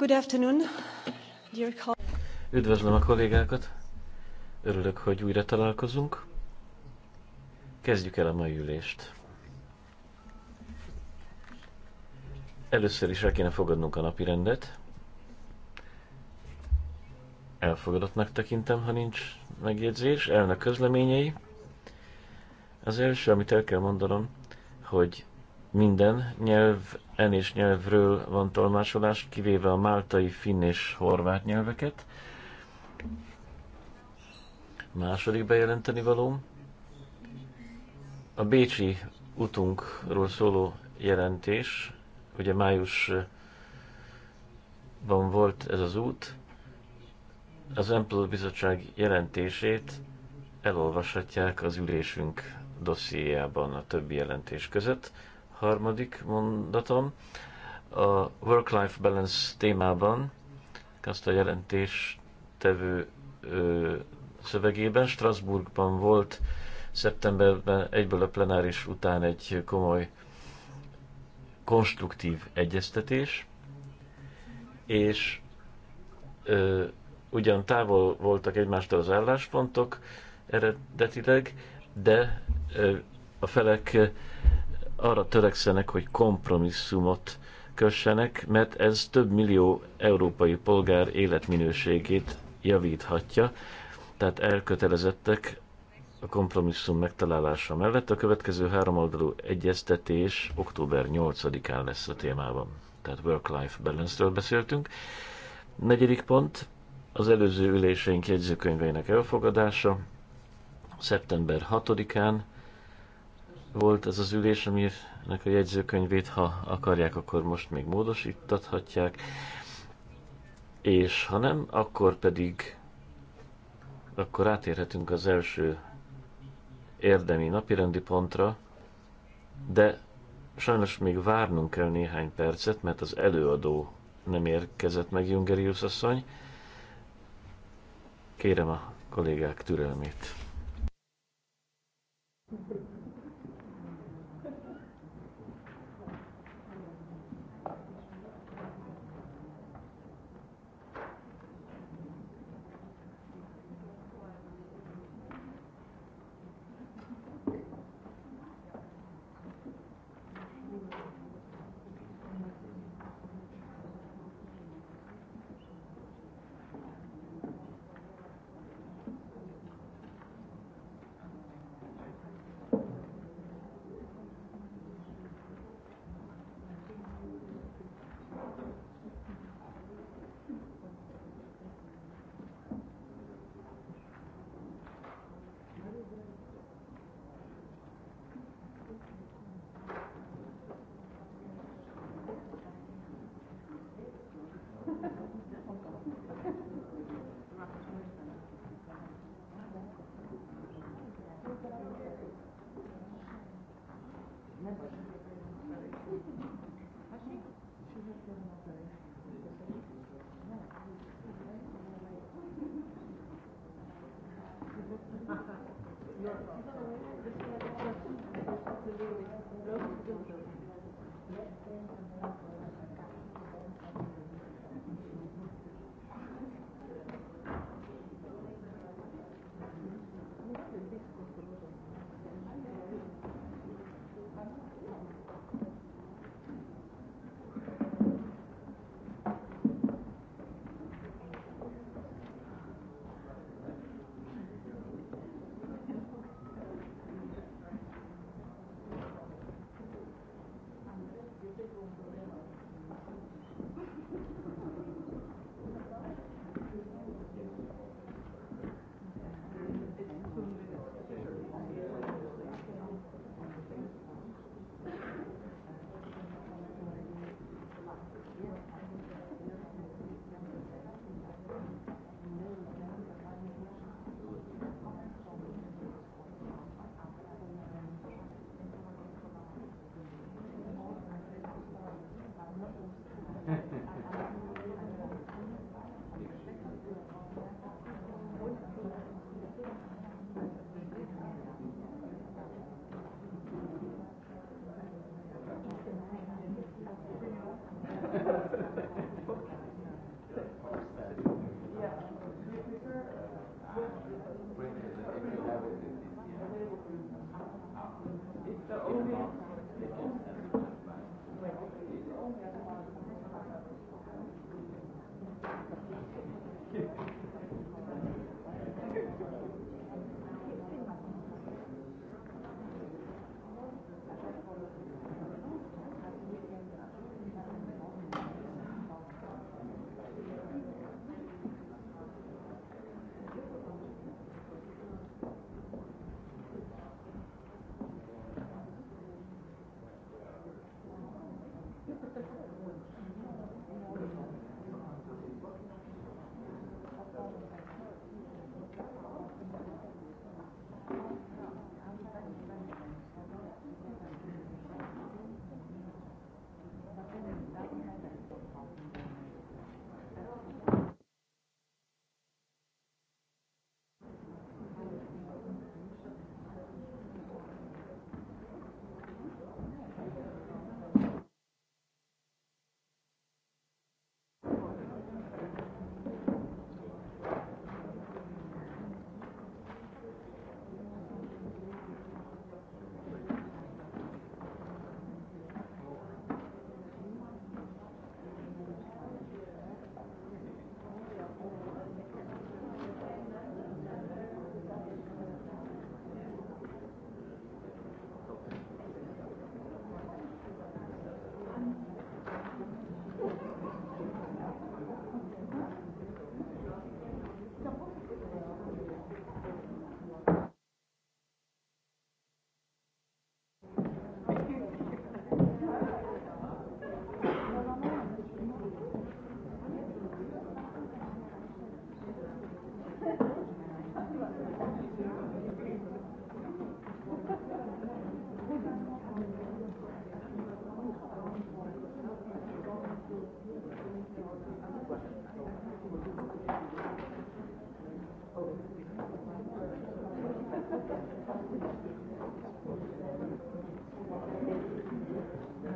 Good afternoon, dear Üdvözlöm a kollégákat! Örülök, hogy újra találkozunk. Kezdjük el a mai ülést. Először is el kéne fogadnunk a napi rendet. Elfogadottnak tekintem, ha nincs megjegyzés. Elnök közleményei. Az első, amit el kell mondanom, hogy minden nyelv-en és nyelvről van tolmásolás, kivéve a máltai, finn és horvát nyelveket. Második bejelenteni való. A Bécsi utunkról szóló jelentés, ugye májusban volt ez az út, az Employer Bizottság jelentését elolvashatják az ülésünk dossziéjában a többi jelentés között harmadik mondatom. A work-life balance témában, azt a jelentés tevő ö, szövegében, Strasbourgban volt szeptemberben egyből a plenáris után egy komoly konstruktív egyeztetés, és ö, ugyan távol voltak egymástól az álláspontok eredetileg, de ö, a felek arra törekszenek, hogy kompromisszumot kössenek, mert ez több millió európai polgár életminőségét javíthatja, tehát elkötelezettek a kompromisszum megtalálása mellett. A következő háromoldalú egyeztetés október 8-án lesz a témában, tehát work-life balance-ről beszéltünk. Negyedik pont, az előző üléseink jegyzőkönyveinek elfogadása, szeptember 6-án, volt ez az ülés, aminek a jegyzőkönyvét, ha akarják, akkor most még módosítathatják, és ha nem, akkor pedig akkor átérhetünk az első érdemi napirendi pontra, de sajnos még várnunk kell néhány percet, mert az előadó nem érkezett meg, Jungerius asszony. Kérem a kollégák türelmét. Thank you.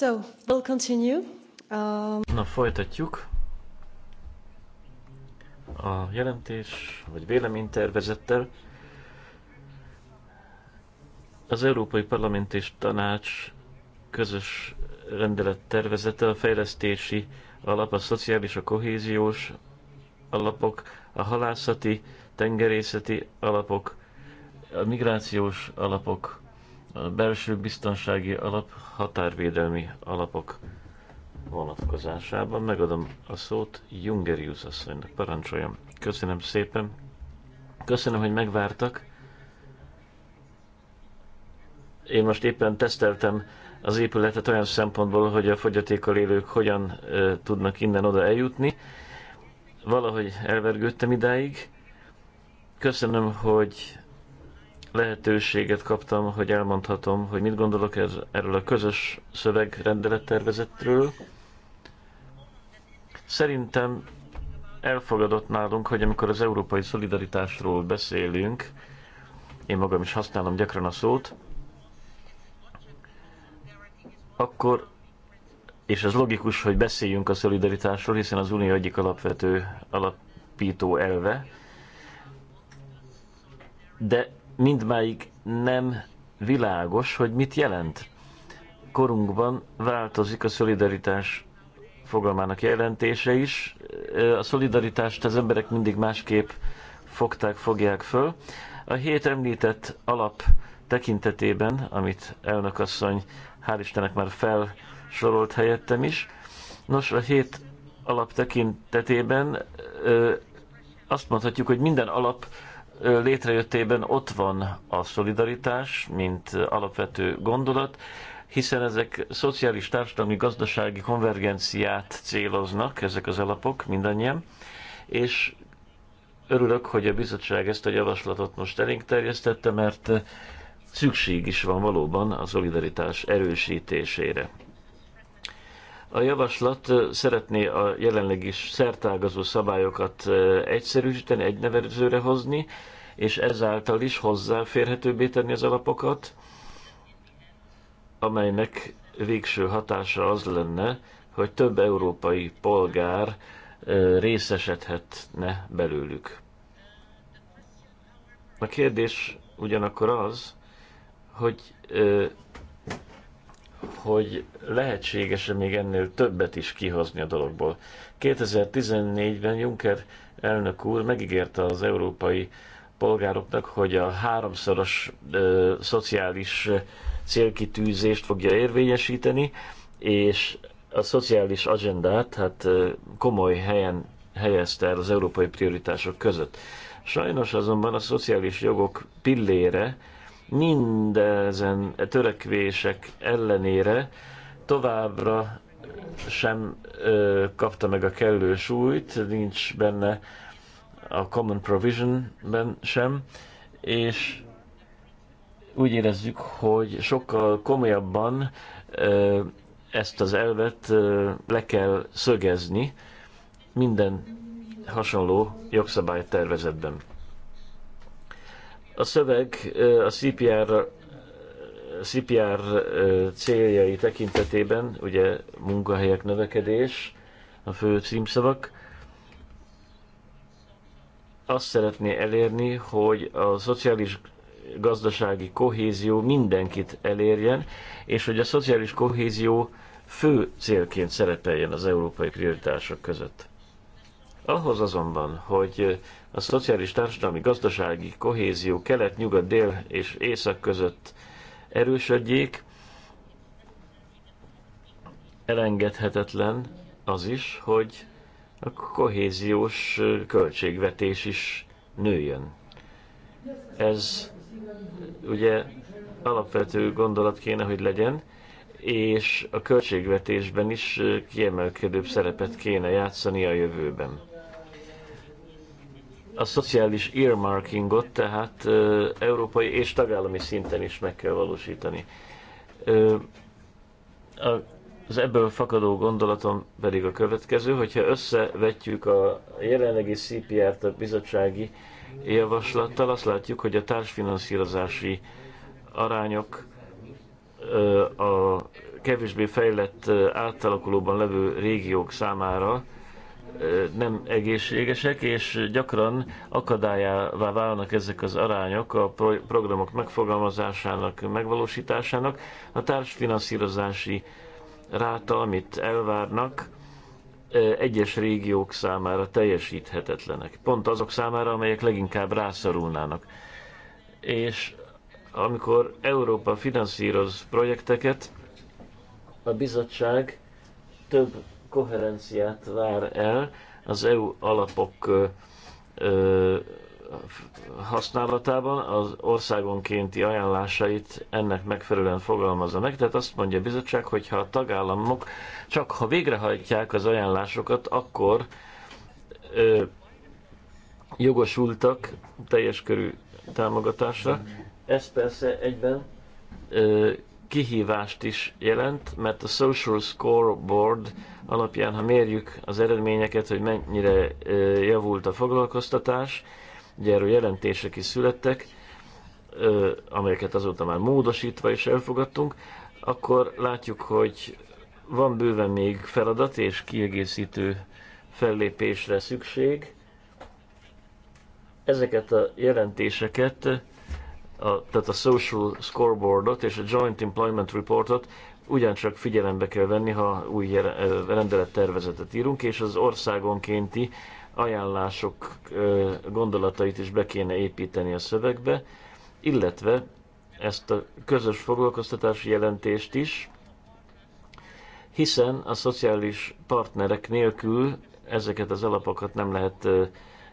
So, we'll continue. Um... Na, folytatjuk. A jelentés, vagy véleménytervezettel az Európai Parlament és Tanács közös rendelettervezete a fejlesztési alap, a szociális, a kohéziós alapok, a halászati, tengerészeti alapok, a migrációs alapok, a belső biztonsági alap határvédelmi alapok vonatkozásában. Megadom a szót Jungerius asszonynak. Parancsoljam. Köszönöm szépen. Köszönöm, hogy megvártak. Én most éppen teszteltem az épületet olyan szempontból, hogy a fogyatékkal élők hogyan e, tudnak innen-oda eljutni. Valahogy elvergődtem idáig. Köszönöm, hogy lehetőséget kaptam, hogy elmondhatom, hogy mit gondolok ez, erről a közös szövegrendelettervezetről. Szerintem elfogadott nálunk, hogy amikor az európai szolidaritásról beszélünk, én magam is használom gyakran a szót, akkor, és ez logikus, hogy beszéljünk a szolidaritásról, hiszen az Unió egyik alapvető alapító elve, de mindmáig nem világos, hogy mit jelent. Korunkban változik a szolidaritás fogalmának jelentése is. A szolidaritást az emberek mindig másképp fogták, fogják föl. A hét említett alap tekintetében, amit elnökasszony hál' Istennek már felsorolt helyettem is, nos, a hét alap tekintetében azt mondhatjuk, hogy minden alap létrejöttében ott van a szolidaritás, mint alapvető gondolat, hiszen ezek szociális, társadalmi, gazdasági konvergenciát céloznak, ezek az alapok mindannyian, és örülök, hogy a bizottság ezt a javaslatot most elénk terjesztette, mert szükség is van valóban a szolidaritás erősítésére. A javaslat szeretné a jelenleg is szertágazó szabályokat egyszerűsíteni, egy nevezőre hozni, és ezáltal is hozzáférhetőbbé tenni az alapokat, amelynek végső hatása az lenne, hogy több európai polgár részesedhetne belőlük. A kérdés ugyanakkor az, hogy hogy lehetséges-e még ennél többet is kihozni a dologból. 2014-ben Juncker elnök úr megígérte az európai polgároknak, hogy a háromszoros ö, szociális célkitűzést fogja érvényesíteni, és a szociális agendát hát ö, komoly helyen helyezte el az európai prioritások között. Sajnos azonban a szociális jogok pillére, Mindezen törekvések ellenére továbbra sem ö, kapta meg a kellő súlyt, nincs benne a Common Provision-ben sem, és úgy érezzük, hogy sokkal komolyabban ö, ezt az elvet ö, le kell szögezni minden hasonló jogszabálytervezetben. A szöveg a CPR, CPR céljai tekintetében, ugye munkahelyek növekedés, a fő címszavak, azt szeretné elérni, hogy a szociális gazdasági kohézió mindenkit elérjen, és hogy a szociális kohézió fő célként szerepeljen az európai prioritások között. Ahhoz azonban, hogy a szociális társadalmi gazdasági kohézió kelet, nyugat, dél és észak között erősödjék. Elengedhetetlen az is, hogy a kohéziós költségvetés is nőjön. Ez ugye alapvető gondolat kéne, hogy legyen, és a költségvetésben is kiemelkedőbb szerepet kéne játszani a jövőben a szociális earmarkingot, tehát európai és tagállami szinten is meg kell valósítani. Az ebből fakadó gondolatom pedig a következő, hogyha összevetjük a jelenlegi CPR-t a bizottsági javaslattal, azt látjuk, hogy a társfinanszírozási arányok a kevésbé fejlett átalakulóban levő régiók számára nem egészségesek, és gyakran akadályává válnak ezek az arányok a programok megfogalmazásának, megvalósításának. A társfinanszírozási ráta, amit elvárnak, egyes régiók számára teljesíthetetlenek. Pont azok számára, amelyek leginkább rászorulnának. És amikor Európa finanszíroz projekteket, a bizottság több koherenciát vár el az EU alapok használatában az országonkénti ajánlásait ennek megfelelően fogalmazza meg. Tehát azt mondja a bizottság, hogy ha a tagállamok csak ha végrehajtják az ajánlásokat, akkor ö, jogosultak teljes körű támogatásra. Ez persze egyben ö, kihívást is jelent, mert a Social Scoreboard alapján, ha mérjük az eredményeket, hogy mennyire javult a foglalkoztatás, ugye erről jelentések is születtek, amelyeket azóta már módosítva is elfogadtunk, akkor látjuk, hogy van bőven még feladat és kiegészítő fellépésre szükség. Ezeket a jelentéseket a, tehát a Social Scoreboardot és a Joint Employment Reportot ugyancsak figyelembe kell venni, ha új rendelettervezetet írunk, és az országonkénti ajánlások gondolatait is be kéne építeni a szövegbe, illetve ezt a közös foglalkoztatási jelentést is, hiszen a szociális partnerek nélkül ezeket az alapokat nem lehet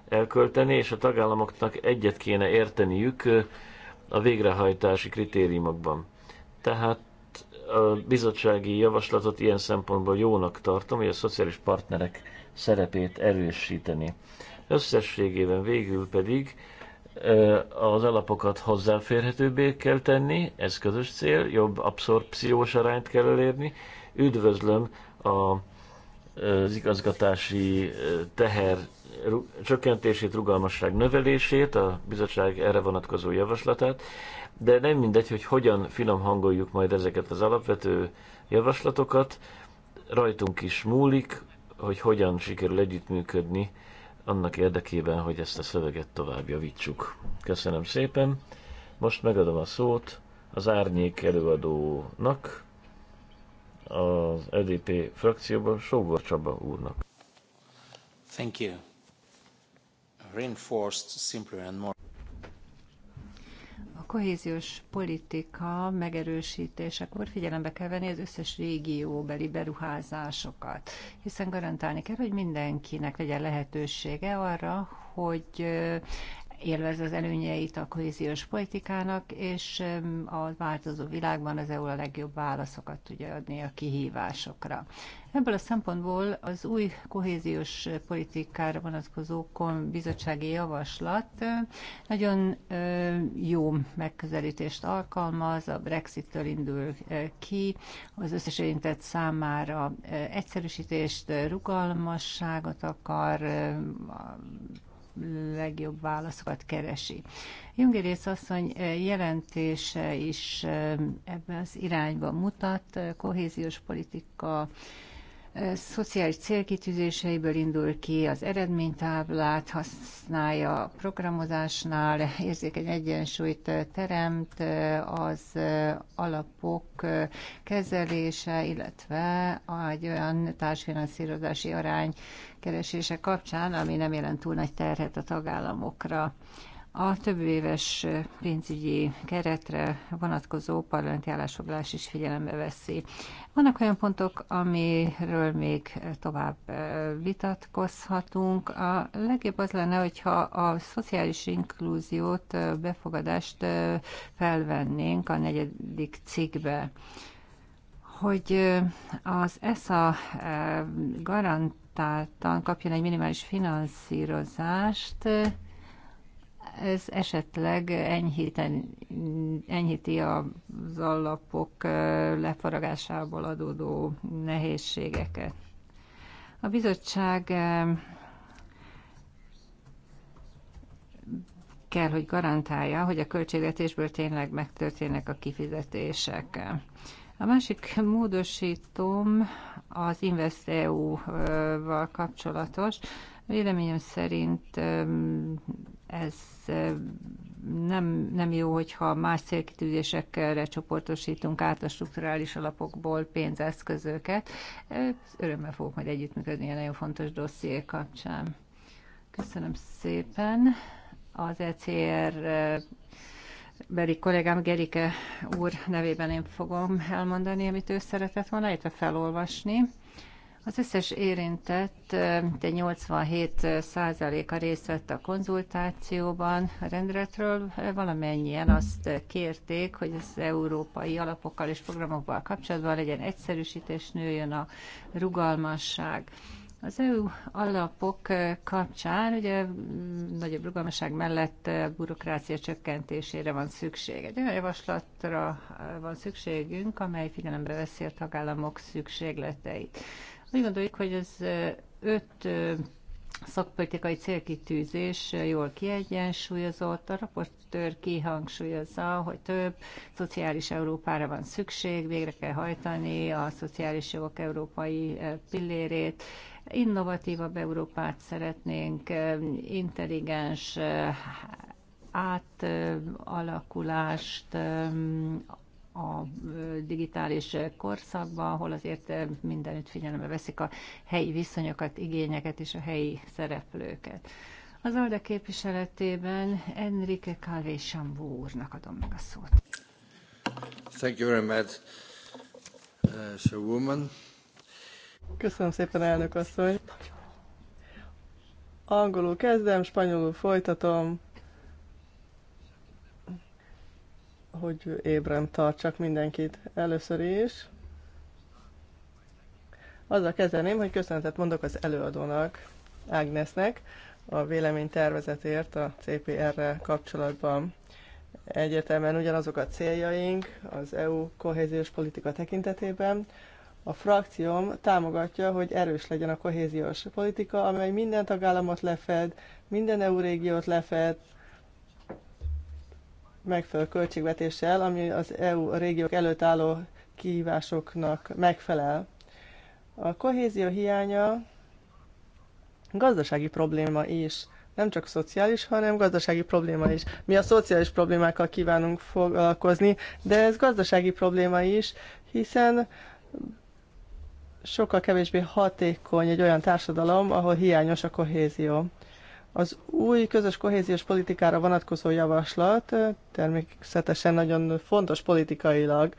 elkölteni, és a tagállamoknak egyet kéne érteniük, a végrehajtási kritériumokban. Tehát a bizottsági javaslatot ilyen szempontból jónak tartom, hogy a szociális partnerek szerepét erősíteni. Összességében végül pedig az alapokat hozzáférhetőbbé kell tenni, ez közös cél, jobb abszorpciós arányt kell elérni. Üdvözlöm a, az igazgatási teher csökkentését, rugalmasság növelését, a bizottság erre vonatkozó javaslatát, de nem mindegy, hogy hogyan finom hangoljuk majd ezeket az alapvető javaslatokat, rajtunk is múlik, hogy hogyan sikerül együttműködni annak érdekében, hogy ezt a szöveget tovább javítsuk. Köszönöm szépen. Most megadom a szót az árnyék előadónak, az EDP frakcióban Sógor Csaba úrnak. Thank you reinforced simpler and more a kohéziós politika megerősítésekor figyelembe kell venni az összes régióbeli beruházásokat, hiszen garantálni kell, hogy mindenkinek legyen lehetősége arra, hogy élvez az előnyeit a kohéziós politikának, és a változó világban az EU a legjobb válaszokat tudja adni a kihívásokra. Ebből a szempontból az új kohéziós politikára vonatkozó bizottsági javaslat nagyon jó megközelítést alkalmaz, a Brexit-től indul ki, az összes érintett számára egyszerűsítést, rugalmasságot akar, legjobb válaszokat keresi. Jungerész asszony jelentése is ebbe az irányba mutat, kohéziós politika, szociális célkitűzéseiből indul ki, az eredménytáblát használja a programozásnál, érzékeny egyensúlyt teremt az alapok kezelése, illetve egy olyan társfinanszírozási arány keresése kapcsán, ami nem jelent túl nagy terhet a tagállamokra. A több éves pénzügyi keretre vonatkozó parlamenti állásfoglalás is figyelembe veszi. Vannak olyan pontok, amiről még tovább vitatkozhatunk. A legjobb az lenne, hogyha a szociális inklúziót, befogadást felvennénk a negyedik cikkbe hogy az ESA garantáltan kapjon egy minimális finanszírozást, ez esetleg enyhíten, enyhíti az allapok lefaragásából adódó nehézségeket. A bizottság kell, hogy garantálja, hogy a költségvetésből tényleg megtörténnek a kifizetések. A másik módosítom az InvestEU-val kapcsolatos. Véleményem szerint ez nem, nem jó, hogyha más célkitűzésekre csoportosítunk át a strukturális alapokból pénzeszközöket. Örömmel fogok majd együttműködni a nagyon fontos dosszié kapcsán. Köszönöm szépen. Az ECR beli kollégám Gerike úr nevében én fogom elmondani, amit ő szeretett volna, illetve felolvasni. Az összes érintett 87 százaléka részt vett a konzultációban a rendretről, valamennyien azt kérték, hogy az európai alapokkal és programokkal kapcsolatban legyen egyszerűsítés, nőjön a rugalmasság. Az EU alapok kapcsán ugye nagyobb rugalmasság mellett bürokrácia csökkentésére van szükség. Egy olyan javaslatra van szükségünk, amely figyelembe veszi a tagállamok szükségleteit. Úgy gondoljuk, hogy az öt szakpolitikai célkitűzés jól kiegyensúlyozott. A raportőr kihangsúlyozza, hogy több szociális Európára van szükség, végre kell hajtani a szociális jogok európai pillérét, innovatívabb Európát szeretnénk, intelligens átalakulást a digitális korszakban, ahol azért mindenütt figyelembe veszik a helyi viszonyokat, igényeket és a helyi szereplőket. Az ALDE képviseletében Enrique Calvé Sambó úrnak adom meg a szót. Thank you very much, uh, woman. Köszönöm szépen, elnök asszony. Angolul kezdem, spanyolul folytatom, hogy ébren tartsak mindenkit először is. Azzal kezdeném, hogy köszönetet mondok az előadónak, Ágnesnek, a véleménytervezetért a cpr re kapcsolatban. Egyetemen ugyanazok a céljaink az EU kohéziós politika tekintetében. A frakcióm támogatja, hogy erős legyen a kohéziós politika, amely minden tagállamot lefed, minden EU régiót lefed, megfelelő költségvetéssel, ami az EU régiók előtt álló kihívásoknak megfelel. A kohézió hiánya gazdasági probléma is nem csak szociális, hanem gazdasági probléma is. Mi a szociális problémákkal kívánunk foglalkozni, de ez gazdasági probléma is, hiszen sokkal kevésbé hatékony egy olyan társadalom, ahol hiányos a kohézió. Az új közös kohéziós politikára vonatkozó javaslat természetesen nagyon fontos politikailag.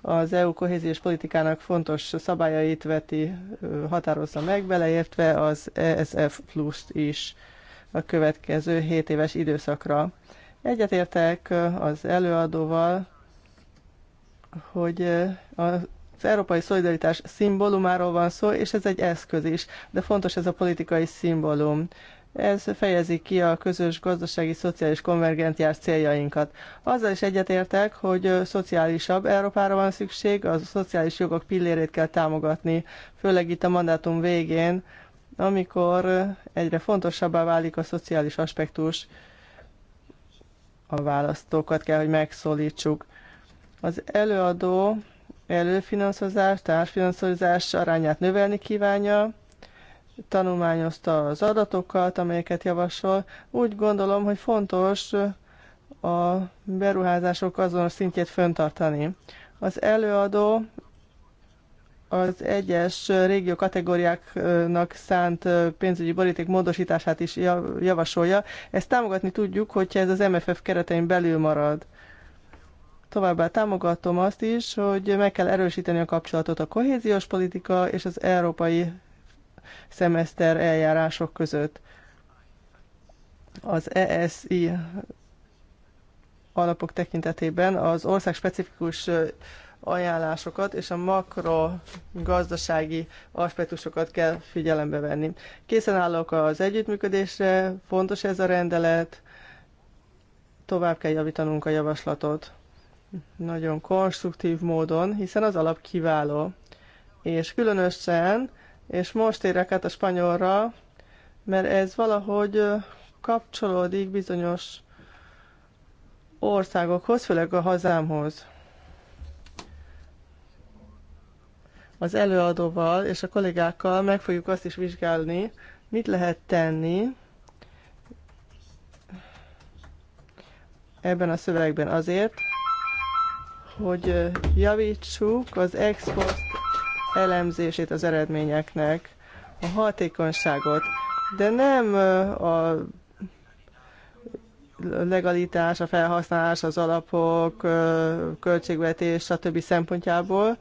Az EU kohéziós politikának fontos szabályait veti, határozza meg, beleértve az ESF plus is a következő 7 éves időszakra. Egyetértek az előadóval, hogy az európai szolidaritás szimbólumáról van szó, és ez egy eszköz is, de fontos ez a politikai szimbólum. Ez fejezi ki a közös gazdasági szociális konvergenciás céljainkat. Azzal is egyetértek, hogy szociálisabb Európára van szükség, a szociális jogok pillérét kell támogatni, főleg itt a mandátum végén, amikor egyre fontosabbá válik a szociális aspektus, a választókat kell, hogy megszólítsuk. Az előadó előfinanszírozás, társfinanszírozás arányát növelni kívánja, tanulmányozta az adatokat, amelyeket javasol. Úgy gondolom, hogy fontos a beruházások azonos szintjét föntartani. Az előadó az egyes régió kategóriáknak szánt pénzügyi boríték módosítását is javasolja. Ezt támogatni tudjuk, hogyha ez az MFF keretein belül marad. Továbbá támogatom azt is, hogy meg kell erősíteni a kapcsolatot a kohéziós politika és az európai szemeszter eljárások között. Az ESI alapok tekintetében az ország specifikus ajánlásokat és a makro gazdasági aspektusokat kell figyelembe venni. Készen állok az együttműködésre, fontos ez a rendelet, tovább kell javítanunk a javaslatot nagyon konstruktív módon, hiszen az alap kiváló. És különösen és most érek át a spanyolra, mert ez valahogy kapcsolódik bizonyos országokhoz, főleg a hazámhoz. Az előadóval és a kollégákkal meg fogjuk azt is vizsgálni, mit lehet tenni ebben a szövegben azért, hogy javítsuk az export elemzését az eredményeknek, a hatékonyságot, de nem a legalitás, a felhasználás, az alapok, költségvetés, stb. szempontjából.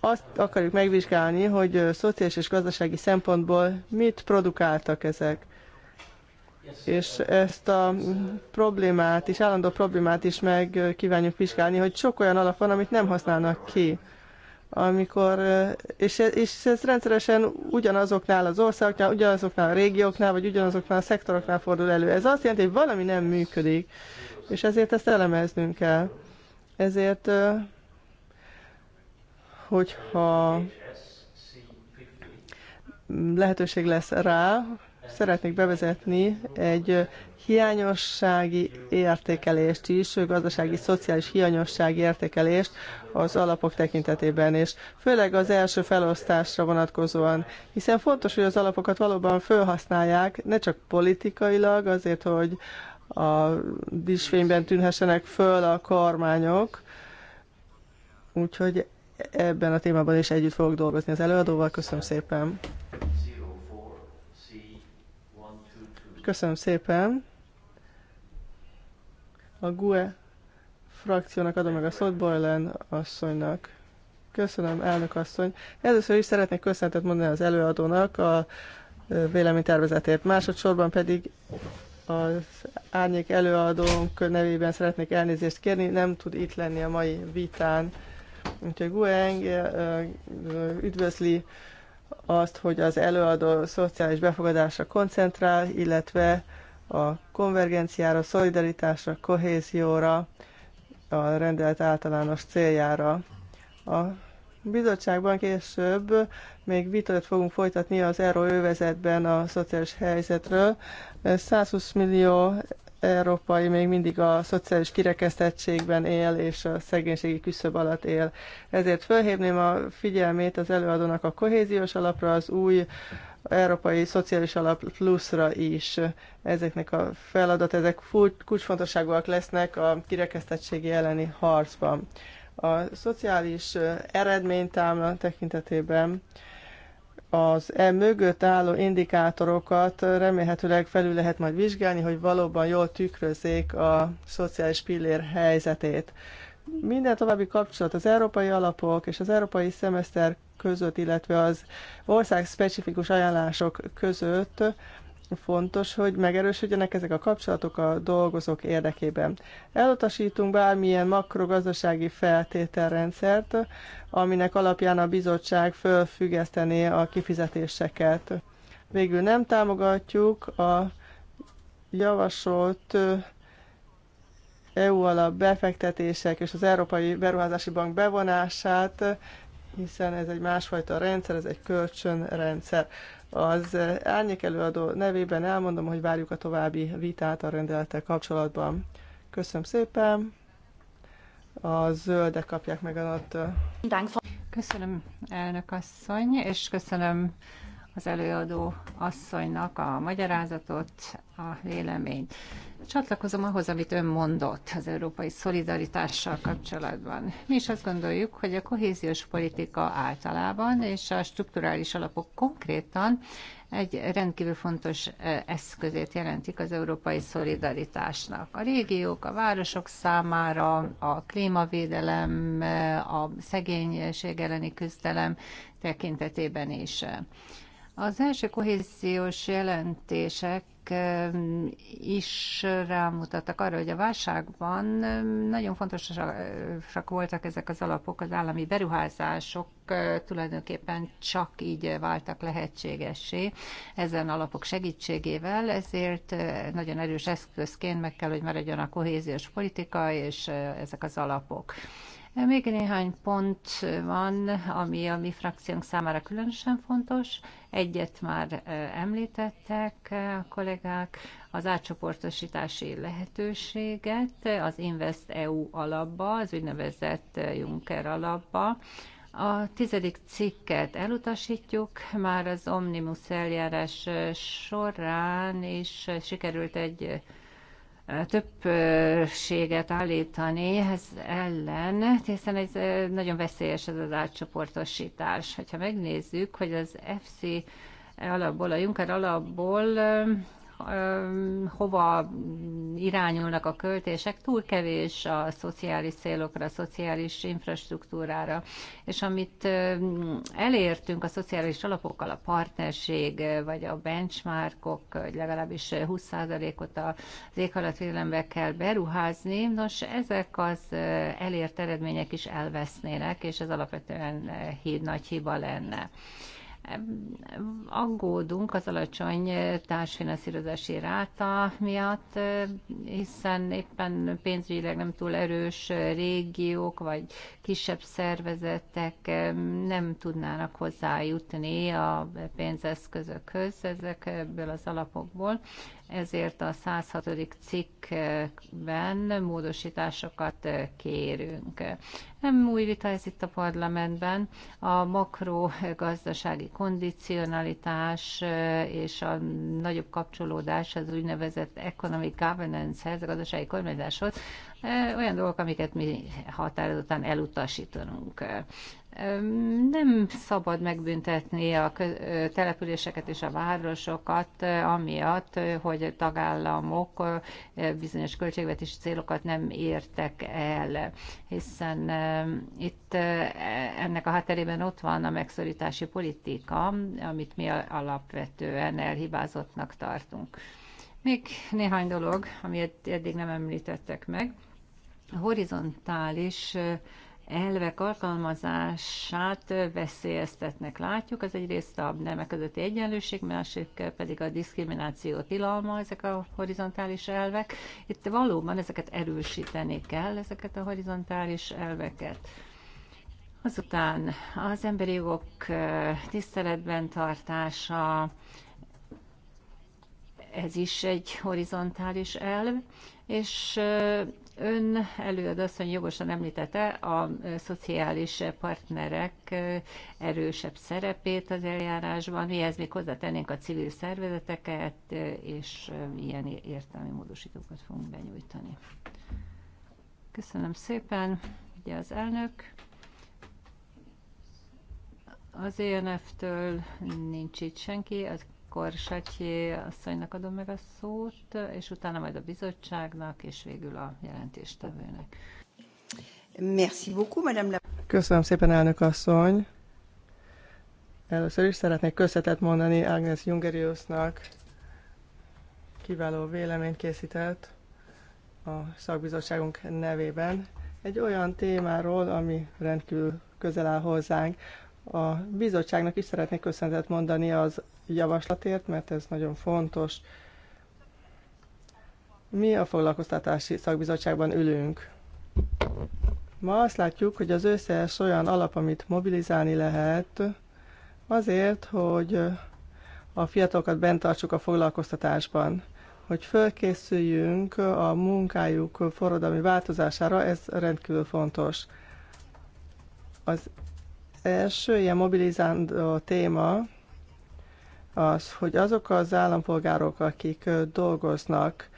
Azt akarjuk megvizsgálni, hogy szociális és gazdasági szempontból mit produkáltak ezek és ezt a problémát is, állandó problémát is meg kívánjuk vizsgálni, hogy sok olyan alap van, amit nem használnak ki. Amikor, eh, és, és ez rendszeresen ugyanazoknál az országoknál, ugyanazoknál a régióknál, vagy ugyanazoknál a szektoroknál fordul elő. Ez azt jelenti, hogy valami nem működik, és ezért ezt elemeznünk kell. Ezért, eh, hogyha lehetőség lesz rá, szeretnék bevezetni egy hiányossági értékelést is, gazdasági, szociális hiányossági értékelést az alapok tekintetében, és főleg az első felosztásra vonatkozóan, hiszen fontos, hogy az alapokat valóban felhasználják, ne csak politikailag, azért, hogy a disfényben tűnhessenek föl a kormányok, úgyhogy ebben a témában is együtt fogok dolgozni az előadóval. Köszönöm szépen! Köszönöm szépen. A GUE frakciónak adom meg a szót Boylan asszonynak. Köszönöm, elnök asszony. Először is szeretnék köszönetet mondani az előadónak a véleménytervezetért. Másodszorban pedig az árnyék előadónk nevében szeretnék elnézést kérni, nem tud itt lenni a mai vitán. Úgyhogy Gueng üdvözli azt, hogy az előadó szociális befogadásra koncentrál, illetve a konvergenciára, szolidaritásra, kohézióra, a rendelet általános céljára. A bizottságban később még vitát fogunk folytatni az erőövezetben övezetben a szociális helyzetről. 120 millió európai még mindig a szociális kirekesztettségben él, és a szegénységi küszöb alatt él. Ezért fölhívném a figyelmét az előadónak a kohéziós alapra, az új Európai Szociális Alap Pluszra is. Ezeknek a feladat, ezek kulcsfontosságúak lesznek a kirekesztettségi elleni harcban. A szociális eredménytámla tekintetében az e mögött álló indikátorokat remélhetőleg felül lehet majd vizsgálni, hogy valóban jól tükrözzék a szociális pillér helyzetét. Minden további kapcsolat az európai alapok és az európai szemeszter között, illetve az ország specifikus ajánlások között Fontos, hogy megerősödjenek ezek a kapcsolatok a dolgozók érdekében. Elutasítunk bármilyen makrogazdasági feltételrendszert, aminek alapján a bizottság fölfüggesztené a kifizetéseket. Végül nem támogatjuk a javasolt EU alap befektetések és az Európai Beruházási Bank bevonását, hiszen ez egy másfajta rendszer, ez egy kölcsönrendszer. Az árnyék előadó nevében elmondom, hogy várjuk a további vitát a rendelettel kapcsolatban. Köszönöm szépen. A zöldek kapják meg a Köszönöm, elnök asszony, és köszönöm az előadó asszonynak a magyarázatot, a véleményt. Csatlakozom ahhoz, amit ön mondott az európai szolidaritással kapcsolatban. Mi is azt gondoljuk, hogy a kohéziós politika általában és a strukturális alapok konkrétan egy rendkívül fontos eszközét jelentik az európai szolidaritásnak. A régiók, a városok számára a klímavédelem, a szegénység elleni küzdelem tekintetében is. Az első kohéziós jelentések is rámutattak arra, hogy a válságban nagyon fontosak voltak ezek az alapok, az állami beruházások tulajdonképpen csak így váltak lehetségessé ezen alapok segítségével, ezért nagyon erős eszközként meg kell, hogy maradjon a kohéziós politika és ezek az alapok. Még néhány pont van, ami a mi frakciónk számára különösen fontos. Egyet már említettek a kollégák, az átcsoportosítási lehetőséget az Invest EU alapba, az úgynevezett Juncker alapba, a tizedik cikket elutasítjuk, már az Omnibus eljárás során is sikerült egy többséget állítani ez ellen, hiszen ez nagyon veszélyes ez az átcsoportosítás. hogyha megnézzük, hogy az FC alapból, a Juncker alapból hova irányulnak a költések, túl kevés a szociális célokra, a szociális infrastruktúrára. És amit elértünk a szociális alapokkal, a partnerség, vagy a benchmarkok, hogy legalábbis 20%-ot az éghajlatvédelembe kell beruházni, nos, ezek az elért eredmények is elvesznének, és ez alapvetően híd, nagy hiba lenne aggódunk az alacsony társfinanszírozási ráta miatt, hiszen éppen pénzügyileg nem túl erős régiók vagy kisebb szervezetek nem tudnának hozzájutni a pénzeszközökhöz ezekből az alapokból ezért a 106. cikkben módosításokat kérünk. Nem új vita ez itt a parlamentben. A makrogazdasági kondicionalitás és a nagyobb kapcsolódás az úgynevezett economic governance-hez, a gazdasági kormányzáshoz, olyan dolgok, amiket mi határozottan elutasítanunk nem szabad megbüntetni a településeket és a városokat, amiatt, hogy tagállamok bizonyos költségvetési célokat nem értek el, hiszen itt ennek a hátterében ott van a megszorítási politika, amit mi alapvetően elhibázottnak tartunk. Még néhány dolog, amit eddig nem említettek meg. A horizontális elvek alkalmazását veszélyeztetnek látjuk. Ez egyrészt a nemek közötti egyenlőség, másik pedig a diszkrimináció tilalma, ezek a horizontális elvek. Itt valóban ezeket erősíteni kell, ezeket a horizontális elveket. Azután az emberi jogok tiszteletben tartása, ez is egy horizontális elv, és Ön előadó asszony jogosan említette a szociális partnerek erősebb szerepét az eljárásban. Mihez még hozzátennénk a civil szervezeteket, és ilyen értelmi módosítókat fogunk benyújtani. Köszönöm szépen. Ugye az elnök. Az ENF-től nincs itt senki, az akkor Satyé asszonynak adom meg a szót, és utána majd a bizottságnak, és végül a jelentéstevőnek. Merci beaucoup, madame la... Köszönöm szépen, elnök asszony. Először is szeretnék köszönetet mondani Agnes Jungeriusnak. Kiváló véleményt készített a szakbizottságunk nevében. Egy olyan témáról, ami rendkívül közel áll hozzánk. A bizottságnak is szeretnék köszönetet mondani az javaslatért, mert ez nagyon fontos. Mi a foglalkoztatási szakbizottságban ülünk. Ma azt látjuk, hogy az összes olyan alap, amit mobilizálni lehet, azért, hogy a fiatalokat bent a foglalkoztatásban, hogy fölkészüljünk a munkájuk forradalmi változására, ez rendkívül fontos. Az első ilyen mobilizáló téma az, hogy azok az állampolgárok, akik dolgoznak,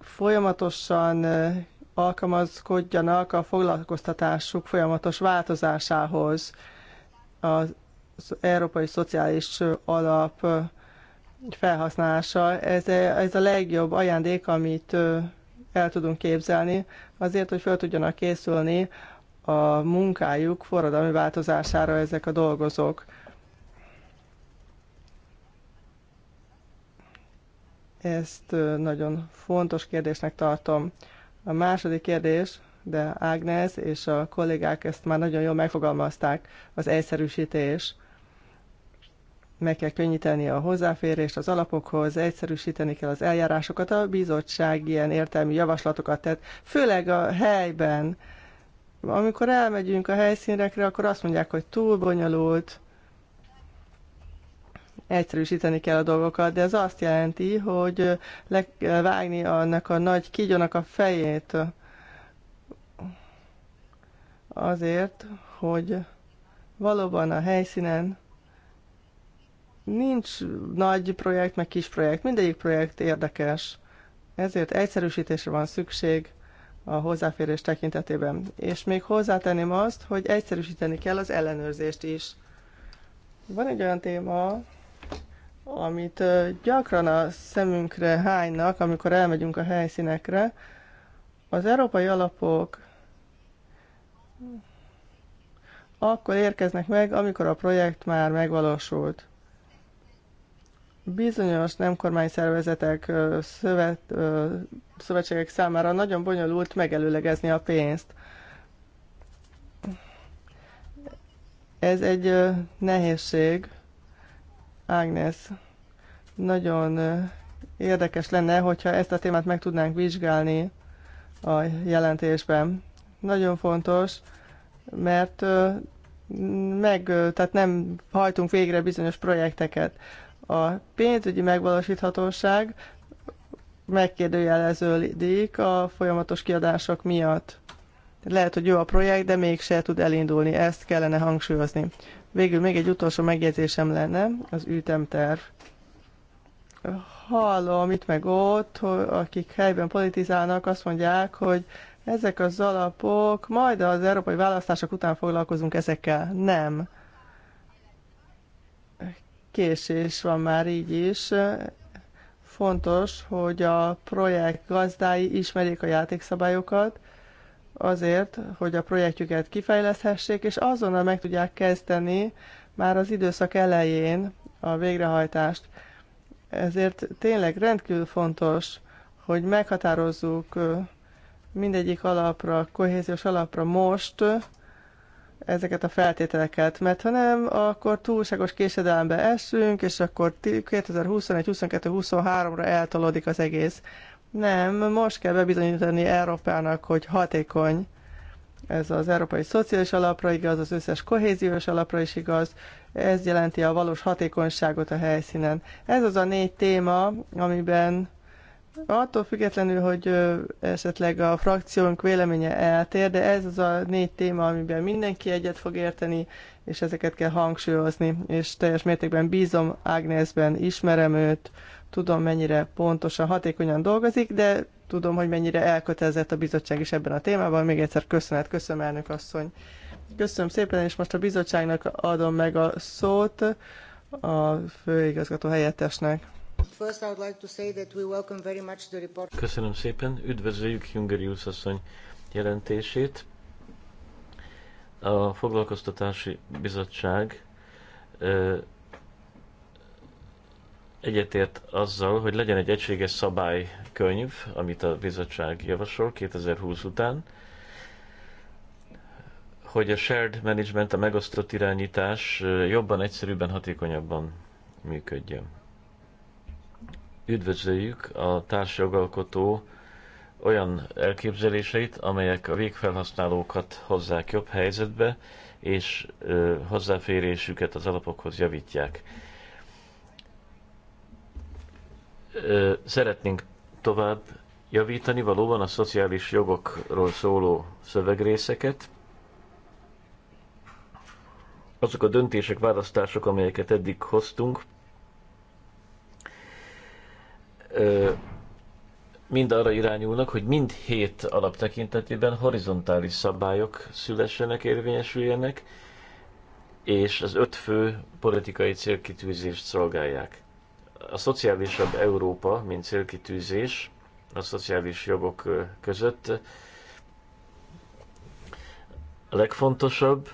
folyamatosan alkalmazkodjanak a foglalkoztatásuk folyamatos változásához. Az Európai Szociális Alap felhasználása, ez, ez a legjobb ajándék, amit el tudunk képzelni, azért, hogy fel tudjanak készülni a munkájuk forradalmi változására ezek a dolgozók. Ezt nagyon fontos kérdésnek tartom. A második kérdés, de Ágnes és a kollégák ezt már nagyon jól megfogalmazták, az egyszerűsítés. Meg kell könnyíteni a hozzáférést az alapokhoz, egyszerűsíteni kell az eljárásokat. A bizottság ilyen értelmi javaslatokat tett, főleg a helyben. Amikor elmegyünk a helyszínekre, akkor azt mondják, hogy túl bonyolult, egyszerűsíteni kell a dolgokat, de ez azt jelenti, hogy le kell vágni annak a nagy kígyónak a fejét azért, hogy valóban a helyszínen nincs nagy projekt, meg kis projekt, mindegyik projekt érdekes. Ezért egyszerűsítésre van szükség a hozzáférés tekintetében. És még hozzátenném azt, hogy egyszerűsíteni kell az ellenőrzést is. Van egy olyan téma, amit gyakran a szemünkre hánynak, amikor elmegyünk a helyszínekre, az európai alapok akkor érkeznek meg, amikor a projekt már megvalósult. Bizonyos nem szervezetek szövet, szövetségek számára nagyon bonyolult megelőlegezni a pénzt. Ez egy nehézség, Ágnes, nagyon érdekes lenne, hogyha ezt a témát meg tudnánk vizsgálni a jelentésben. Nagyon fontos, mert meg, tehát nem hajtunk végre bizonyos projekteket. A pénzügyi megvalósíthatóság megkérdőjeleződik a folyamatos kiadások miatt. Lehet, hogy jó a projekt, de mégse tud elindulni. Ezt kellene hangsúlyozni. Végül még egy utolsó megjegyzésem lenne, az ütemterv. Hallom itt meg ott, hogy akik helyben politizálnak, azt mondják, hogy ezek az alapok, majd az európai választások után foglalkozunk ezekkel. Nem. Késés van már így is. Fontos, hogy a projekt gazdái ismerjék a játékszabályokat, azért, hogy a projektjüket kifejleszthessék, és azonnal meg tudják kezdeni már az időszak elején a végrehajtást. Ezért tényleg rendkívül fontos, hogy meghatározzuk mindegyik alapra, kohéziós alapra most ezeket a feltételeket, mert ha nem, akkor túlságos késedelembe esünk, és akkor 2021-22-23-ra eltolódik az egész. Nem, most kell bebizonyítani Európának, hogy hatékony. Ez az Európai Szociális Alapra igaz, az összes kohéziós alapra is igaz. Ez jelenti a valós hatékonyságot a helyszínen. Ez az a négy téma, amiben attól függetlenül, hogy esetleg a frakciónk véleménye eltér, de ez az a négy téma, amiben mindenki egyet fog érteni, és ezeket kell hangsúlyozni. És teljes mértékben bízom Ágnesben, ismerem őt, Tudom, mennyire pontosan, hatékonyan dolgozik, de tudom, hogy mennyire elkötelezett a bizottság is ebben a témában. Még egyszer köszönet, köszönöm elnök asszony. Köszönöm szépen, és most a bizottságnak adom meg a szót a főigazgató helyettesnek. Köszönöm szépen, üdvözöljük Jungerius asszony jelentését. A Foglalkoztatási Bizottság egyetért azzal, hogy legyen egy egységes szabálykönyv, amit a bizottság javasol 2020 után, hogy a shared management, a megosztott irányítás jobban, egyszerűbben, hatékonyabban működjön. Üdvözöljük a társjogalkotó olyan elképzeléseit, amelyek a végfelhasználókat hozzák jobb helyzetbe, és hozzáférésüket az alapokhoz javítják szeretnénk tovább javítani valóban a szociális jogokról szóló szövegrészeket. Azok a döntések, választások, amelyeket eddig hoztunk, mind arra irányulnak, hogy mind hét alaptekintetében horizontális szabályok szülessenek, érvényesüljenek, és az öt fő politikai célkitűzést szolgálják a szociálisabb Európa, mint célkitűzés a szociális jogok között a legfontosabb,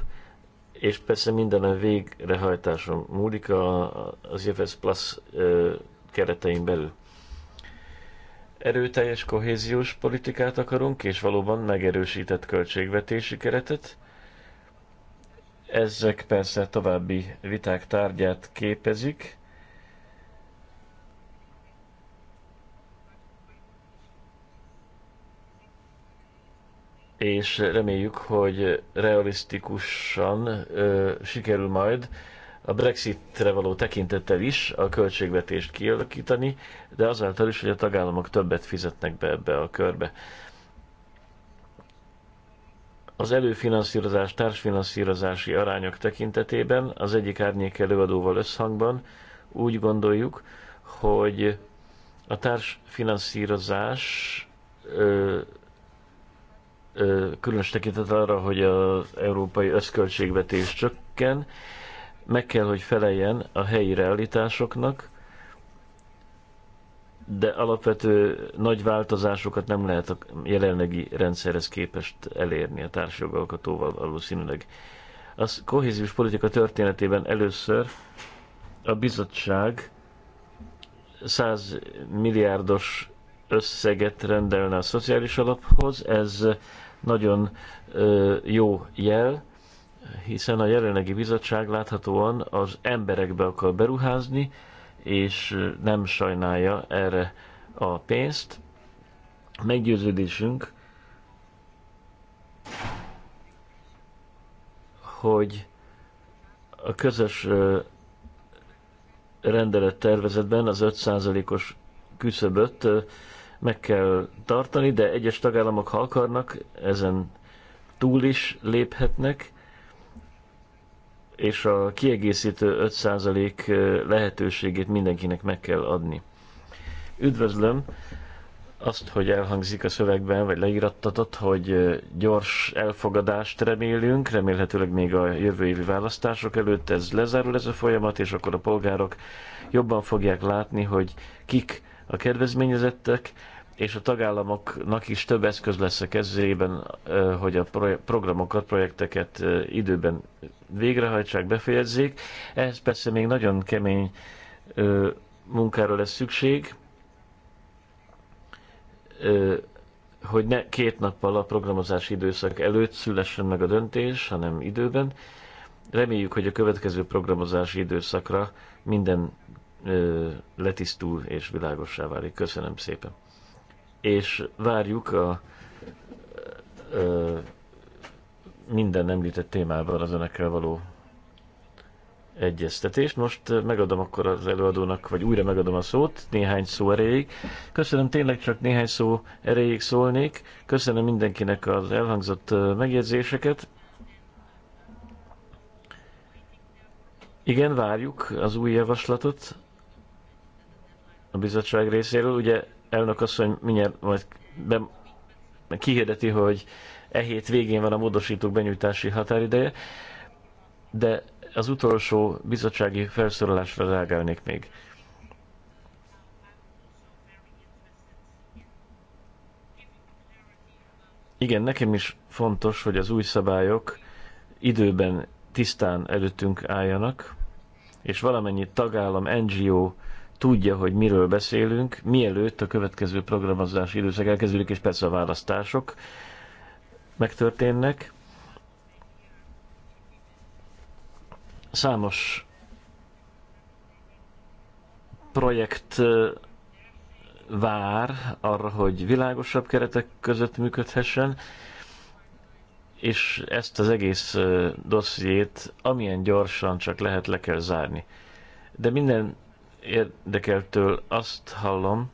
és persze minden a végrehajtáson múlik az EFES Plus keretein belül. Erőteljes kohéziós politikát akarunk, és valóban megerősített költségvetési keretet. Ezek persze további viták tárgyát képezik és reméljük, hogy realisztikusan ö, sikerül majd a Brexitre való tekintettel is a költségvetést kialakítani, de azáltal is, hogy a tagállamok többet fizetnek be ebbe a körbe. Az előfinanszírozás, társfinanszírozási arányok tekintetében az egyik árnyék előadóval összhangban úgy gondoljuk, hogy a társfinanszírozás különös tekintet arra, hogy az európai összköltségvetés csökken, meg kell, hogy feleljen a helyi realitásoknak, de alapvető nagy változásokat nem lehet a jelenlegi rendszerhez képest elérni a társjogalkotóval valószínűleg. Az kohéziós politika történetében először a bizottság 100 milliárdos összeget rendelne a szociális alaphoz, ez nagyon jó jel, hiszen a jelenlegi bizottság láthatóan az emberekbe akar beruházni, és nem sajnálja erre a pénzt. Meggyőződésünk, hogy a közös rendelet tervezetben az 5%-os küszöböt meg kell tartani, de egyes tagállamok, ha akarnak, ezen túl is léphetnek, és a kiegészítő 5% lehetőségét mindenkinek meg kell adni. Üdvözlöm azt, hogy elhangzik a szövegben, vagy leírattatott, hogy gyors elfogadást remélünk, remélhetőleg még a jövő évi választások előtt ez lezárul ez a folyamat, és akkor a polgárok jobban fogják látni, hogy kik a kedvezményezettek, és a tagállamoknak is több eszköz lesz a kezében, hogy a programokat, projekteket időben végrehajtsák, befejezzék. Ehhez persze még nagyon kemény munkára lesz szükség, hogy ne két nappal a programozási időszak előtt szülessen meg a döntés, hanem időben. Reméljük, hogy a következő programozási időszakra minden letisztul és világossá válik. Köszönöm szépen. És várjuk a ö, minden említett témában az önökkel való egyeztetést. Most megadom akkor az előadónak, vagy újra megadom a szót, néhány szó erejéig. Köszönöm, tényleg csak néhány szó erejéig szólnék. Köszönöm mindenkinek az elhangzott megjegyzéseket. Igen, várjuk az új javaslatot, a bizottság részéről. Ugye elnök asszony mindjárt majd be, kihirdeti, hogy e hét végén van a módosítók benyújtási határideje, de az utolsó bizottsági felszólalásra reagálnék még. Igen, nekem is fontos, hogy az új szabályok időben tisztán előttünk álljanak, és valamennyi tagállam, NGO, tudja, hogy miről beszélünk, mielőtt a következő programozási időszak elkezdődik, és persze a választások megtörténnek. Számos projekt vár arra, hogy világosabb keretek között működhessen, és ezt az egész dossziét amilyen gyorsan csak lehet le kell zárni. De minden érdekeltől azt hallom,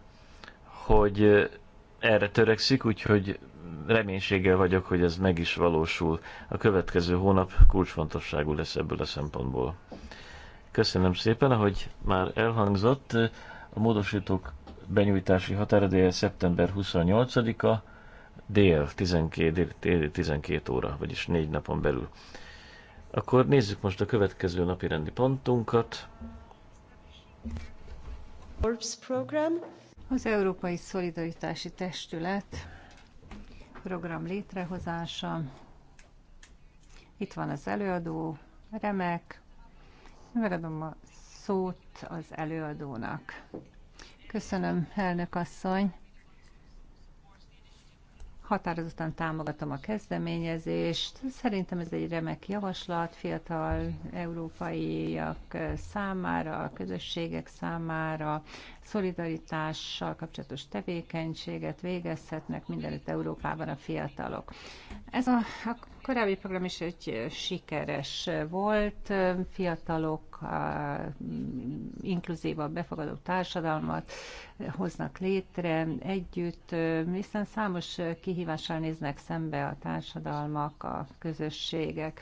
hogy erre törekszik, úgyhogy reménységgel vagyok, hogy ez meg is valósul. A következő hónap kulcsfontosságú lesz ebből a szempontból. Köszönöm szépen, ahogy már elhangzott, a módosítók benyújtási határideje szeptember 28-a, dél 12, dél 12 óra, vagyis négy napon belül. Akkor nézzük most a következő napi rendi pontunkat. Az Európai Szolidaritási Testület program létrehozása. Itt van az előadó, remek. Megadom a szót az előadónak. Köszönöm, elnök asszony. Határozottan támogatom a kezdeményezést. Szerintem ez egy remek javaslat fiatal európaiak számára, a közösségek számára. Szolidaritással kapcsolatos tevékenységet végezhetnek mindenütt Európában a fiatalok. Ez a, a korábbi program is egy sikeres volt, fiatalok mm, inkluzívabb, befogadó társadalmat hoznak létre együtt, hiszen számos kihívással néznek szembe a társadalmak, a közösségek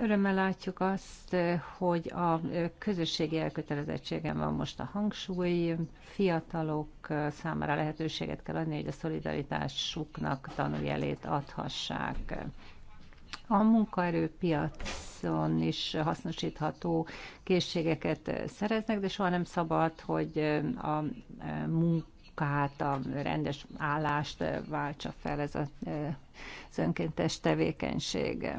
Örömmel látjuk azt, hogy a közösségi elkötelezettségen van most a hangsúly. Fiatalok számára lehetőséget kell adni, hogy a szolidaritásuknak tanuljelét adhassák. A munkaerőpiacon is hasznosítható készségeket szereznek, de soha nem szabad, hogy a munkát, a rendes állást váltsa fel ez az önkéntes tevékenysége.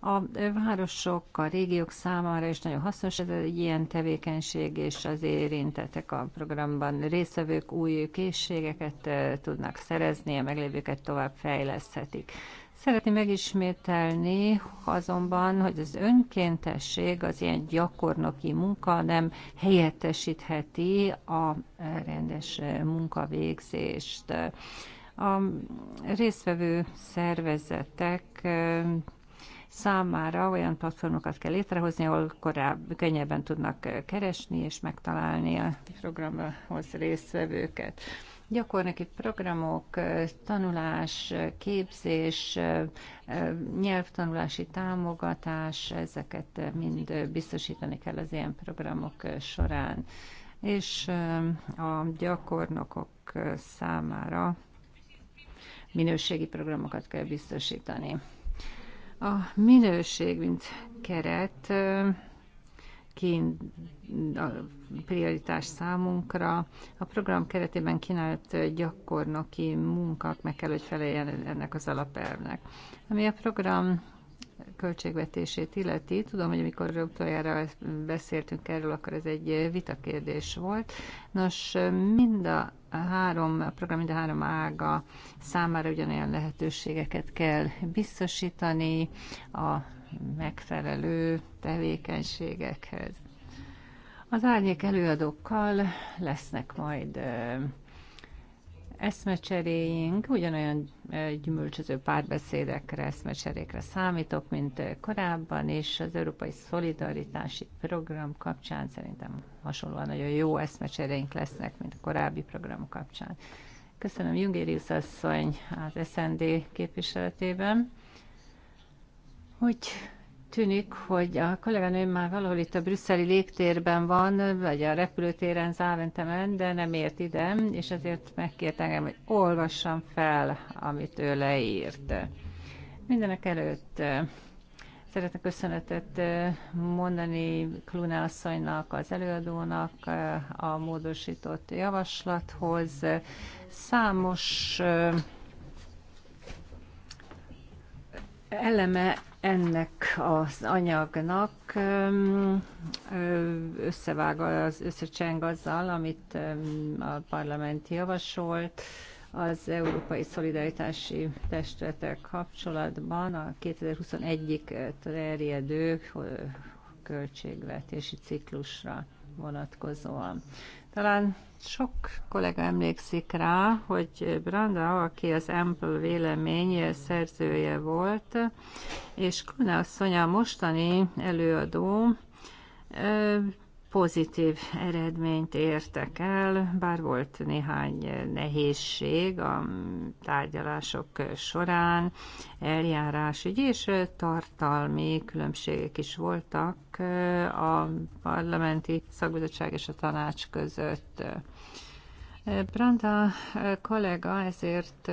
A városok, a régiók számára is nagyon hasznos ez egy ilyen tevékenység, és az érintettek a programban részvevők új készségeket tudnak szerezni, a meglévőket tovább fejleszthetik. Szeretném megismételni azonban, hogy az önkéntesség, az ilyen gyakornoki munka nem helyettesítheti a rendes munkavégzést. A résztvevő szervezetek számára olyan platformokat kell létrehozni, ahol korábban könnyebben tudnak keresni és megtalálni a programhoz résztvevőket gyakornoki programok, tanulás, képzés, nyelvtanulási támogatás, ezeket mind biztosítani kell az ilyen programok során. És a gyakornokok számára minőségi programokat kell biztosítani. A minőség, mint keret kint a prioritás számunkra. A program keretében kínált gyakornoki munkák meg kell, hogy feleljen ennek az alapelvnek. Ami a program költségvetését illeti. Tudom, hogy amikor utoljára beszéltünk erről, akkor ez egy vitakérdés volt. Nos, mind a három, a program mind a három ága számára ugyanolyan lehetőségeket kell biztosítani a megfelelő tevékenységekhez. Az árnyék előadókkal lesznek majd eszmecseréink, ugyanolyan gyümölcsöző párbeszédekre, eszmecserékre számítok, mint korábban, és az Európai Szolidaritási Program kapcsán szerintem hasonlóan nagyon jó eszmecseréink lesznek, mint a korábbi program kapcsán. Köszönöm Jungérius asszony az SND képviseletében, hogy tűnik, hogy a kolléganőm már valahol itt a brüsszeli légtérben van, vagy a repülőtéren Záventemen, de nem ért ide, és ezért megkért engem, hogy olvassam fel, amit ő leírt. Mindenek előtt szeretnék köszönetet mondani Klune asszonynak, az előadónak a módosított javaslathoz. Számos eleme ennek az anyagnak összevág az összecseng azzal, amit a parlament javasolt az Európai Szolidaritási Testületek kapcsolatban a 2021-ig terjedő költségvetési ciklusra vonatkozóan. Talán sok kollega emlékszik rá, hogy Branda, aki az Ample vélemény szerzője volt, és Kuna asszony a mostani előadó pozitív eredményt értek el, bár volt néhány nehézség a tárgyalások során, eljárásügy és tartalmi különbségek is voltak eh, a parlamenti szakbizottság és a tanács között. Eh, Branda eh, kollega ezért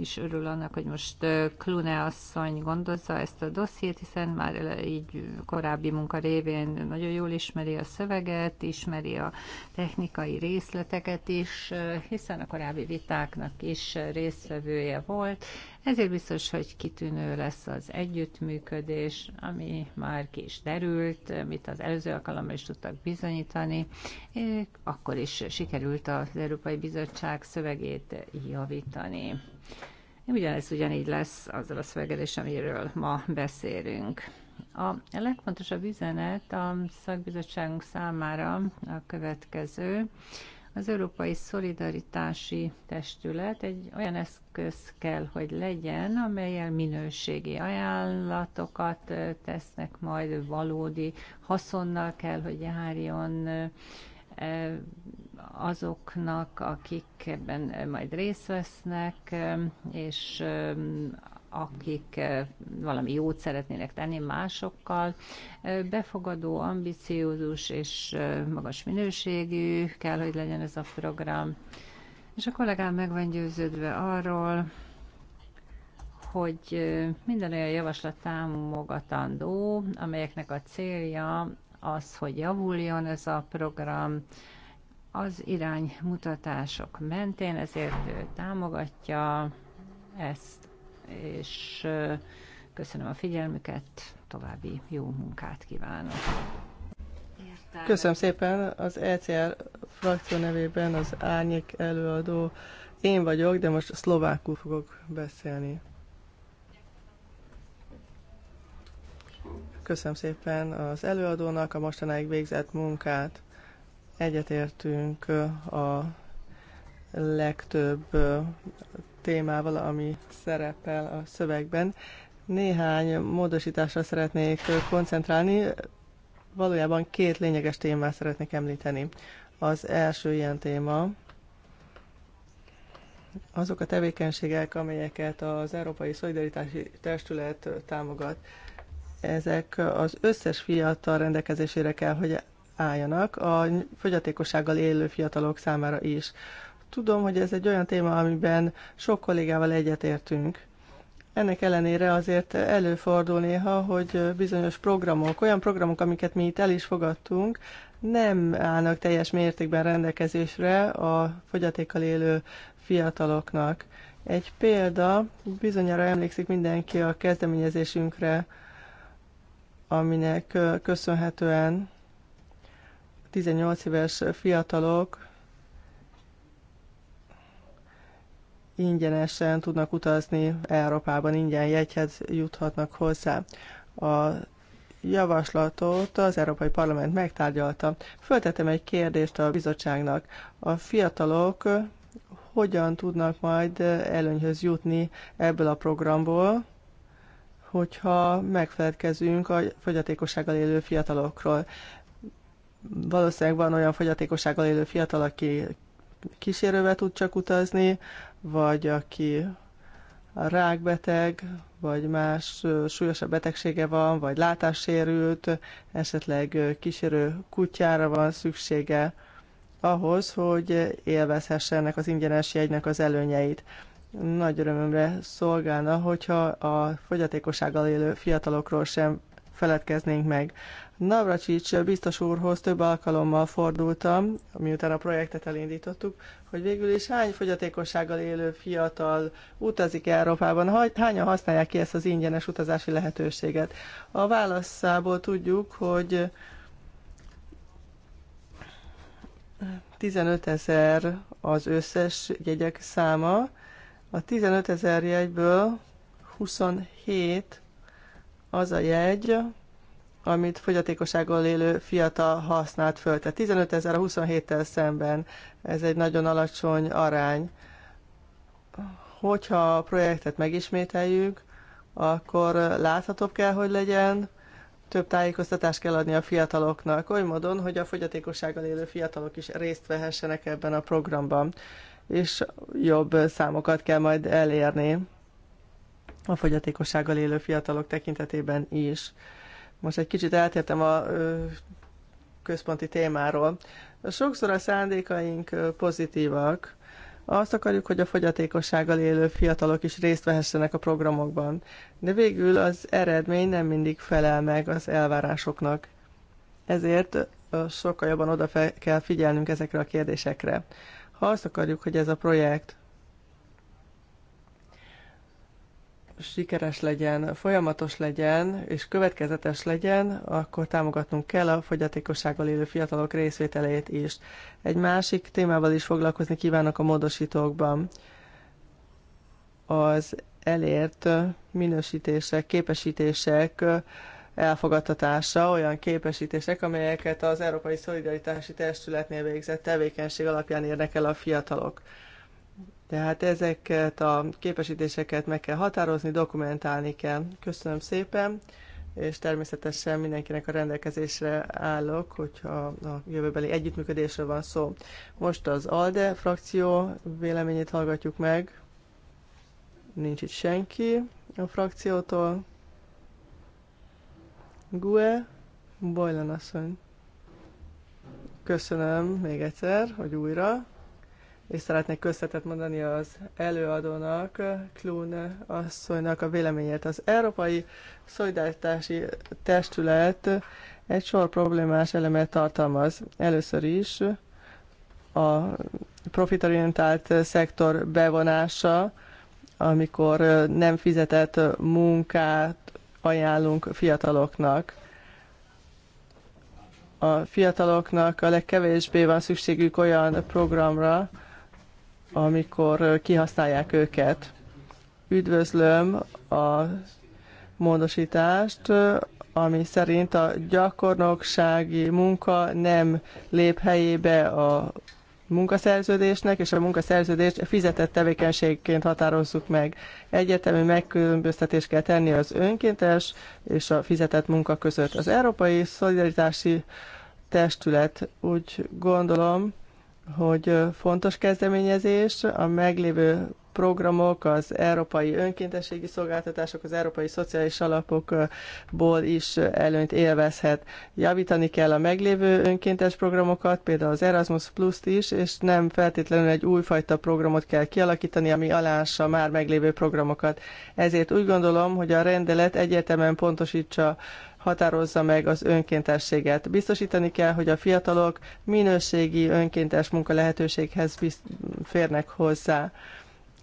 is örül annak, hogy most Klune asszony gondozza ezt a dossziét, hiszen már így korábbi munka révén nagyon jól ismeri a szöveget, ismeri a technikai részleteket is, hiszen a korábbi vitáknak is résztvevője volt. Ezért biztos, hogy kitűnő lesz az együttműködés, ami már ki is derült, amit az előző alkalommal is tudtak bizonyítani. Akkor is sikerült az Európai Bizottság szövegét javítani. Ugyanez ugyanígy lesz azzal a szövegedés, amiről ma beszélünk. A legfontosabb üzenet a szakbizottságunk számára a következő. Az Európai Szolidaritási Testület egy olyan eszköz kell, hogy legyen, amelyel minőségi ajánlatokat tesznek, majd valódi haszonnal kell, hogy járjon, E, azoknak, akik ebben majd részt vesznek, e, és e, akik valami jót szeretnének tenni másokkal. Befogadó, ambiciózus és magas minőségű kell, hogy legyen ez a program. És a kollégám meg van győződve arról, hogy minden olyan javaslat támogatandó, amelyeknek a célja az, hogy javuljon ez a program az iránymutatások mentén, ezért ő támogatja ezt, és köszönöm a figyelmüket, további jó munkát kívánok. Köszönöm szépen az ECR frakció nevében az árnyék előadó. Én vagyok, de most szlovákul fogok beszélni. Köszönöm szépen az előadónak a mostanáig végzett munkát. Egyetértünk a legtöbb témával, ami szerepel a szövegben. Néhány módosításra szeretnék koncentrálni. Valójában két lényeges témát szeretnék említeni. Az első ilyen téma azok a tevékenységek, amelyeket az Európai Szolidaritási Testület támogat ezek az összes fiatal rendelkezésére kell, hogy álljanak, a fogyatékossággal élő fiatalok számára is. Tudom, hogy ez egy olyan téma, amiben sok kollégával egyetértünk. Ennek ellenére azért előfordul néha, hogy bizonyos programok, olyan programok, amiket mi itt el is fogadtunk, nem állnak teljes mértékben rendelkezésre a fogyatékkal élő fiataloknak. Egy példa, bizonyára emlékszik mindenki a kezdeményezésünkre, aminek köszönhetően 18 éves fiatalok ingyenesen tudnak utazni Európában, ingyen jegyhez juthatnak hozzá. A javaslatot az Európai Parlament megtárgyalta. Föltettem egy kérdést a bizottságnak. A fiatalok hogyan tudnak majd előnyhöz jutni ebből a programból, hogyha megfeledkezünk a fogyatékossággal élő fiatalokról. Valószínűleg van olyan fogyatékossággal élő fiatal, aki kísérővel tud csak utazni, vagy aki rákbeteg, vagy más súlyosabb betegsége van, vagy látássérült, esetleg kísérő kutyára van szüksége ahhoz, hogy élvezhesse ennek az ingyenes jegynek az előnyeit. Nagy örömömre szolgálna, hogyha a fogyatékossággal élő fiatalokról sem feledkeznénk meg. Navracsics biztos úrhoz több alkalommal fordultam, miután a projektet elindítottuk, hogy végül is hány fogyatékossággal élő fiatal utazik Európában, hányan használják ki ezt az ingyenes utazási lehetőséget. A válaszából tudjuk, hogy 15 ezer az összes jegyek száma, a 15 ezer jegyből 27 az a jegy, amit fogyatékossággal élő fiatal használt föl. Tehát 15 ezer a 27-tel szemben ez egy nagyon alacsony arány. Hogyha a projektet megismételjük, akkor láthatóbb kell, hogy legyen, több tájékoztatást kell adni a fiataloknak, oly módon, hogy a fogyatékossággal élő fiatalok is részt vehessenek ebben a programban és jobb számokat kell majd elérni a fogyatékossággal élő fiatalok tekintetében is. Most egy kicsit eltértem a központi témáról. Sokszor a szándékaink pozitívak. Azt akarjuk, hogy a fogyatékossággal élő fiatalok is részt vehessenek a programokban, de végül az eredmény nem mindig felel meg az elvárásoknak. Ezért sokkal jobban oda kell figyelnünk ezekre a kérdésekre ha azt akarjuk, hogy ez a projekt sikeres legyen, folyamatos legyen és következetes legyen, akkor támogatnunk kell a fogyatékossággal élő fiatalok részvételét is. Egy másik témával is foglalkozni kívánok a módosítókban. Az elért minősítések, képesítések elfogadtatása, olyan képesítések, amelyeket az Európai Szolidaritási Testületnél végzett tevékenység alapján érnek el a fiatalok. Tehát ezeket a képesítéseket meg kell határozni, dokumentálni kell. Köszönöm szépen, és természetesen mindenkinek a rendelkezésre állok, hogyha a jövőbeli együttműködésről van szó. Most az ALDE frakció véleményét hallgatjuk meg. Nincs itt senki a frakciótól. GUE, Bojlan asszony. Köszönöm még egyszer, hogy újra. És szeretnék köszönetet mondani az előadónak, Klún asszonynak a véleményét. Az Európai Szolidaritási Testület egy sor problémás elemet tartalmaz. Először is a profitorientált szektor bevonása, amikor nem fizetett munkát ajánlunk fiataloknak. A fiataloknak a legkevésbé van szükségük olyan programra, amikor kihasználják őket. Üdvözlöm a módosítást, ami szerint a gyakornoksági munka nem lép helyébe a munkaszerződésnek, és a munkaszerződést fizetett tevékenységként határozzuk meg. Egyetemű megkülönböztetést kell tenni az önkéntes és a fizetett munka között. Az Európai Szolidaritási Testület úgy gondolom, hogy fontos kezdeményezés, a meglévő programok, az európai önkéntességi szolgáltatások, az európai szociális alapokból is előnyt élvezhet. Javítani kell a meglévő önkéntes programokat, például az Erasmus Plus-t is, és nem feltétlenül egy újfajta programot kell kialakítani, ami alássa már meglévő programokat. Ezért úgy gondolom, hogy a rendelet egyértelműen pontosítsa határozza meg az önkéntességet. Biztosítani kell, hogy a fiatalok minőségi önkéntes munka lehetőséghez férnek hozzá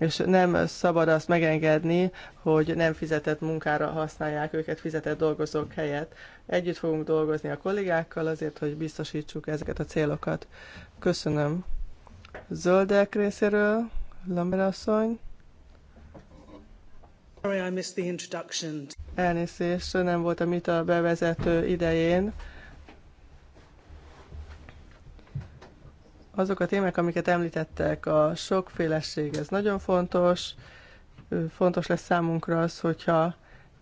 és nem szabad azt megengedni, hogy nem fizetett munkára használják őket fizetett dolgozók helyett. Együtt fogunk dolgozni a kollégákkal azért, hogy biztosítsuk ezeket a célokat. Köszönöm. Zöldek részéről, Lambert asszony. Sorry, I missed the introduction. Elnézést, nem voltam itt a bevezető idején. azok a témák, amiket említettek, a sokféleség, ez nagyon fontos. Fontos lesz számunkra az, hogyha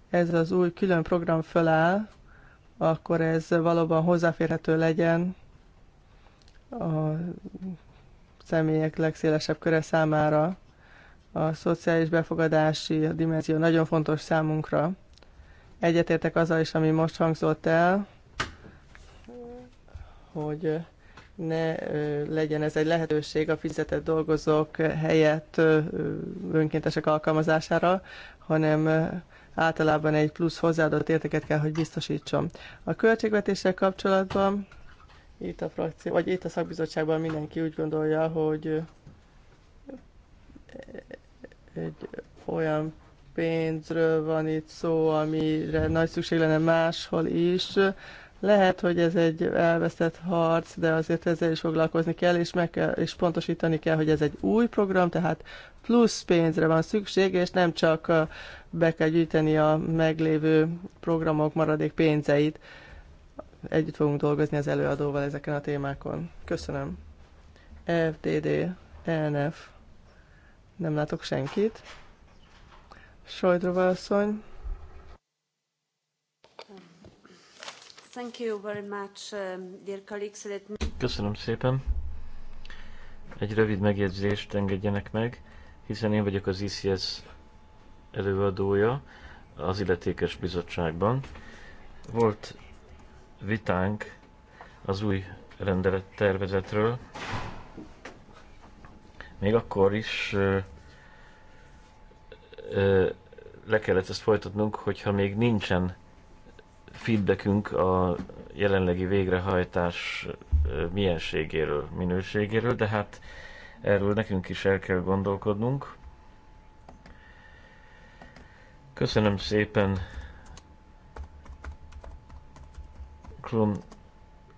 ez az új külön program föláll, akkor ez valóban hozzáférhető legyen a személyek legszélesebb köre számára. A szociális befogadási dimenzió nagyon fontos számunkra. Egyetértek azzal is, ami most hangzott el, hogy ne legyen ez egy lehetőség a fizetett dolgozók helyett önkéntesek alkalmazására, hanem általában egy plusz hozzáadott értéket kell, hogy biztosítson. A költségvetéssel kapcsolatban itt a frakció, vagy itt a szakbizottságban mindenki úgy gondolja, hogy egy olyan pénzről van itt szó, amire nagy szükség lenne máshol is, lehet, hogy ez egy elveszett harc, de azért ezzel is foglalkozni kell, és, meg kell, és pontosítani kell, hogy ez egy új program, tehát plusz pénzre van szükség, és nem csak be kell gyűjteni a meglévő programok maradék pénzeit. Együtt fogunk dolgozni az előadóval ezeken a témákon. Köszönöm. FDD, ENF. Nem látok senkit. Sojdrova asszony. Thank you very much, um, dear colleagues. Let me... Köszönöm szépen. Egy rövid megjegyzést engedjenek meg, hiszen én vagyok az ICS előadója az illetékes bizottságban. Volt vitánk az új rendelettervezetről, még akkor is ö, ö, le kellett ezt folytatnunk, hogyha még nincsen feedbackünk a jelenlegi végrehajtás mienségéről, minőségéről, de hát erről nekünk is el kell gondolkodnunk. Köszönöm szépen Klum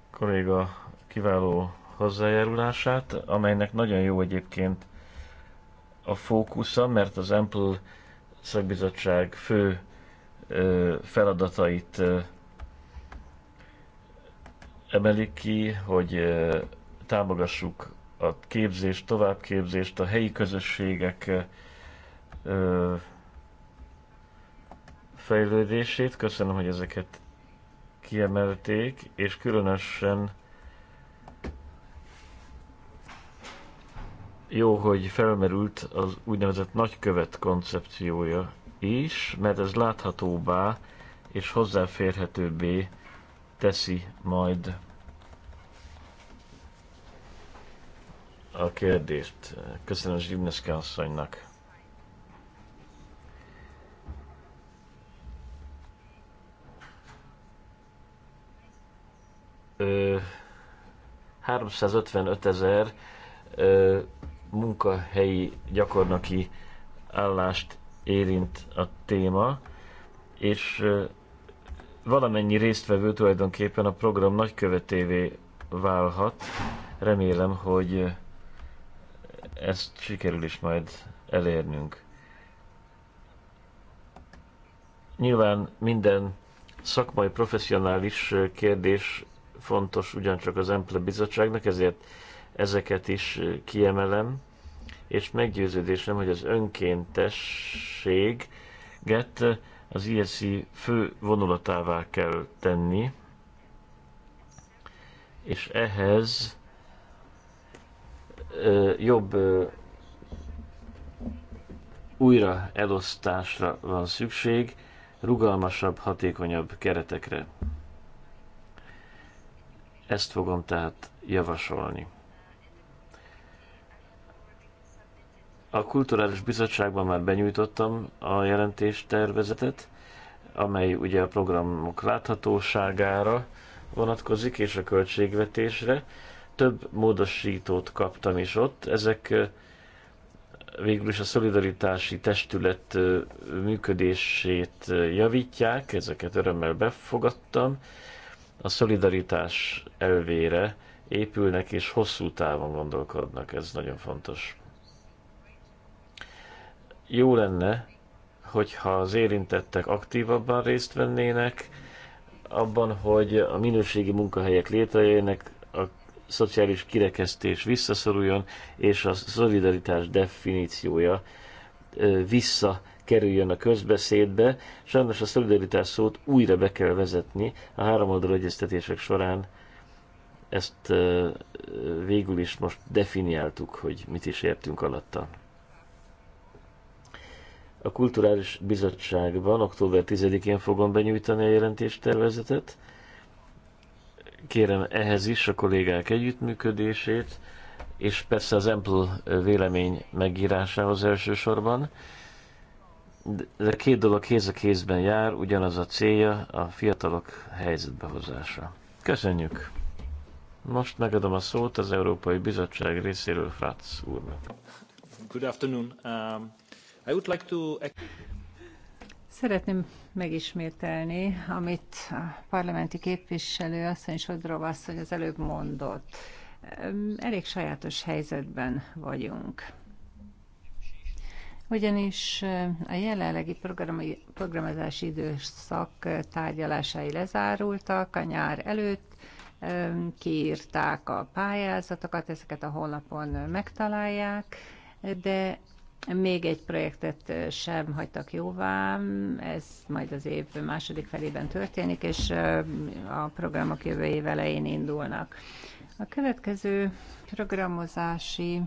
kolléga kiváló hozzájárulását, amelynek nagyon jó egyébként a fókusza, mert az Ample szakbizottság fő feladatait emelik ki, hogy támogassuk a képzést, továbbképzést, a helyi közösségek fejlődését. Köszönöm, hogy ezeket kiemelték, és különösen jó, hogy felmerült az úgynevezett nagykövet koncepciója is, mert ez láthatóbbá és hozzáférhetőbbé teszi majd a kérdést. Köszönöm Zsibneszke asszonynak. Ö, 355 ezer munkahelyi gyakornoki állást érint a téma, és valamennyi résztvevő tulajdonképpen a program nagykövetévé válhat. Remélem, hogy ezt sikerül is majd elérnünk. Nyilván minden szakmai, professzionális kérdés fontos ugyancsak az Emple Bizottságnak, ezért ezeket is kiemelem és meggyőződésem, hogy az önkéntességet az ISZI fő vonulatává kell tenni, és ehhez ö, jobb ö, újra elosztásra van szükség, rugalmasabb, hatékonyabb keretekre. Ezt fogom tehát javasolni. A Kulturális Bizottságban már benyújtottam a jelentéstervezetet, amely ugye a programok láthatóságára vonatkozik, és a költségvetésre. Több módosítót kaptam is ott. Ezek végül is a szolidaritási testület működését javítják, ezeket örömmel befogadtam. A szolidaritás elvére épülnek és hosszú távon gondolkodnak, ez nagyon fontos jó lenne, hogyha az érintettek aktívabban részt vennének, abban, hogy a minőségi munkahelyek létrejöjjenek, a szociális kirekesztés visszaszoruljon, és a szolidaritás definíciója visszakerüljön a közbeszédbe. Sajnos a szolidaritás szót újra be kell vezetni. A háromoldalú egyeztetések során ezt végül is most definiáltuk, hogy mit is értünk alatta. A Kulturális Bizottságban október 10-én fogom benyújtani a jelentéstervezetet. Kérem ehhez is a kollégák együttműködését, és persze az Ample vélemény megírásához elsősorban. De két dolog kéz a kézben jár, ugyanaz a célja, a fiatalok helyzetbehozása. Köszönjük! Most megadom a szót az Európai Bizottság részéről Fratz úrnak. Good afternoon. Um... Szeretném megismételni, amit a parlamenti képviselő asszony Sodrov asszony az előbb mondott. Elég sajátos helyzetben vagyunk. Ugyanis a jelenlegi programozási időszak tárgyalásai lezárultak a nyár előtt, kiírták a pályázatokat, ezeket a honlapon megtalálják, de még egy projektet sem hagytak jóvá, ez majd az év második felében történik, és a programok jövő év elején indulnak. A következő programozási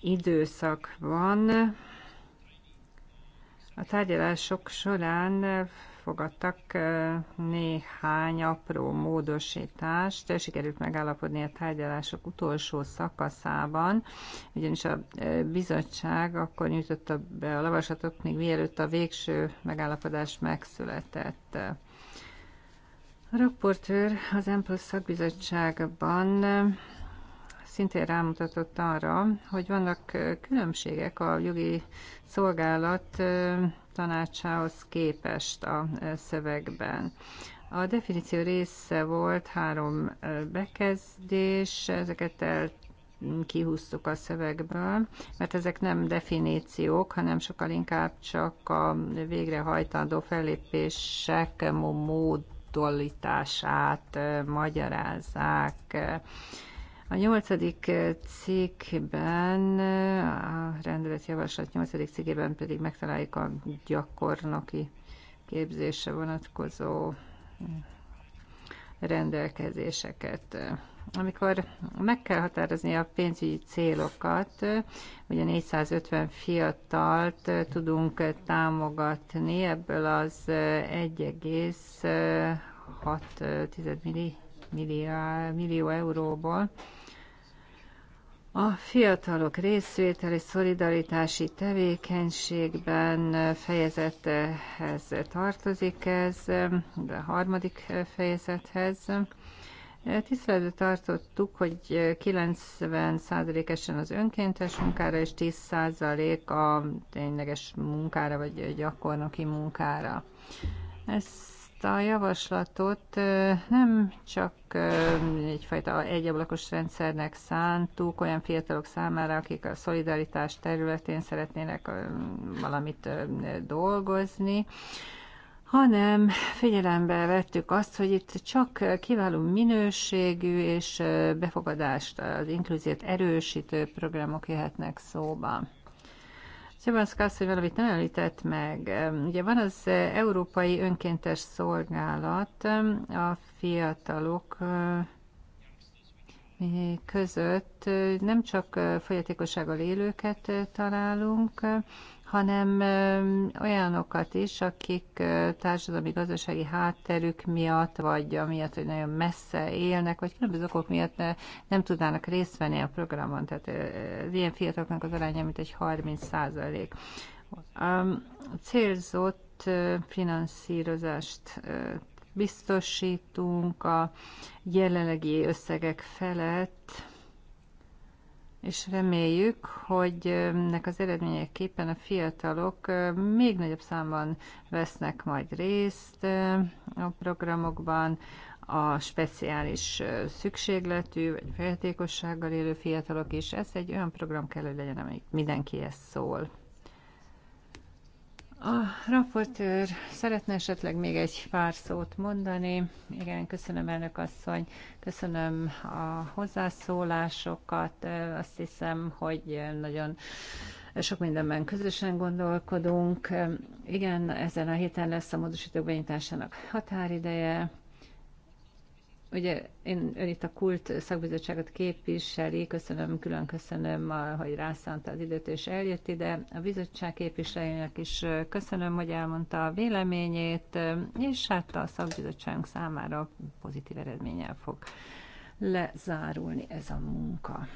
időszakban a tárgyalások során elfogadtak néhány apró módosítást, sikerült megállapodni a tárgyalások utolsó szakaszában, ugyanis a bizottság akkor nyújtotta be a javaslatot, még mielőtt a végső megállapodás megszületett. A rapportőr az EMPL szakbizottságban szintén rámutatott arra, hogy vannak különbségek a jogi szolgálat tanácsához képest a e, szövegben. A definíció része volt három e, bekezdés, ezeket el kihúztuk a szövegből, mert ezek nem definíciók, hanem sokkal inkább csak a végrehajtandó fellépések módolítását e, magyarázzák. A nyolcadik eh, cikkben, eh, a rendeletjavaslat nyolcadik cikkében pedig megtaláljuk a gyakornoki képzésre vonatkozó eh, rendelkezéseket. Amikor meg kell határozni a pénzügyi célokat, ugye 450 fiatalt tudunk támogatni, ebből az 1,6 millió, millió euróból, a fiatalok részvételi szolidaritási tevékenységben fejezethez tartozik ez, de a harmadik fejezethez. Tiszteletbe tartottuk, hogy 90% esen az önkéntes munkára, és 10% a tényleges munkára, vagy gyakornoki munkára. Ez ezt a javaslatot nem csak egyfajta egyablakos rendszernek szántuk olyan fiatalok számára, akik a szolidaritás területén szeretnének valamit dolgozni, hanem figyelembe vettük azt, hogy itt csak kiváló minőségű és befogadást, az inkluziót erősítő programok jöhetnek szóba. Szebanszka azt, hogy valamit nem említett meg. Ugye van az Európai Önkéntes Szolgálat a fiatalok között nem csak fogyatékossággal élőket találunk, hanem olyanokat is, akik társadalmi-gazdasági hátterük miatt, vagy amiatt, hogy nagyon messze élnek, vagy különböző okok miatt ne, nem tudnának részt venni a programon. Tehát az ilyen fiataloknak az aránya, mint egy 30 százalék. Célzott finanszírozást biztosítunk a jelenlegi összegek felett, és reméljük, hogy ennek az eredményeképpen a fiatalok még nagyobb számban vesznek majd részt a programokban, a speciális szükségletű vagy feltékossággal élő fiatalok is. Ez egy olyan program kell, hogy legyen, amelyik mindenkihez szól. A raportőr szeretne esetleg még egy pár szót mondani. Igen, köszönöm elnök asszony, köszönöm a hozzászólásokat. Azt hiszem, hogy nagyon sok mindenben közösen gondolkodunk. Igen, ezen a héten lesz a módosítók benyitásának határideje, Ugye én, ön itt a kult szakbizottságot képviseli, köszönöm, külön köszönöm, hogy rászánta az időt és eljött ide. A bizottság képviselőjének is köszönöm, hogy elmondta a véleményét, és hát a szakbizottságunk számára pozitív eredménnyel fog lezárulni ez a munka.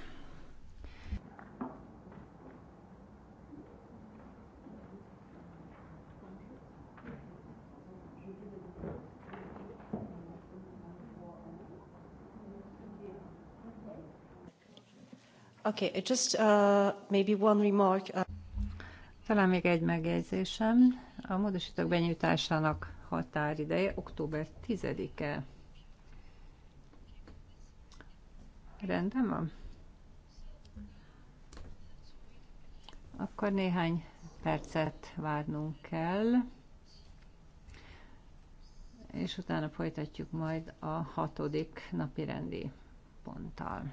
Okay, just uh, maybe one remark. Uh, Talán még egy megjegyzésem. A módosítók benyújtásának határideje október 10-e. Rendben van? Akkor néhány percet várnunk kell, és utána folytatjuk majd a hatodik napi rendi ponttal.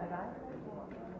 Bye-bye.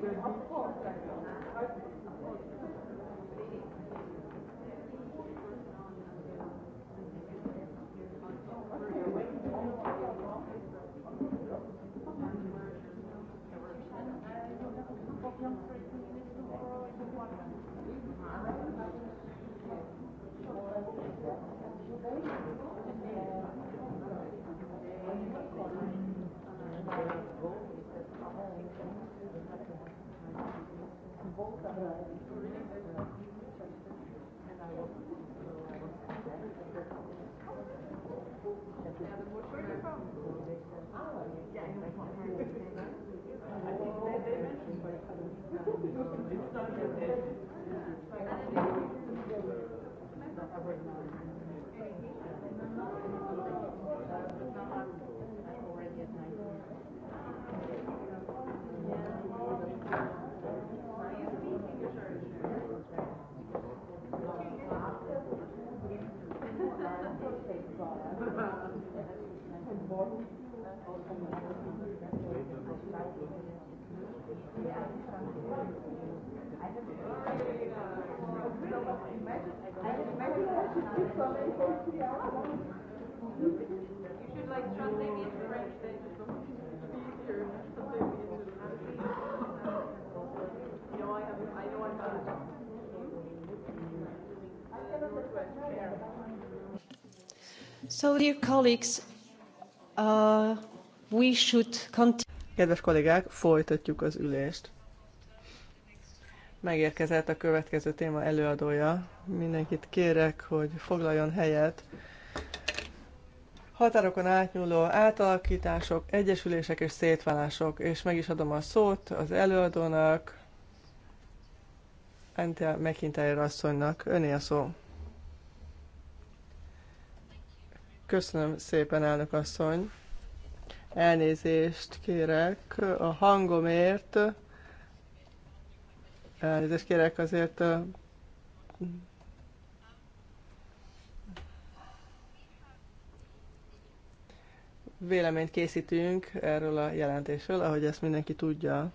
Of course I will. Uh, Kedves kollégák, folytatjuk az ülést. Megérkezett a következő téma előadója. Mindenkit kérek, hogy foglaljon helyet. Határokon átnyúló átalakítások, egyesülések és szétválások. És meg is adom a szót az előadónak, Antia McIntyre asszonynak. Öné a szó. Köszönöm szépen, elnök asszony. Elnézést kérek a hangomért. Elnézést kérek azért véleményt készítünk erről a jelentésről, ahogy ezt mindenki tudja.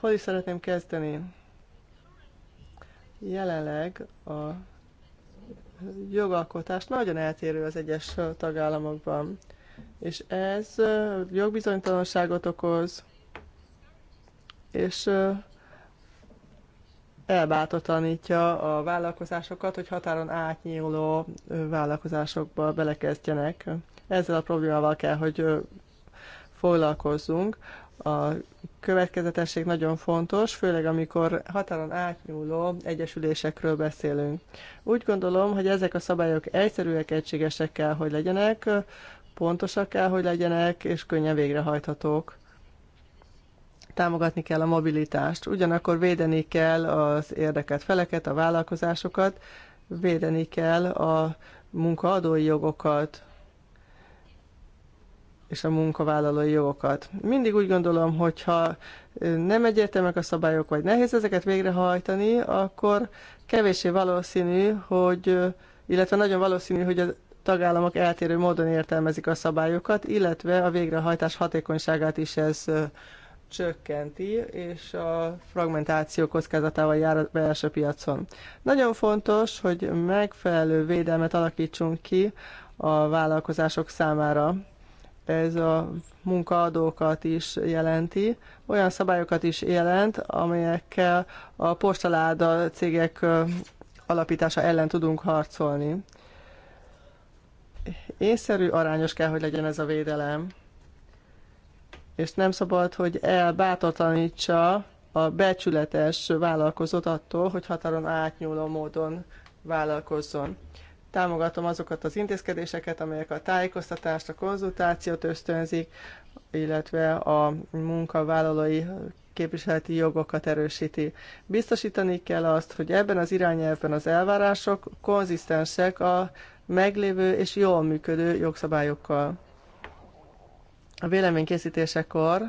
hol is szeretném kezdeni? Jelenleg a jogalkotás nagyon eltérő az egyes tagállamokban, és ez jogbizonytalanságot okoz, és elbátotanítja a vállalkozásokat, hogy határon átnyúló vállalkozásokba belekezdjenek. Ezzel a problémával kell, hogy foglalkozzunk. A következetesség nagyon fontos, főleg amikor határon átnyúló egyesülésekről beszélünk. Úgy gondolom, hogy ezek a szabályok egyszerűek, egységesek kell, hogy legyenek, pontosak kell, hogy legyenek, és könnyen végrehajthatók támogatni kell a mobilitást, ugyanakkor védeni kell az érdeket, feleket, a vállalkozásokat, védeni kell a munkaadói jogokat, és a munkavállalói jogokat. Mindig úgy gondolom, hogyha nem egyértelműek a szabályok, vagy nehéz ezeket végrehajtani, akkor kevésé valószínű, hogy, illetve nagyon valószínű, hogy a tagállamok eltérő módon értelmezik a szabályokat, illetve a végrehajtás hatékonyságát is ez csökkenti, és a fragmentáció kockázatával jár a belső piacon. Nagyon fontos, hogy megfelelő védelmet alakítsunk ki a vállalkozások számára ez a munkaadókat is jelenti, olyan szabályokat is jelent, amelyekkel a postaláda cégek alapítása ellen tudunk harcolni. Észszerű, arányos kell, hogy legyen ez a védelem. És nem szabad, hogy elbátortanítsa a becsületes vállalkozót attól, hogy határon átnyúló módon vállalkozzon. Támogatom azokat az intézkedéseket, amelyek a tájékoztatást, a konzultációt ösztönzik, illetve a munkavállalói képviseleti jogokat erősíti. Biztosítani kell azt, hogy ebben az irányelvben az elvárások konzisztensek a meglévő és jól működő jogszabályokkal. A véleménykészítésekor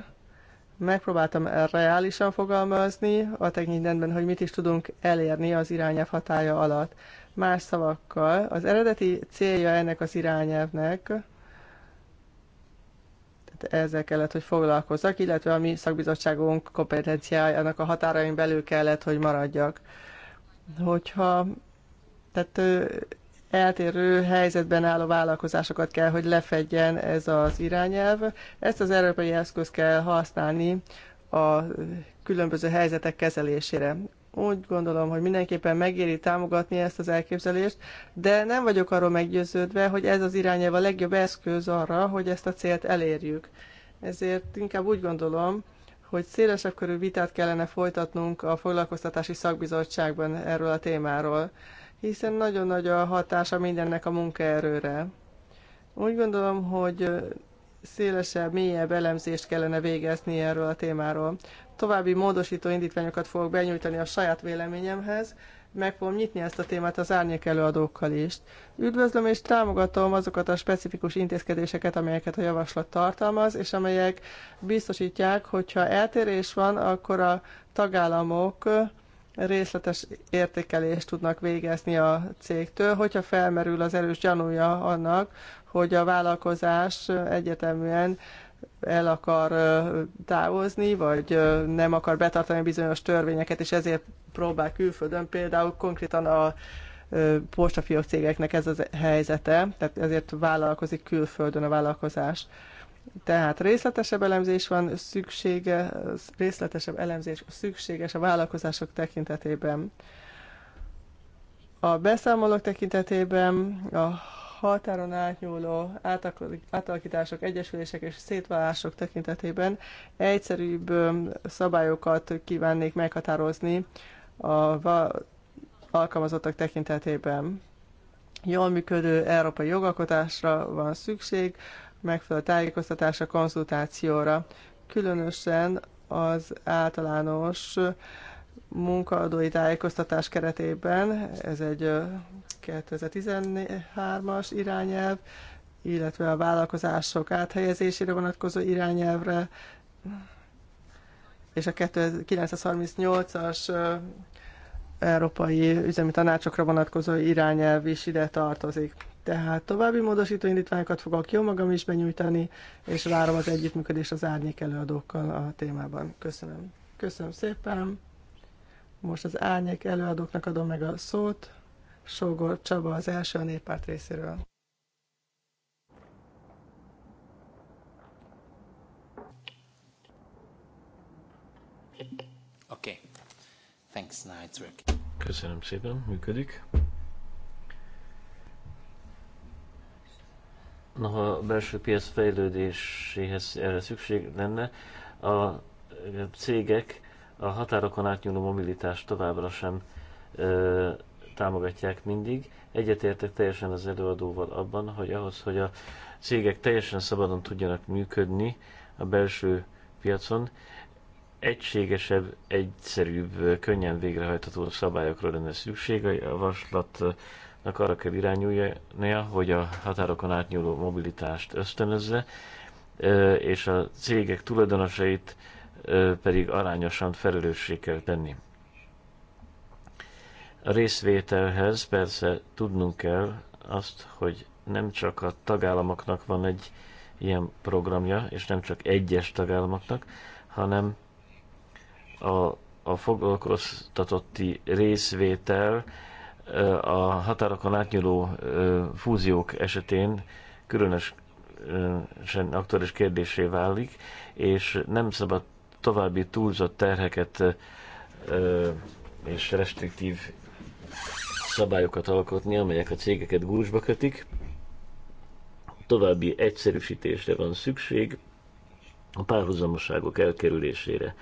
megpróbáltam reálisan fogalmazni a tekintetben, hogy mit is tudunk elérni az irányelv hatája alatt. Más szavakkal, az eredeti célja ennek az irányelvnek, tehát ezzel kellett, hogy foglalkozzak, illetve a mi szakbizottságunk kompetenciájának a határain belül kellett, hogy maradjak. Hogyha tehát eltérő helyzetben álló vállalkozásokat kell, hogy lefedjen ez az irányelv. Ezt az európai eszköz kell használni a különböző helyzetek kezelésére úgy gondolom, hogy mindenképpen megéri támogatni ezt az elképzelést, de nem vagyok arról meggyőződve, hogy ez az irányelv a legjobb eszköz arra, hogy ezt a célt elérjük. Ezért inkább úgy gondolom, hogy szélesebb körű vitát kellene folytatnunk a foglalkoztatási szakbizottságban erről a témáról, hiszen nagyon nagy a hatása mindennek a munkaerőre. Úgy gondolom, hogy szélesebb, mélyebb elemzést kellene végezni erről a témáról. További módosító indítványokat fogok benyújtani a saját véleményemhez, meg fogom nyitni ezt a témát az árnyék előadókkal is. Üdvözlöm és támogatom azokat a specifikus intézkedéseket, amelyeket a javaslat tartalmaz, és amelyek biztosítják, hogyha eltérés van, akkor a tagállamok részletes értékelést tudnak végezni a cégtől, hogyha felmerül az erős gyanúja annak, hogy a vállalkozás egyeteműen el akar távozni, vagy nem akar betartani bizonyos törvényeket, és ezért próbál külföldön például konkrétan a postafiók cégeknek ez az helyzete, tehát ezért vállalkozik külföldön a vállalkozás. Tehát részletesebb elemzés van szüksége, részletesebb elemzés szükséges a vállalkozások tekintetében. A beszámolók tekintetében a határon átnyúló átalakítások, egyesülések és szétválások tekintetében egyszerűbb szabályokat kívánnék meghatározni a alkalmazottak tekintetében. Jól működő európai jogalkotásra van szükség, megfelelő tájékoztatásra, konzultációra, különösen az általános munkaadói tájékoztatás keretében, ez egy 2013-as irányelv, illetve a vállalkozások áthelyezésére vonatkozó irányelvre, és a 1938-as európai üzemi tanácsokra vonatkozó irányelv is ide tartozik. Tehát további módosító indítványokat fogok jó magam is benyújtani, és várom az együttműködést az árnyék előadókkal a témában. Köszönöm. Köszönöm szépen. Most az árnyék előadóknak adom meg a szót. Sógor Csaba az első a néppárt részéről. Okay. Thanks, now Köszönöm szépen, működik. Na, ha a belső piac fejlődéséhez erre szükség lenne, a cégek a határokon átnyúló mobilitást továbbra sem ö, támogatják mindig. Egyetértek teljesen az előadóval abban, hogy ahhoz, hogy a cégek teljesen szabadon tudjanak működni a belső piacon, egységesebb, egyszerűbb, könnyen végrehajtható szabályokra lenne szükség. A javaslatnak arra kell irányulnia, hogy a határokon átnyúló mobilitást ösztönözze, és a cégek tulajdonosait pedig arányosan felelőssé kell tenni. A részvételhez persze tudnunk kell azt, hogy nem csak a tagállamoknak van egy ilyen programja, és nem csak egyes tagállamoknak, hanem a, a foglalkoztatotti részvétel a határokon átnyúló fúziók esetén különösen aktuális kérdésé válik, és nem szabad további túlzott terheket és restriktív szabályokat alkotni, amelyek a cégeket gúzsba kötik. További egyszerűsítésre van szükség, a párhuzamoságok elkerülésére.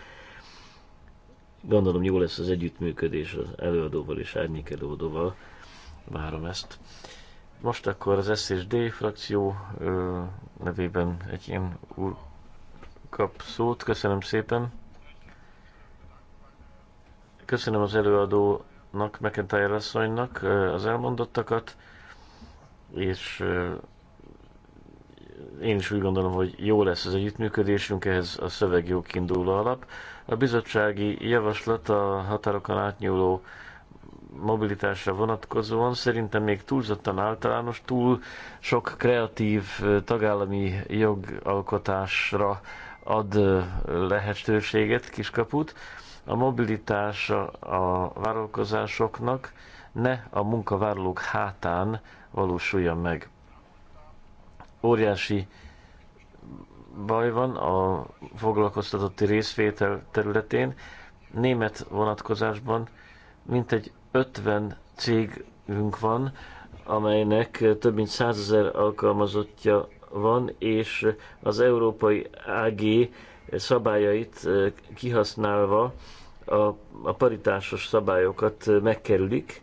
Gondolom jó lesz az együttműködés az előadóval és árnyék előadóval. Várom ezt. Most akkor az SSD frakció ö, nevében egy ilyen úr kap szót. Köszönöm szépen. Köszönöm az előadónak, McIntyre asszonynak az elmondottakat, és én is úgy gondolom, hogy jó lesz az együttműködésünk, ehhez a szöveg jó kiinduló alap. A bizottsági javaslat a határokon átnyúló mobilitásra vonatkozóan szerintem még túlzottan általános, túl sok kreatív tagállami jogalkotásra ad lehetőséget, kiskaput. A mobilitás a vállalkozásoknak ne a munkavállalók hátán valósuljon meg. Óriási baj van a foglalkoztatotti részvétel területén. Német vonatkozásban mintegy 50 cégünk van, amelynek több mint 100 ezer alkalmazottja van, és az európai AG szabályait kihasználva a, a paritásos szabályokat megkerülik,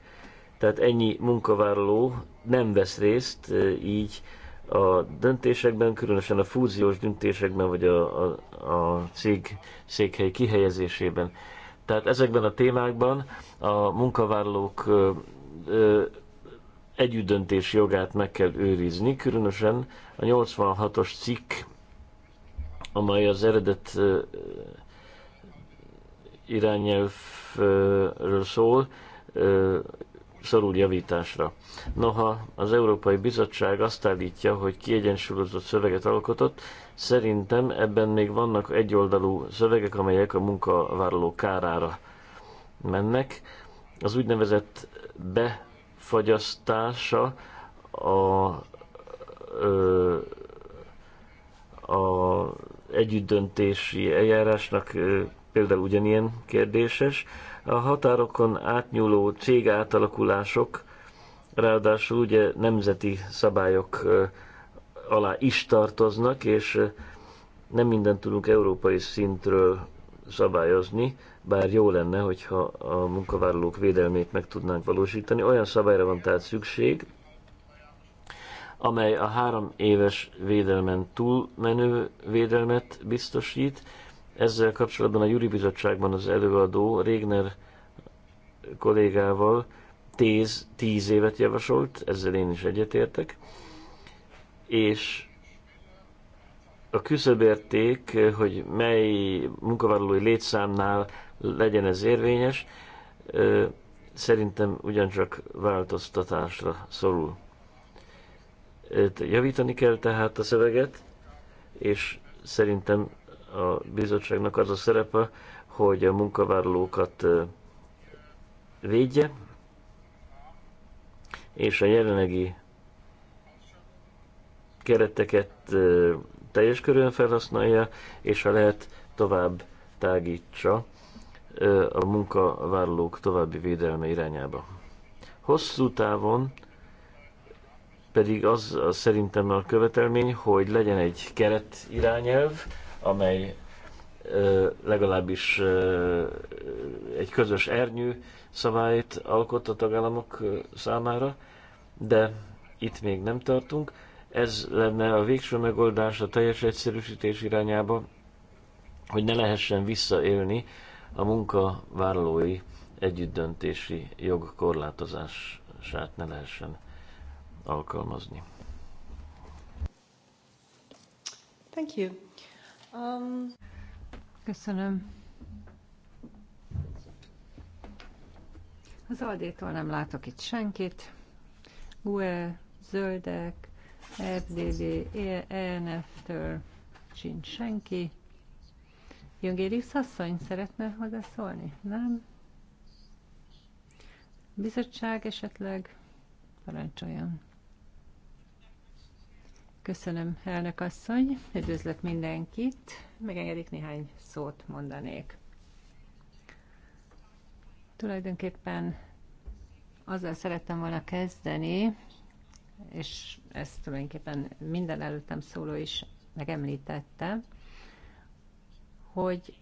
tehát ennyi munkavállaló nem vesz részt így a döntésekben, különösen a fúziós döntésekben, vagy a, a, a cég székhely kihelyezésében. Tehát ezekben a témákban a munkavállalók ö, ö, együttdöntés jogát meg kell őrizni, különösen a 86-os cikk, amely az eredet irányelvről szól, szorul javításra. Noha az Európai Bizottság azt állítja, hogy kiegyensúlyozott szöveget alkotott, szerintem ebben még vannak egyoldalú szövegek, amelyek a munkavállaló kárára mennek. Az úgynevezett be fogyasztása a, a együttdöntési eljárásnak például ugyanilyen kérdéses. A határokon átnyúló cég átalakulások ráadásul ugye nemzeti szabályok alá is tartoznak, és nem mindent tudunk európai szintről szabályozni bár jó lenne, hogyha a munkavállalók védelmét meg tudnánk valósítani. Olyan szabályra van tehát szükség, amely a három éves védelmen túlmenő védelmet biztosít. Ezzel kapcsolatban a Júri Bizottságban az előadó Régner kollégával tíz, tíz évet javasolt, ezzel én is egyetértek, és a küszöbérték, hogy mely munkavállalói létszámnál legyen ez érvényes, szerintem ugyancsak változtatásra szorul. Javítani kell tehát a szöveget, és szerintem a bizottságnak az a szerepe, hogy a munkavállalókat védje, és a jelenlegi kereteket teljes körülön felhasználja, és ha lehet, tovább tágítsa a munkavállalók további védelme irányába. Hosszú távon pedig az, az szerintem a követelmény, hogy legyen egy keret irányelv, amely legalábbis egy közös ernyű szabályt alkot a tagállamok számára, de itt még nem tartunk. Ez lenne a végső megoldás a teljes egyszerűsítés irányába, hogy ne lehessen visszaélni a munkavállalói együttdöntési jog korlátozását ne lehessen alkalmazni. Thank you. Um... Köszönöm. Az Aldétól nem látok itt senkit. Ue, Zöldek, FDD, ENF-től e sincs senki. Jungéris asszony szeretne hozzászólni? Nem? Bizottság esetleg parancsoljon. Köszönöm, elnök asszony, üdvözlök mindenkit. Megengedik néhány szót mondanék. Tulajdonképpen azzal szerettem volna kezdeni, és ezt tulajdonképpen minden előttem szóló is megemlítette, hogy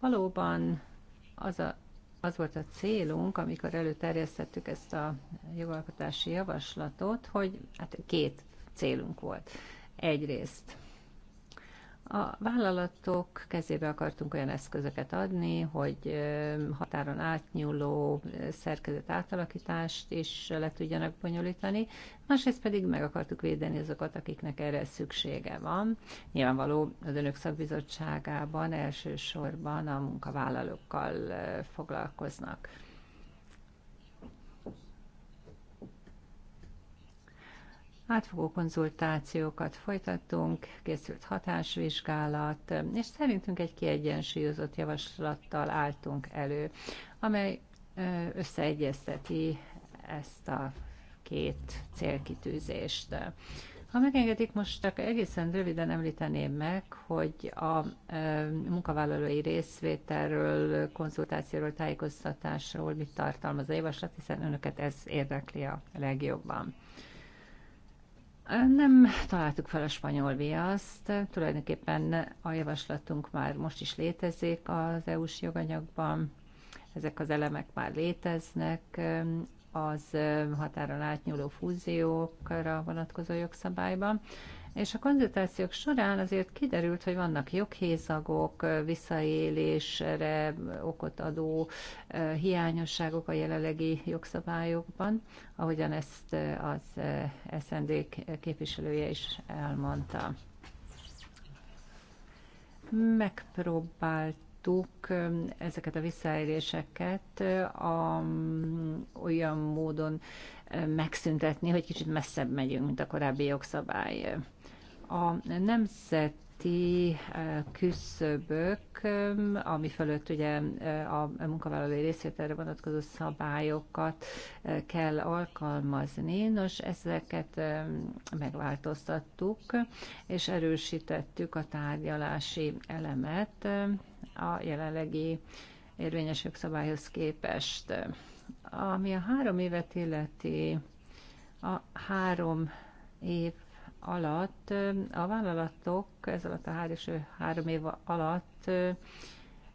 valóban az, a, az volt a célunk, amikor előterjesztettük ezt a jogalkotási javaslatot, hogy hát két célunk volt. Egyrészt a vállalatok kezébe akartunk olyan eszközöket adni, hogy határon átnyúló szerkezet átalakítást is le tudjanak bonyolítani, másrészt pedig meg akartuk védeni azokat, akiknek erre szüksége van. Nyilvánvaló az önök szakbizottságában elsősorban a munkavállalókkal foglalkoznak. Átfogó konzultációkat folytattunk, készült hatásvizsgálat, és szerintünk egy kiegyensúlyozott javaslattal álltunk elő, amely összeegyezteti ezt a két célkitűzést. Ha megengedik, most csak egészen röviden említeném meg, hogy a munkavállalói részvételről, konzultációról, tájékoztatásról mit tartalmaz a javaslat, hiszen önöket ez érdekli a legjobban. Nem találtuk fel a spanyol viaszt, tulajdonképpen a javaslatunk már most is létezik az EU-s joganyagban, ezek az elemek már léteznek, az határon átnyúló fúziókra vonatkozó jogszabályban és a konzultációk során azért kiderült, hogy vannak joghézagok, visszaélésre okot adó hiányosságok a jelenlegi jogszabályokban, ahogyan ezt az SND képviselője is elmondta. Megpróbált ezeket a visszaéléseket mm, olyan módon megszüntetni, hogy kicsit messzebb megyünk, mint a korábbi jogszabály. A nemzet eh, küszöbök, eh, ami fölött ugye eh, a munkavállalói részvételre vonatkozó szabályokat kell alkalmazni. Nos, ezeket megváltoztattuk, és erősítettük a tárgyalási elemet a jelenlegi érvényes jogszabályhoz képest. Ami a három évet illeti, a három év alatt a vállalatok ez alatt a három, három év alatt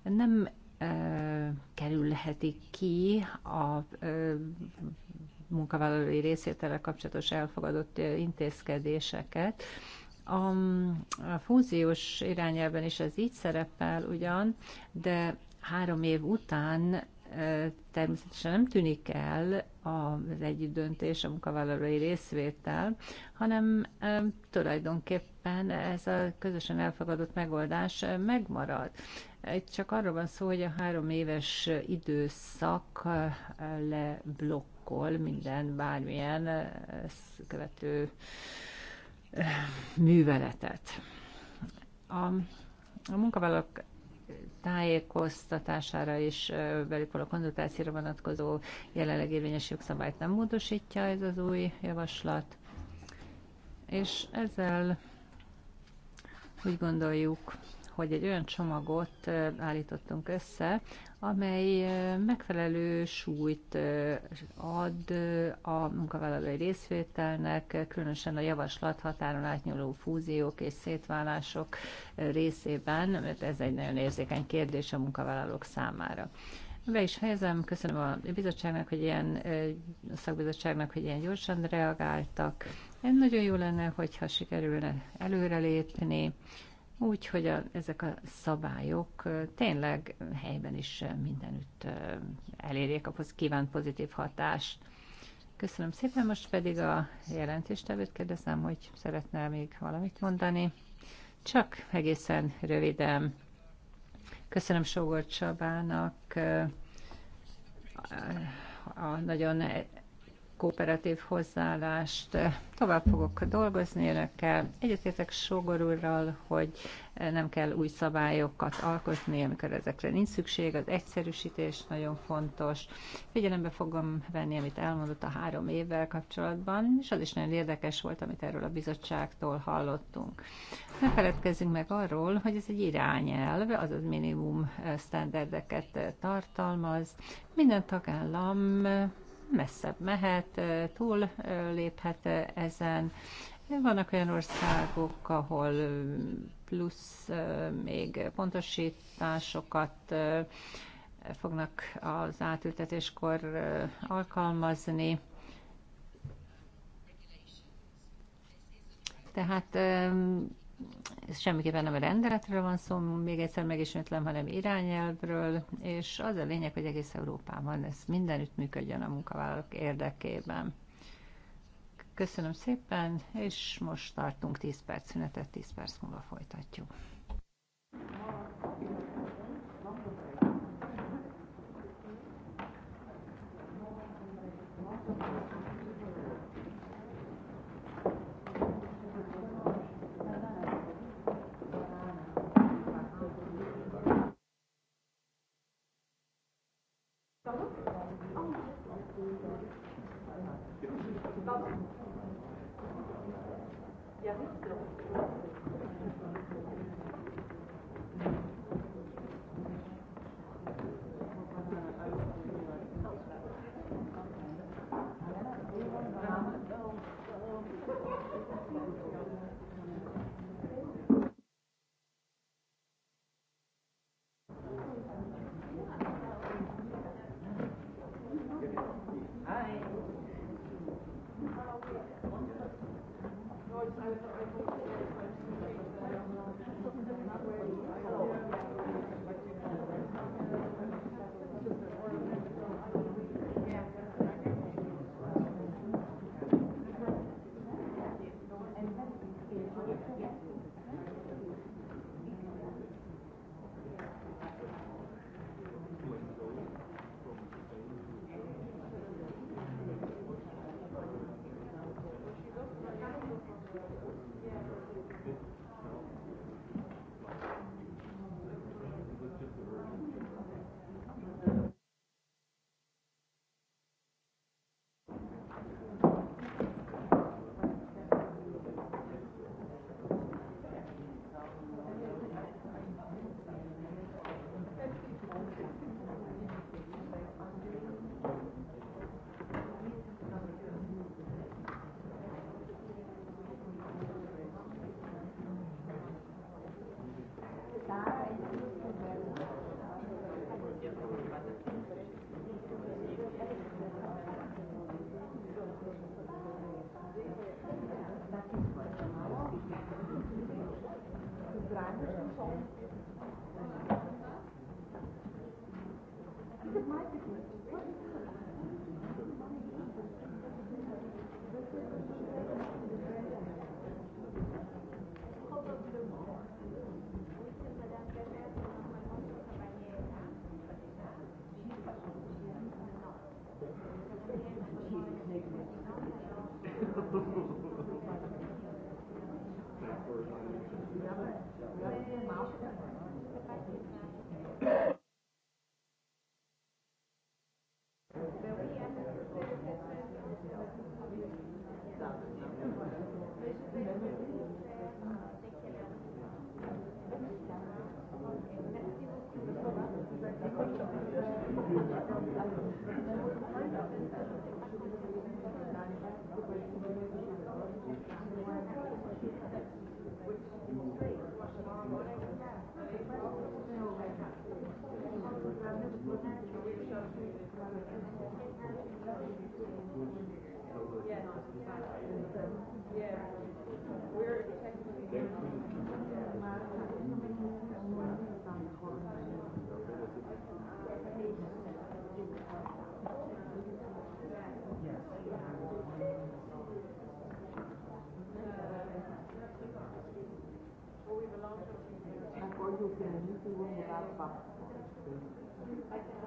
nem kerülhetik ki a munkavállalói részétele kapcsolatos elfogadott intézkedéseket. A, a fúziós irányelven is ez így szerepel ugyan, de három év után természetesen nem tűnik el az együtt döntés, a munkavállalói részvétel, hanem tulajdonképpen ez a közösen elfogadott megoldás megmarad. Itt csak arról van szó, hogy a három éves időszak leblokkol minden bármilyen követő műveletet. A a munkavállalók tájékoztatására és velük való konzultációra vonatkozó jelenleg érvényes jogszabályt nem módosítja ez az új javaslat. És ezzel úgy gondoljuk, hogy egy olyan csomagot állítottunk össze, amely megfelelő súlyt ad a munkavállalói részvételnek, különösen a javaslat határon átnyúló fúziók és szétválások részében, mert ez egy nagyon érzékeny kérdés a munkavállalók számára. Be is fejezem, köszönöm a bizottságnak, hogy ilyen, a szakbizottságnak, hogy ilyen gyorsan reagáltak. Nagyon jó lenne, hogyha sikerülne előrelépni úgy, hogy ezek a szabályok tényleg helyben is mindenütt elérjék a kívánt pozitív hatást. Köszönöm szépen, most pedig a jelentéstevőt kérdezem, hogy szeretne még valamit mondani. Csak egészen röviden. Köszönöm Sógor Csabának a nagyon kooperatív hozzáállást. Tovább fogok dolgozni önökkel. Egyetértek Sogor úrral, hogy nem kell új szabályokat alkotni, amikor ezekre nincs szükség. Az egyszerűsítés nagyon fontos. Figyelembe fogom venni, amit elmondott a három évvel kapcsolatban, és az is nagyon érdekes volt, amit erről a bizottságtól hallottunk. Ne feledkezzünk meg arról, hogy ez egy irányelv, azaz minimum standardeket tartalmaz. Minden tagállam messzebb mehet, túl léphet ezen. Vannak olyan országok, ahol plusz még pontosításokat fognak az átültetéskor alkalmazni. Tehát ez semmiképpen nem a rendeletről van szó, még egyszer megismétlem, hanem irányelvről, és az a lényeg, hogy egész Európában ez mindenütt működjön a munkavállalók érdekében. Köszönöm szépen, és most tartunk 10 perc szünetet, 10 perc múlva folytatjuk. 毛。I can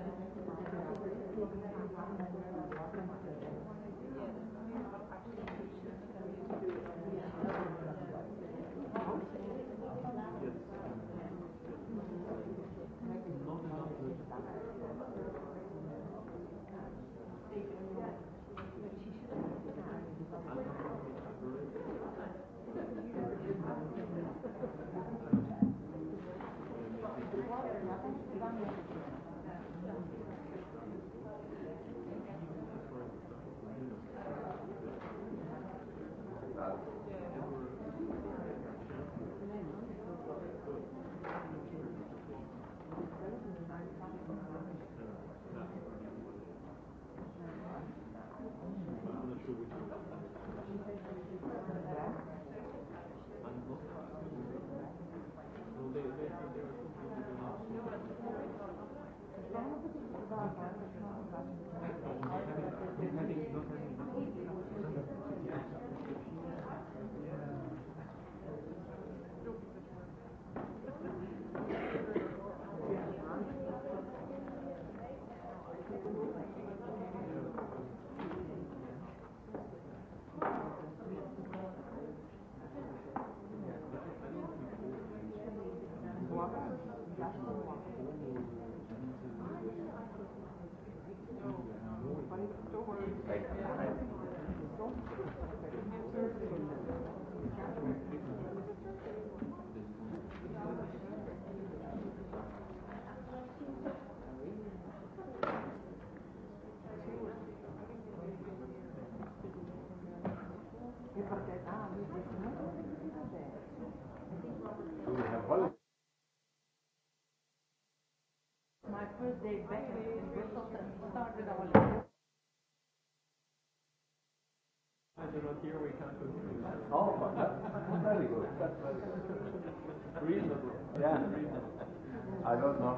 Thank you. Here we can't go through that. Oh, that's very good. That's very good. Reasonable. Yeah. Reasonable. I don't know.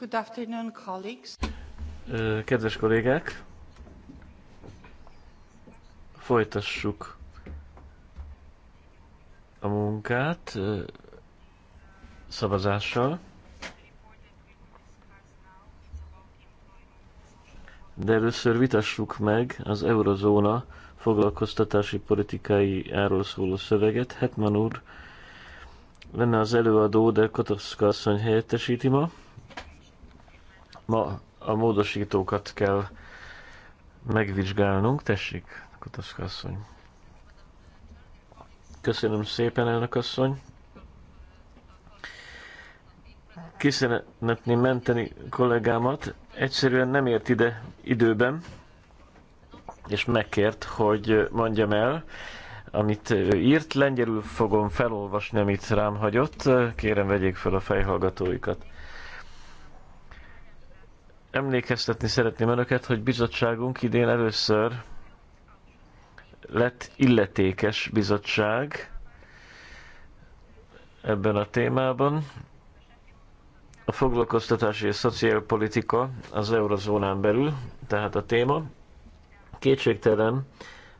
Good afternoon, colleagues. Kedves kollégák, folytassuk a munkát szavazással. De először vitassuk meg az eurozóna foglalkoztatási politikai áról szóló szöveget. Hetman úr lenne az előadó, de Kotowska asszony helyettesíti ma. Ma a módosítókat kell megvizsgálnunk. Tessék, Kutaszka asszony. Köszönöm szépen, elnök asszony. Ki szeretném menteni kollégámat. Egyszerűen nem ért ide időben, és megkért, hogy mondjam el, amit írt, lengyelül fogom felolvasni, amit rám hagyott. Kérem, vegyék fel a fejhallgatóikat. Emlékeztetni szeretném önöket, hogy bizottságunk idén először lett illetékes bizottság ebben a témában. A foglalkoztatási és szociálpolitika az eurozónán belül, tehát a téma. Kétségtelen,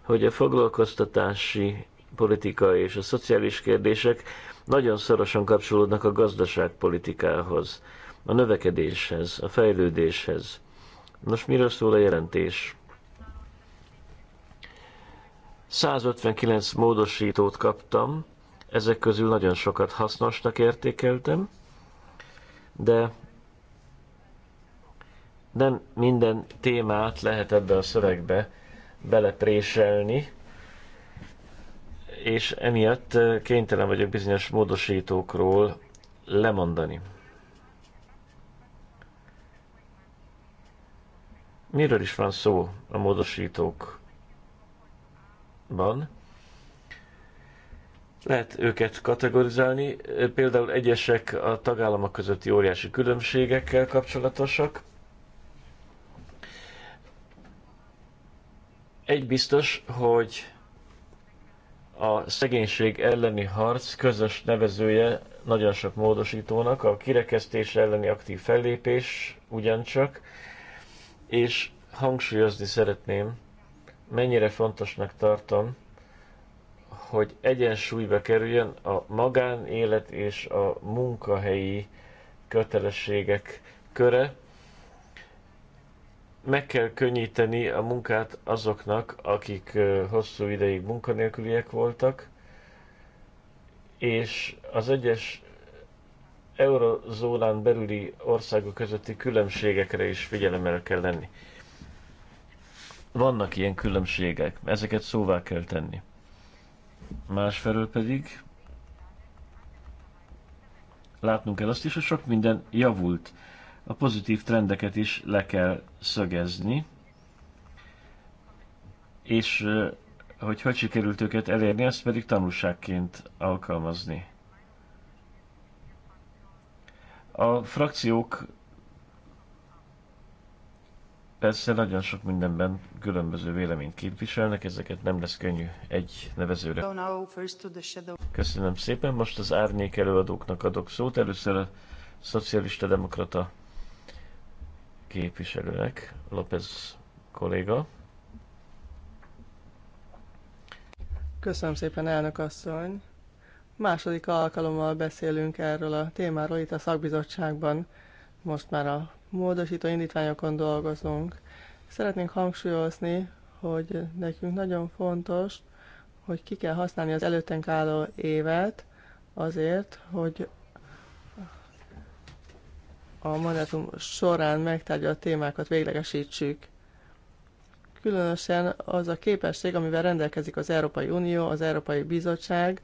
hogy a foglalkoztatási politika és a szociális kérdések nagyon szorosan kapcsolódnak a gazdaságpolitikához a növekedéshez, a fejlődéshez. Nos, miről szól a jelentés? 159 módosítót kaptam, ezek közül nagyon sokat hasznosnak értékeltem, de nem minden témát lehet ebbe a szövegbe belepréselni, és emiatt kénytelen vagyok bizonyos módosítókról lemondani. miről is van szó a módosítókban. Lehet őket kategorizálni, például egyesek a tagállamok közötti óriási különbségekkel kapcsolatosak. Egy biztos, hogy a szegénység elleni harc közös nevezője nagyon sok módosítónak, a kirekesztés elleni aktív fellépés ugyancsak, és hangsúlyozni szeretném, mennyire fontosnak tartom, hogy egyensúlyba kerüljön a magánélet és a munkahelyi kötelességek köre. Meg kell könnyíteni a munkát azoknak, akik hosszú ideig munkanélküliek voltak, és az egyes eurozónán belüli országok közötti különbségekre is figyelemmel kell lenni. Vannak ilyen különbségek, ezeket szóvá kell tenni. Másfelől pedig látnunk kell azt is, hogy sok minden javult. A pozitív trendeket is le kell szögezni, és hogy hogy sikerült őket elérni, ezt pedig tanulságként alkalmazni. A frakciók persze nagyon sok mindenben különböző véleményt képviselnek, ezeket nem lesz könnyű egy nevezőre. Köszönöm szépen, most az árnyék előadóknak adok szót. Először a szocialista demokrata képviselőnek, López kolléga. Köszönöm szépen, elnök asszony. Második alkalommal beszélünk erről a témáról itt a szakbizottságban. Most már a módosító indítványokon dolgozunk. Szeretnénk hangsúlyozni, hogy nekünk nagyon fontos, hogy ki kell használni az előttünk álló évet azért, hogy a mandátum során megtárgyalt témákat véglegesítsük. Különösen az a képesség, amivel rendelkezik az Európai Unió, az Európai Bizottság,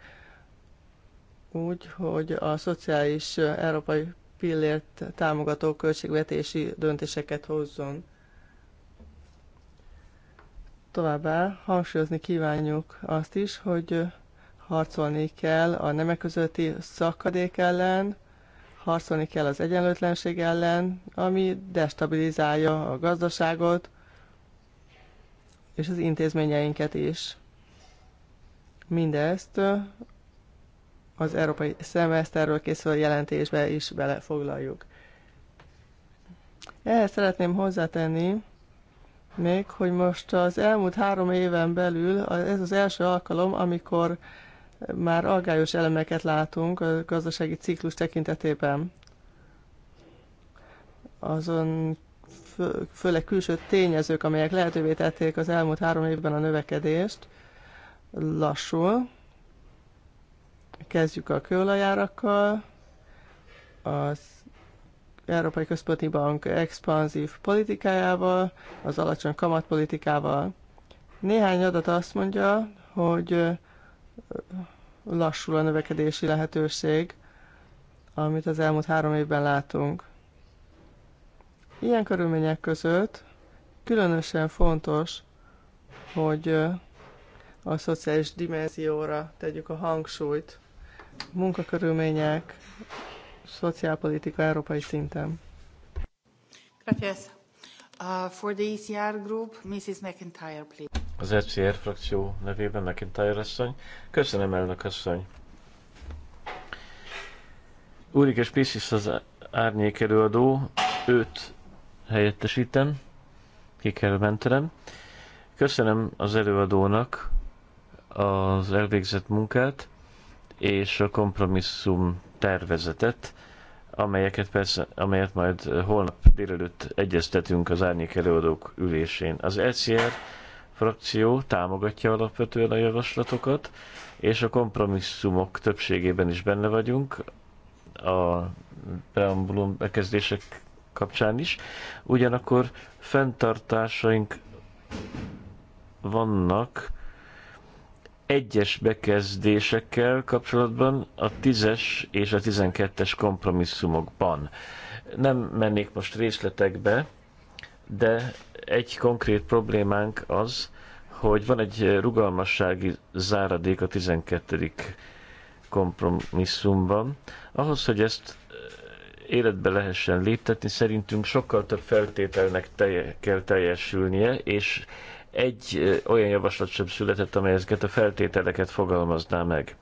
úgy, hogy a szociális európai pillért támogató költségvetési döntéseket hozzon. Továbbá hangsúlyozni kívánjuk azt is, hogy harcolni kell a nemek közötti szakadék ellen, harcolni kell az egyenlőtlenség ellen, ami destabilizálja a gazdaságot és az intézményeinket is. Mindezt az európai szemeszterről készül jelentésbe is belefoglaljuk. Ehhez szeretném hozzátenni még, hogy most az elmúlt három éven belül ez az első alkalom, amikor már aggályos elemeket látunk a gazdasági ciklus tekintetében. Azon fő, főleg külső tényezők, amelyek lehetővé tették az elmúlt három évben a növekedést, lassul, Kezdjük a kőolajárakkal. Az Európai Központi Bank expanzív politikájával, az alacsony kamatpolitikával. Néhány adat azt mondja, hogy lassul a növekedési lehetőség, amit az elmúlt három évben látunk. Ilyen körülmények között különösen fontos, hogy a szociális dimenzióra tegyük a hangsúlyt munkakörülmények, szociálpolitika európai szinten. Gracias. Uh, for the ECR group, Mrs. McIntyre, please. Az ECR frakció nevében McIntyre asszony. Köszönöm, elnök asszony. Úrik és Piscis az árnyék előadó, őt helyettesítem, ki kell mentenem. Köszönöm az előadónak az elvégzett munkát és a kompromisszum tervezetet, amelyeket persze, amelyet majd holnap délelőtt egyeztetünk az árnyék előadók ülésén. Az ECR frakció támogatja alapvetően a javaslatokat, és a kompromisszumok többségében is benne vagyunk, a preambulum bekezdések kapcsán is. Ugyanakkor fenntartásaink vannak egyes bekezdésekkel kapcsolatban a 10-es és a 12-es kompromisszumokban. Nem mennék most részletekbe, de egy konkrét problémánk az, hogy van egy rugalmassági záradék a 12. kompromisszumban. Ahhoz, hogy ezt eh, életbe lehessen léptetni, szerintünk sokkal több feltételnek telje, kell teljesülnie, és egy olyan javaslat sem született, amely ezeket a feltételeket fogalmazná meg.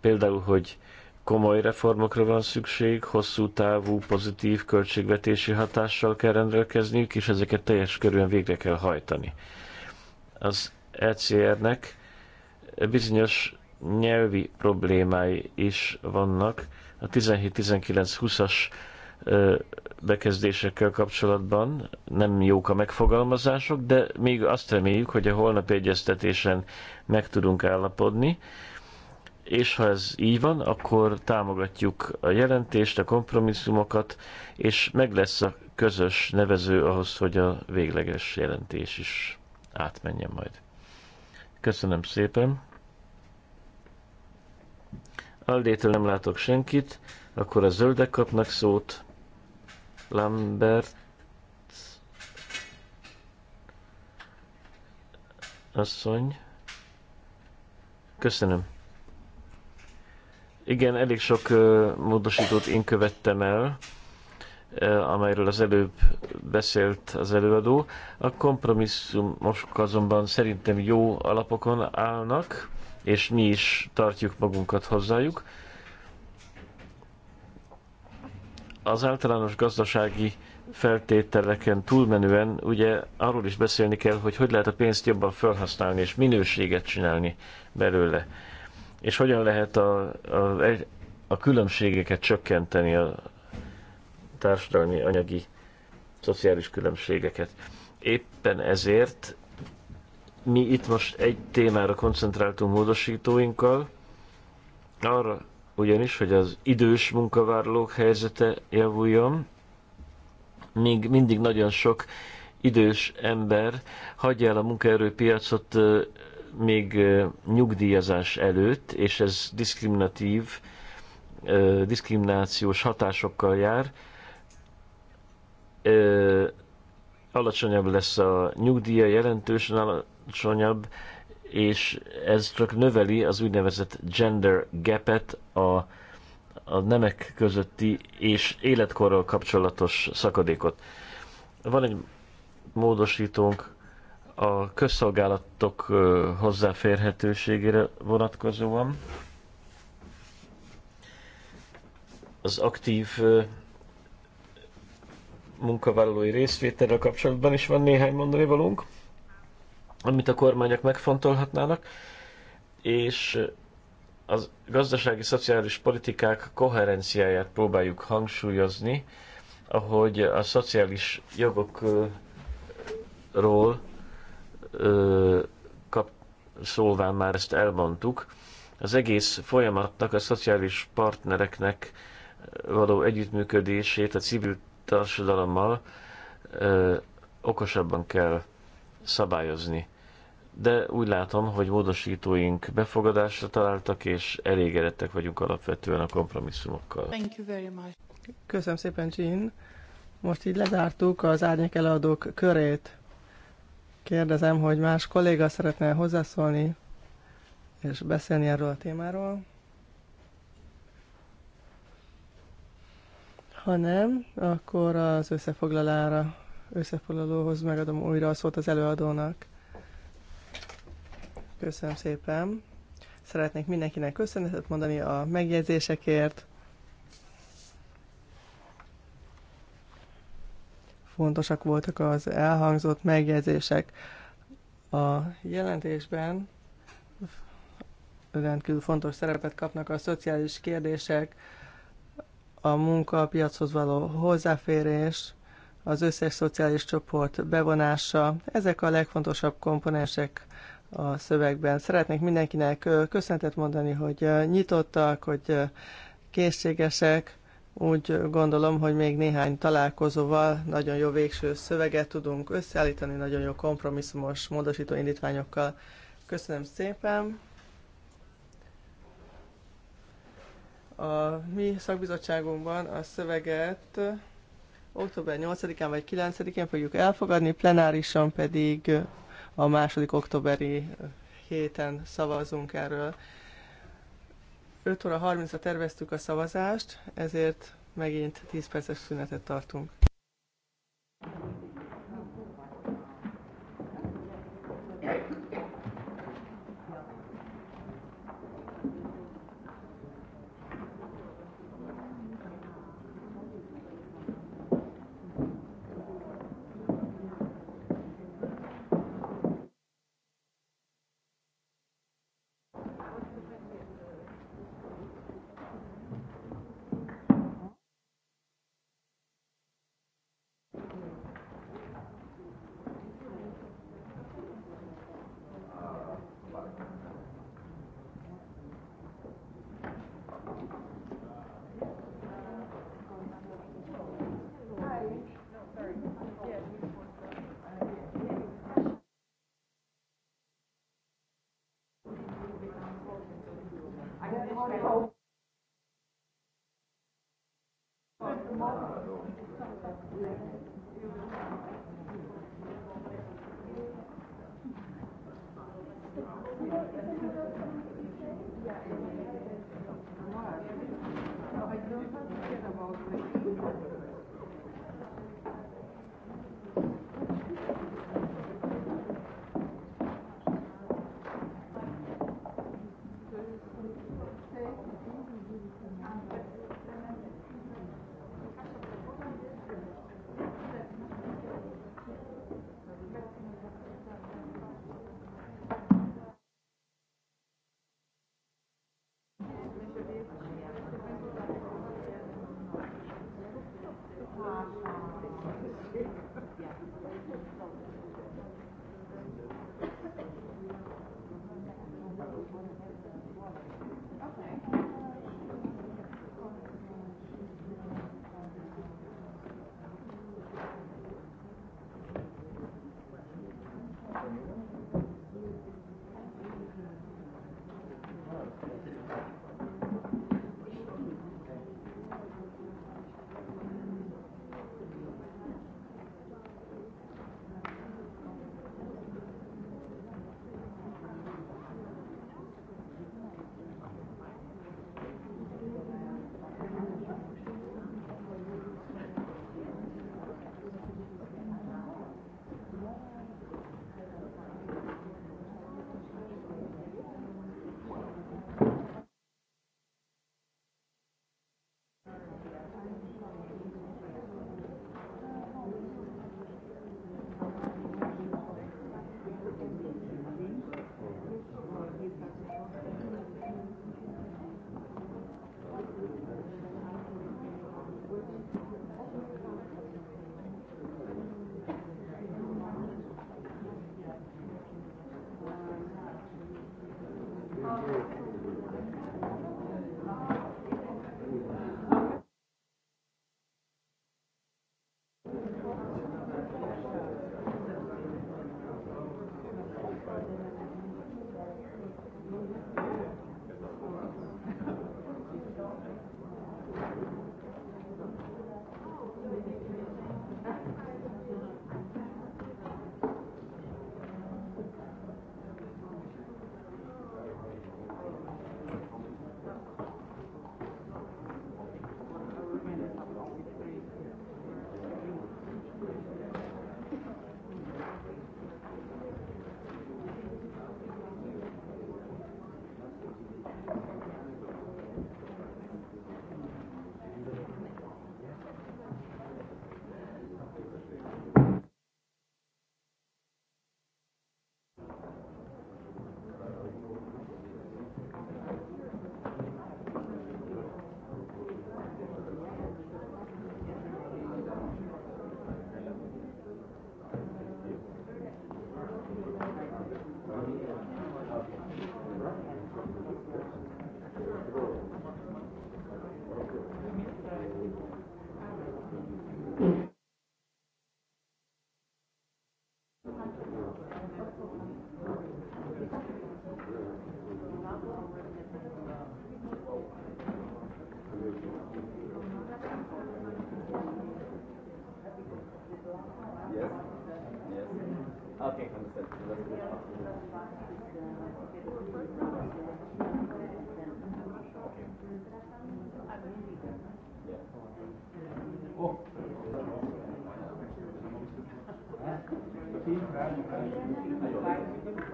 Például, hogy komoly reformokra van szükség, hosszú távú, pozitív költségvetési hatással kell rendelkezniük, és ezeket teljes körűen végre kell hajtani. Az ECR-nek bizonyos nyelvi problémái is vannak. A 17-19-20-as bekezdésekkel kapcsolatban nem jók a megfogalmazások, de még azt reméljük, hogy a holnap egyeztetésen meg tudunk állapodni, és ha ez így van, akkor támogatjuk a jelentést, a kompromisszumokat, és meg lesz a közös nevező ahhoz, hogy a végleges jelentés is átmenjen majd. Köszönöm szépen! Aldétől nem látok senkit, akkor a zöldek kapnak szót. Lambert asszony. Köszönöm. Igen, elég sok módosítót én követtem el, amelyről az előbb beszélt az előadó. A kompromisszumok azonban szerintem jó alapokon állnak, és mi is tartjuk magunkat hozzájuk. az általános gazdasági feltételeken túlmenően ugye arról is beszélni kell, hogy hogy lehet a pénzt jobban felhasználni és minőséget csinálni belőle. És hogyan lehet a, a, a különbségeket csökkenteni, a társadalmi, anyagi, szociális különbségeket. Éppen ezért mi itt most egy témára koncentráltunk módosítóinkkal, arra ugyanis, hogy az idős munkavállalók helyzete javuljon. Még mindig nagyon sok idős ember hagyja el a munkaerőpiacot még nyugdíjazás előtt, és ez diszkriminatív, diszkriminációs hatásokkal jár. Alacsonyabb lesz a nyugdíja, jelentősen alacsonyabb, és ez csak növeli az úgynevezett gender gapet, a, a nemek közötti és életkorral kapcsolatos szakadékot. Van egy módosítónk a közszolgálatok hozzáférhetőségére vonatkozóan. Az aktív munkavállalói részvételre kapcsolatban is van néhány mondani valunk amit a kormányok megfontolhatnának, és az gazdasági szociális politikák koherenciáját próbáljuk hangsúlyozni, ahogy a szociális jogokról kap, szólván már ezt elmondtuk. Az egész folyamatnak, a szociális partnereknek való együttműködését a civil társadalommal ö, okosabban kell szabályozni. De úgy látom, hogy módosítóink befogadásra találtak, és elégedettek vagyunk alapvetően a kompromisszumokkal. Thank you very much. Köszönöm szépen, Jean. Most így lezártuk az árnyék eladók körét. Kérdezem, hogy más kolléga szeretne hozzászólni és beszélni erről a témáról. Ha nem, akkor az összefoglalára összefoglalóhoz megadom újra a szót az előadónak. Köszönöm szépen. Szeretnék mindenkinek köszönetet mondani a megjegyzésekért. Fontosak voltak az elhangzott megjegyzések. A jelentésben rendkívül fontos szerepet kapnak a szociális kérdések, a munkapiachoz való hozzáférés, az összes szociális csoport bevonása. Ezek a legfontosabb komponensek a szövegben. Szeretnék mindenkinek köszöntet mondani, hogy nyitottak, hogy készségesek. Úgy gondolom, hogy még néhány találkozóval nagyon jó végső szöveget tudunk összeállítani, nagyon jó kompromisszumos módosító indítványokkal. Köszönöm szépen! A mi szakbizottságunkban a szöveget Október 8-án vagy 9-én fogjuk elfogadni, plenárisan pedig a második októberi héten szavazunk erről. 5 óra 30-ra terveztük a szavazást, ezért megint 10 perces szünetet tartunk. about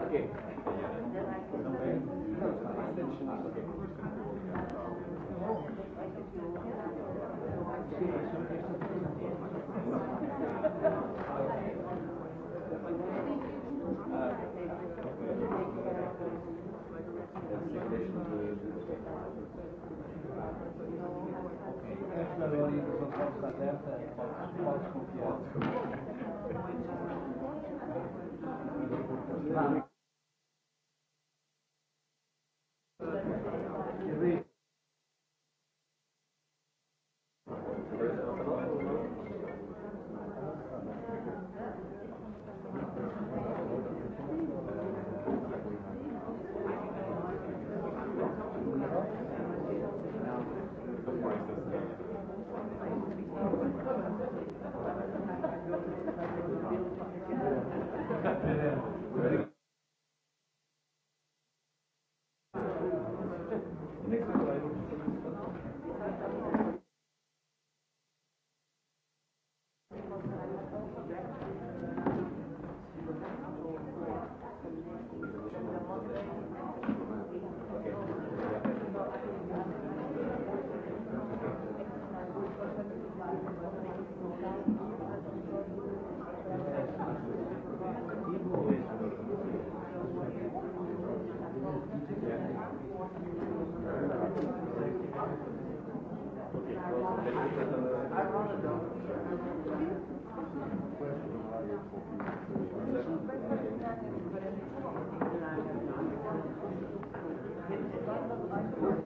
Okay. Thank you.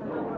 Thank you.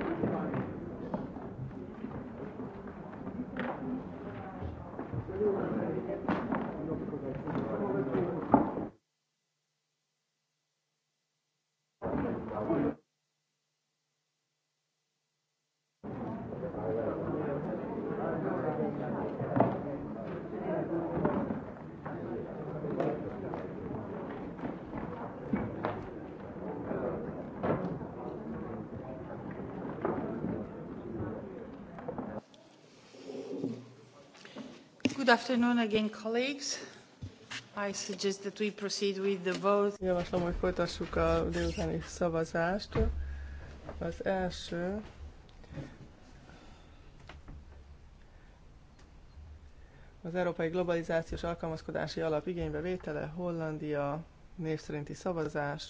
afternoon again, colleagues. I suggest that we proceed with the vote. Javaslom, hogy folytassuk a délutáni szavazást. Az első az Európai Globalizációs Alkalmazkodási Alap igénybevétele, Hollandia, név szavazás.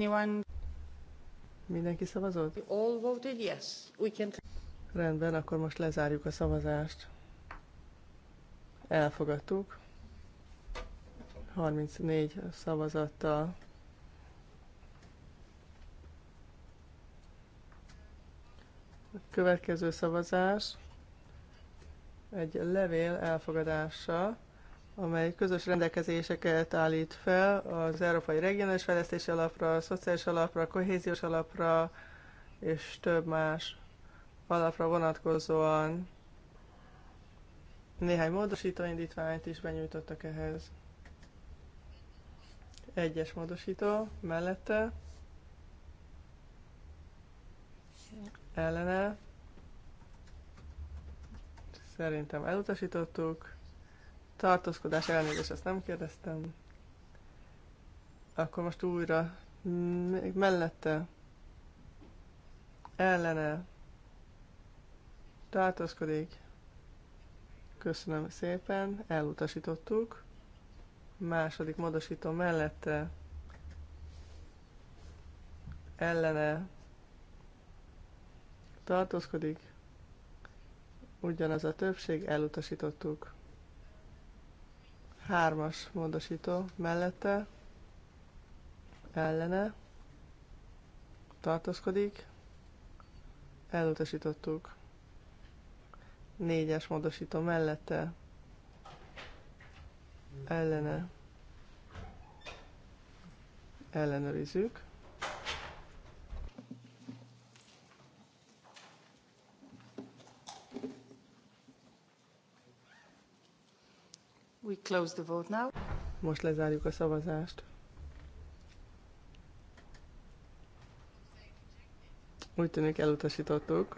Anyone? Mindenki szavazott? all voted yes. We can... Rendben, akkor most lezárjuk a szavazást. Elfogadtuk. 34 szavazattal. A következő szavazás egy levél elfogadása amely közös rendelkezéseket állít fel az Európai Regionális Fejlesztési Alapra, a Szociális Alapra, a Kohéziós Alapra és több más alapra vonatkozóan. Néhány módosító indítványt is benyújtottak ehhez. Egyes módosító mellette. Ellene. Szerintem elutasítottuk. Tartózkodás elnézést, ezt nem kérdeztem. Akkor most újra. Még mellette. Ellene. Tartózkodik. Köszönöm szépen. Elutasítottuk. Második módosító mellette. Ellene. Tartózkodik. Ugyanaz a többség, elutasítottuk. Hármas módosító mellette ellene tartózkodik, elutasítottuk. Négyes módosító mellette ellene ellenőrizzük. close the vote now. Most lezárjuk a szavazást. Úgy tűnik elutasítottuk.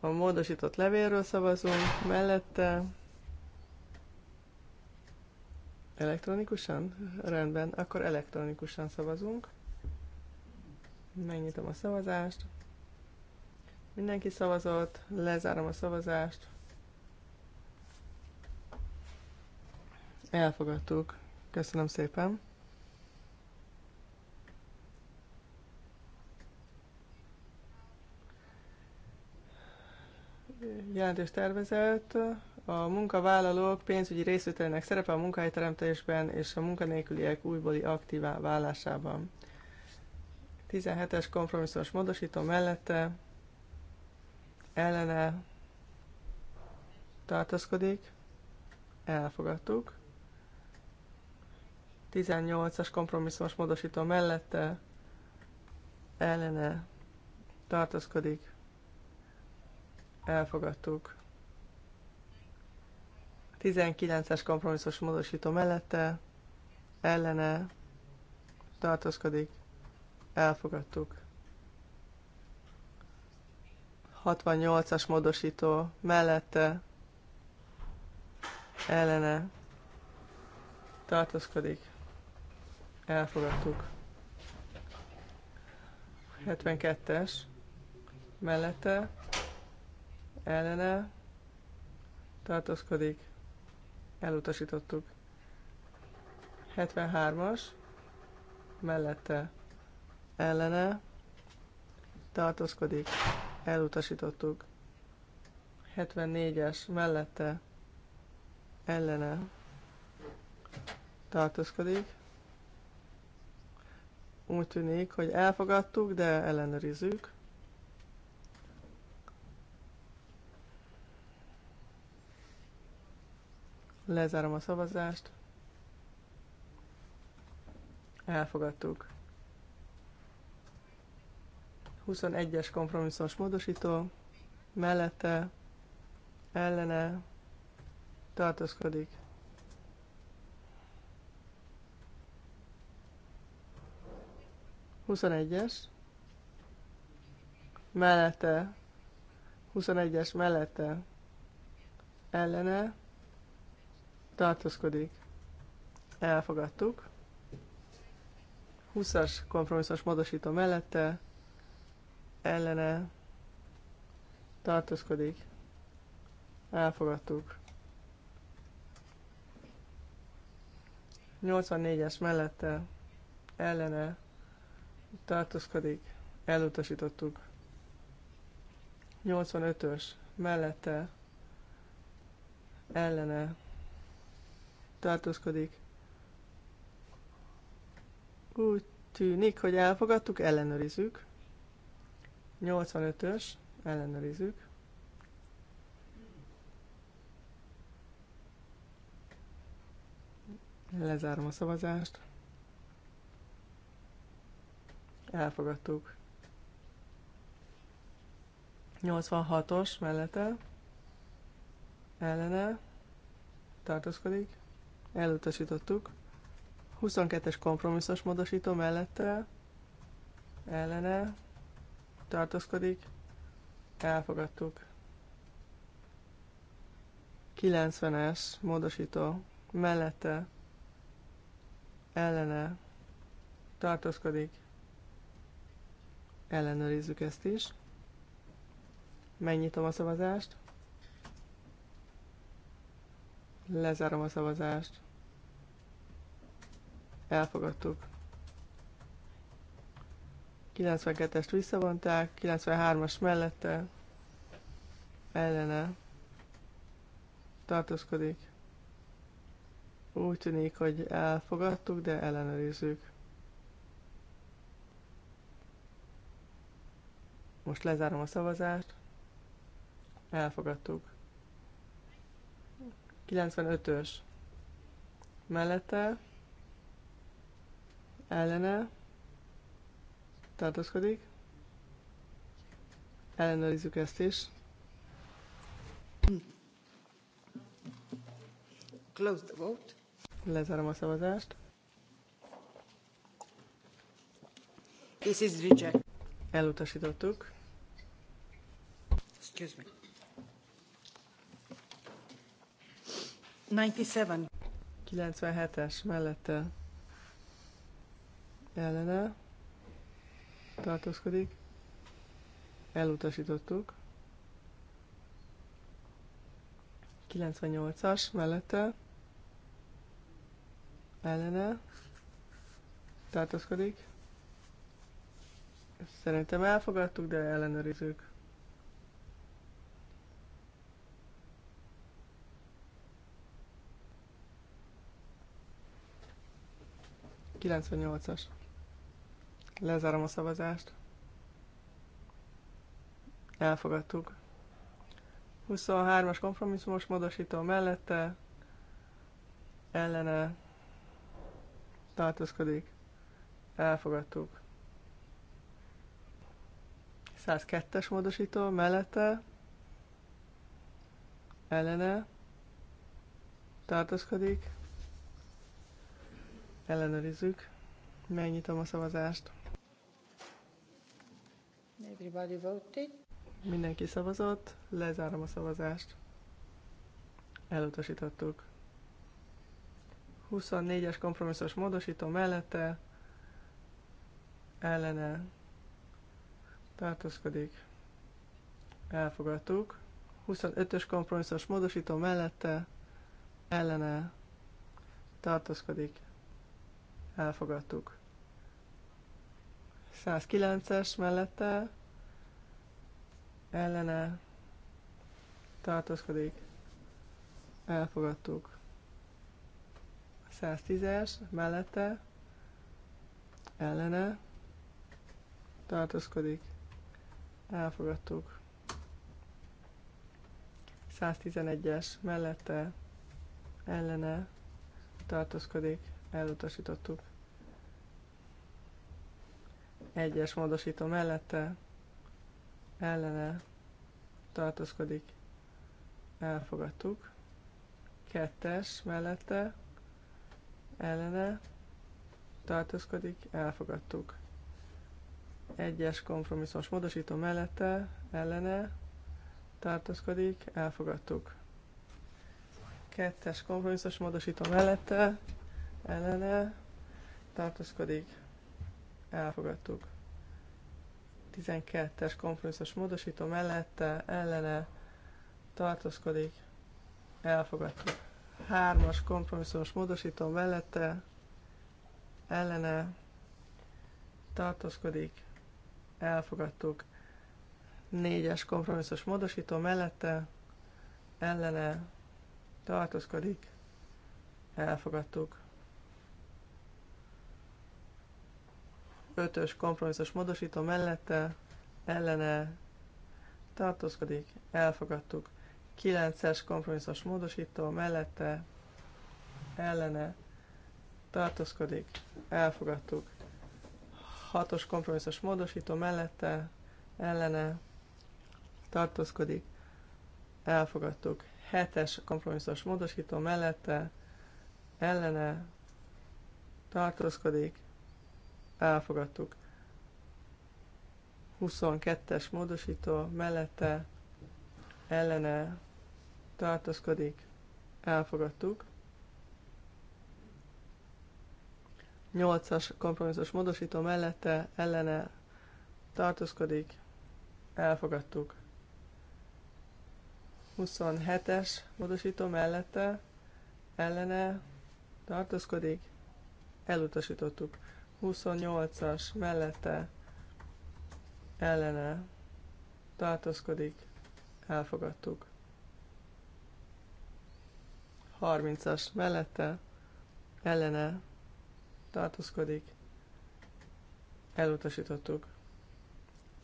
A módosított levélről szavazunk, mellette elektronikusan? Rendben, akkor elektronikusan szavazunk. Megnyitom a szavazást. Mindenki szavazott, lezárom a szavazást. Elfogadtuk. Köszönöm szépen. Jelentés tervezett. A munkavállalók pénzügyi részvételének szerepe a munkahelyteremtésben és a munkanélküliek újbóli aktívá válásában. 17-es kompromisszumos módosító mellette ellene tartozkodik. elfogadtuk. 18-as kompromisszumos módosító mellette ellene tartozkodik. elfogadtuk. 19-es kompromisszumos módosító mellette ellene tartózkodik, elfogadtuk. 68-as módosító mellette ellene tartózkodik. Elfogadtuk. 72-es mellette ellene tartózkodik. Elutasítottuk. 73-as mellette ellene tartózkodik elutasítottuk. 74-es mellette ellene tartózkodik. Úgy tűnik, hogy elfogadtuk, de ellenőrizzük. Lezárom a szavazást. Elfogadtuk. 21-es kompromisszumos módosító mellette ellene tartózkodik. Huszonegyes mellette 21-es mellette ellene tartózkodik. Elfogadtuk. 20-as kompromisszos módosító mellette ellene tartózkodik. Elfogadtuk. 84-es mellette ellene tartózkodik. Elutasítottuk. 85-ös mellette ellene tartózkodik. Úgy tűnik, hogy elfogadtuk, ellenőrizzük. 85-ös, ellenőrizzük. Lezárom a szavazást. Elfogadtuk. 86-os mellette ellene tartózkodik. Elutasítottuk. 22-es kompromisszos módosító mellette ellene tartózkodik, elfogadtuk. 90-es módosító mellette ellene tartózkodik, ellenőrizzük ezt is. Megnyitom a szavazást. Lezárom a szavazást. Elfogadtuk. 92-est visszavonták, 93-as mellette ellene tartózkodik. Úgy tűnik, hogy elfogadtuk, de ellenőrizzük. Most lezárom a szavazást. Elfogadtuk. 95-ös mellette ellene tartózkodik. Ellenőrizzük ezt is. Close the vote. Lezárom a szavazást. This is reject. Elutasítottuk. Excuse me. 97. 97-es mellette ellene tartózkodik, elutasítottuk. 98-as mellette ellene tartózkodik. szerintem elfogadtuk, de ellenőrizzük. Kilencvennyolcas. Lezárom a szavazást. Elfogadtuk. 23-as kompromisszumos módosító mellette ellene tartózkodik. Elfogadtuk. 102-es módosító mellette ellene tartózkodik. Ellenőrizzük. Megnyitom a szavazást. Everybody voted. Mindenki szavazott, lezárom a szavazást. Elutasítottuk. 24-es kompromisszos módosító mellette ellene tartózkodik. Elfogadtuk. 25-ös kompromisszos módosító mellette ellene tartózkodik. Elfogadtuk. 109-es mellette ellene tartózkodik. Elfogadtuk. 110-es mellette ellene tartózkodik. Elfogadtuk. 111-es mellette ellene tartózkodik. Elutasítottuk. Egyes módosító mellette ellene tartózkodik. Elfogadtuk. Kettes mellette ellene tartózkodik. Elfogadtuk. Egyes kompromisszumos módosító mellette ellene tartózkodik. Elfogadtuk. Kettes kompromisszumos módosító mellette ellene tartózkodik elfogadtuk. 12-es kompromisszus módosító mellette, ellene tartózkodik, elfogadtuk. 3-as kompromisszumos módosító mellette, ellene tartózkodik, elfogadtuk. 4-es kompromisszumos módosító mellette, ellene tartózkodik, elfogadtuk. Ötös kompromisszos módosító mellette ellene tartózkodik, elfogadtuk. 9-es kompromisszos módosító mellette ellene tartózkodik, elfogadtuk. 6-os kompromisszos módosító mellette ellene tartózkodik, elfogadtuk. 7-es kompromisszos módosító mellette ellene tartózkodik, elfogadtuk. 22-es módosító mellette ellene tartozkodik, elfogadtuk. 8-as kompromisszus módosító mellette ellene tartozkodik, elfogadtuk. 27-es módosító mellette ellene tartozkodik, elutasítottuk. 28-as mellette ellene tartózkodik, elfogadtuk. 30-as mellette ellene tartózkodik, elutasítottuk.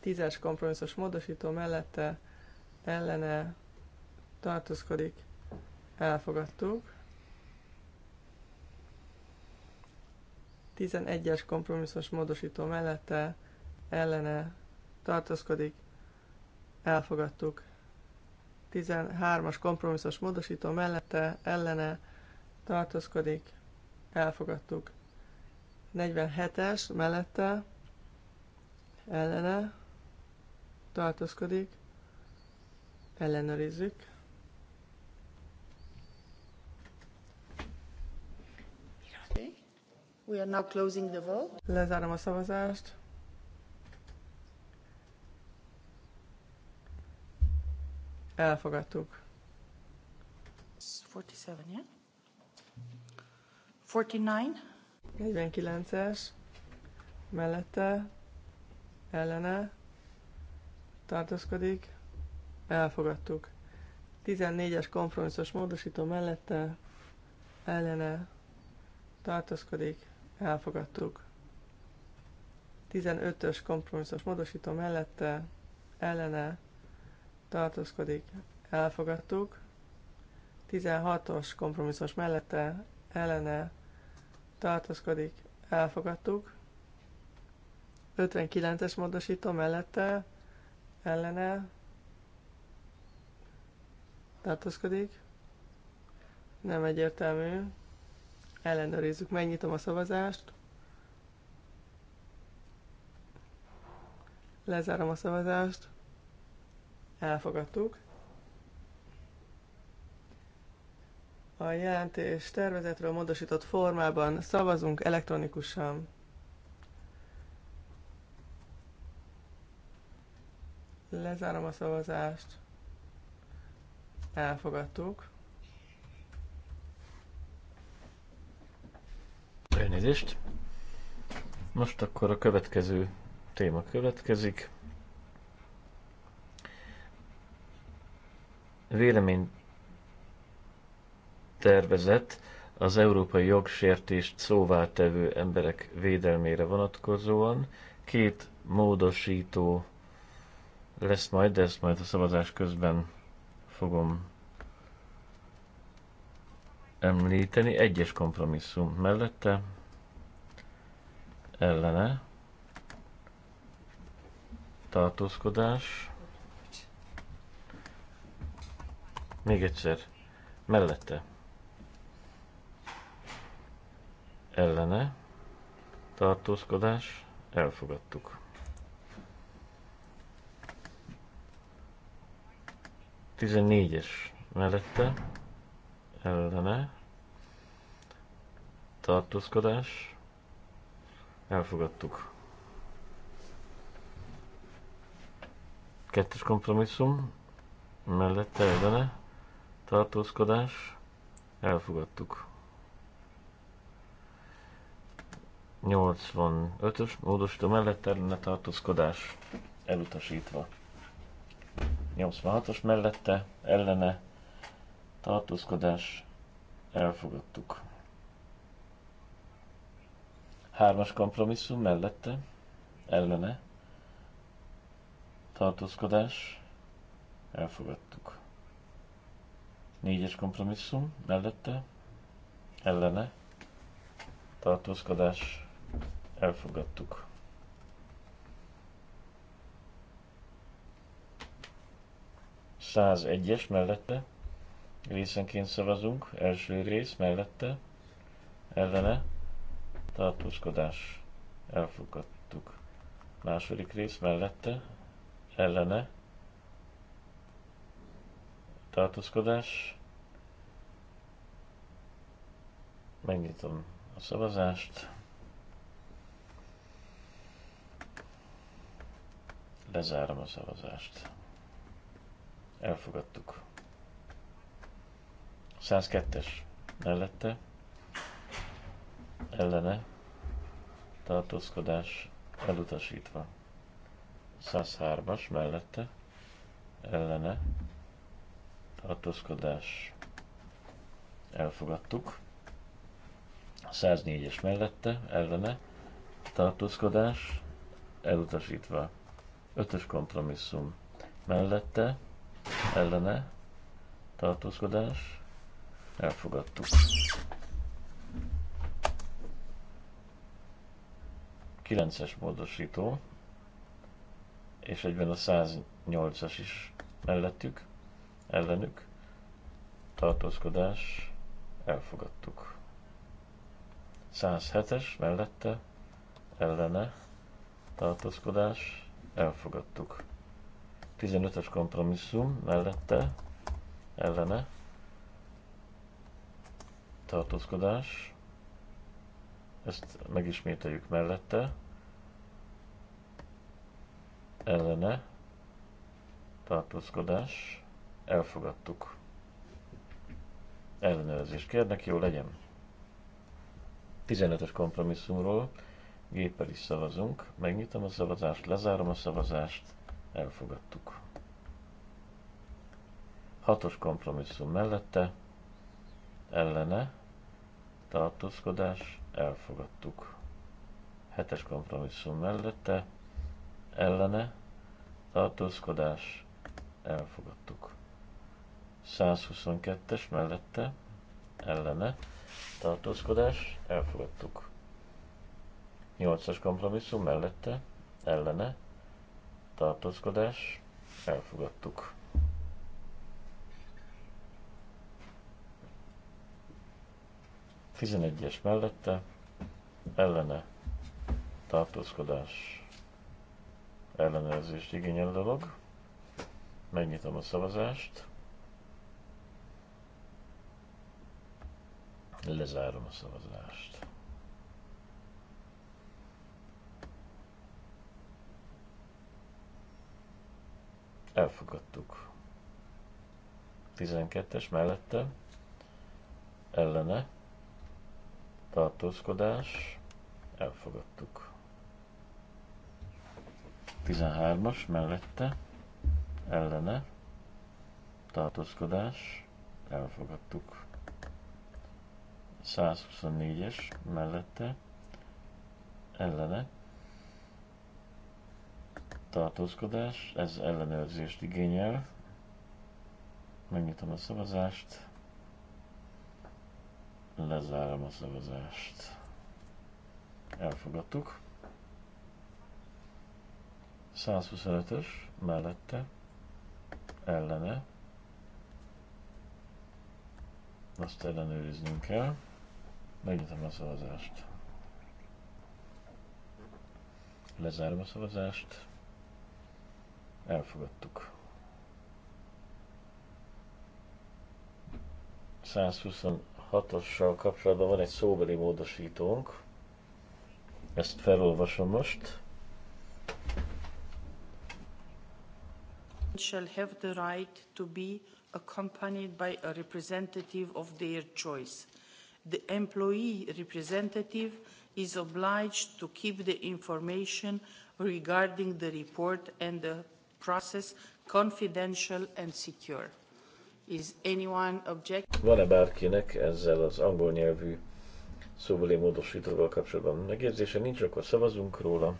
10-es kompromisszus módosító mellette ellene tartózkodik, elfogadtuk. 11-es kompromisszos módosító mellette ellene tartózkodik, elfogadtuk. 13-as kompromisszos módosító mellette ellene tartózkodik, elfogadtuk. 47-es mellette ellene tartózkodik, ellenőrizzük. We are now closing the vote. Lezárom a szavazást. Elfogadtuk. 47, yeah? 49. 49-es. Mellette. Ellene. Tartózkodik. Elfogadtuk. 14-es kompromisszos módosító mellette. Ellene. Tartózkodik elfogadtuk. 15-ös kompromisszos módosító mellette ellene tartózkodik, elfogadtuk. 16-os kompromisszos mellette ellene tartózkodik, elfogadtuk. 59-es módosító mellette ellene tartózkodik. Nem egyértelmű ellenőrizzük. Megnyitom a szavazást. Lezárom a szavazást. Elfogadtuk. A jelentés tervezetről módosított formában szavazunk elektronikusan. Lezárom a szavazást. Elfogadtuk. Elnézést. Most akkor a következő téma következik. Vélemény tervezett az európai jogsértést szóvá tevő emberek védelmére vonatkozóan. Két módosító lesz majd, de ezt majd a szavazás közben fogom említeni. Egyes kompromisszum mellette ellene tartózkodás. Még egyszer, mellette ellene tartózkodás, elfogadtuk. tizennégyes mellette ellene tartózkodás, Elfogadtuk. Kettes kompromisszum. Mellette ellene. Tartózkodás. Elfogadtuk. 85-ös módosító mellett ellene tartózkodás elutasítva. 86-os mellette ellene tartózkodás elfogadtuk. Hármas kompromisszum mellette, ellene, tartózkodás, elfogadtuk. Négyes kompromisszum mellette, ellene, tartózkodás, elfogadtuk. Száz egyes mellette, részenként szavazunk, első rész mellette, ellene, tartózkodás elfogadtuk. Második rész mellette, ellene, tartózkodás, megnyitom a szavazást, lezárom a szavazást. Elfogadtuk. 102-es mellette, ellene tartózkodás elutasítva. 103-as mellette ellene tartózkodás elfogadtuk. 104-es mellette ellene tartózkodás elutasítva. 5-ös kompromisszum mellette ellene tartózkodás elfogadtuk. 9-es módosító, és egyben a 108-as is mellettük, ellenük, tartózkodás, elfogadtuk. 107-es mellette, ellene, tartózkodás, elfogadtuk. 15 es kompromisszum mellette, ellene, tartózkodás, ezt megismételjük mellette. Ellene. Tartózkodás. Elfogadtuk. Ellenőrzést kérnek, jó legyen. 15-ös kompromisszumról géppel is szavazunk. Megnyitom a szavazást, lezárom a szavazást, elfogadtuk. 6-os kompromisszum mellette, ellene, tartózkodás, elfogadtuk. Hetes kompromisszum mellette, ellene, tartózkodás, elfogadtuk. 122-es mellette, ellene, tartózkodás, elfogadtuk. 8-as kompromisszum mellette, ellene, tartózkodás, elfogadtuk. 11-es mellette ellene tartózkodás ellenőrzést igényel dolog. Megnyitom a szavazást. Lezárom a szavazást. Elfogadtuk. 12-es mellette ellene tartózkodás, elfogadtuk. 13-as mellette, ellene, tartózkodás, elfogadtuk. 124-es mellette, ellene, tartózkodás, ez ellenőrzést igényel. Megnyitom a szavazást. Lezárom a szavazást. Elfogadtuk. 125-ös mellette, ellene. Azt ellenőriznünk kell. Megnyitom a szavazást. Lezárom a szavazást. Elfogadtuk hatossal kapcsolatban van egy szóbeli módosítónk. Ezt felolvasom most. shall have the right to be accompanied by a representative of their choice. The employee representative is obliged to keep the information regarding the report and the process confidential and secure. Van-e bárkinek ezzel az angol nyelvű szóbeli módosítóval kapcsolatban megérzése? Nincs, akkor szavazunk róla.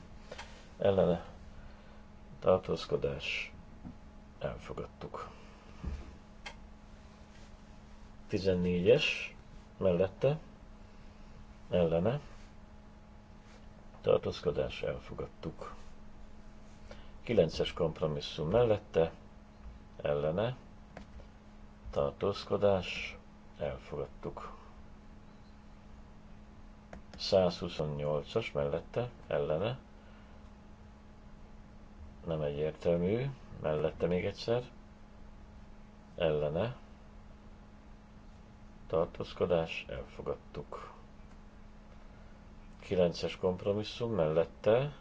Ellene tartózkodás elfogadtuk. 14-es mellette ellene tartózkodás elfogadtuk. 9-es kompromisszum mellette ellene tartózkodás, elfogadtuk. 128-as mellette, ellene, nem egyértelmű, mellette még egyszer, ellene, tartózkodás, elfogadtuk. 9-es kompromisszum mellette,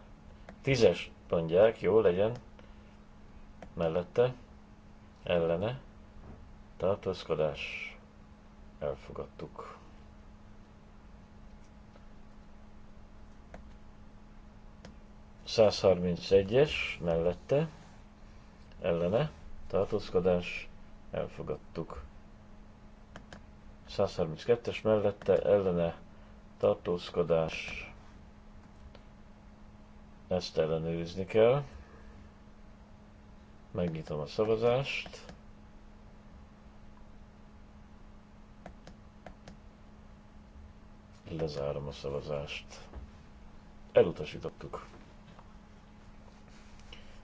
10-es mondják, jó legyen, mellette, ellene, tartózkodás, elfogadtuk. es mellette, ellene, tartózkodás, elfogadtuk. 132-es mellette, ellene, tartózkodás, ezt ellenőrizni kell. Megnyitom a szavazást. Lezárom a szavazást. Elutasítottuk.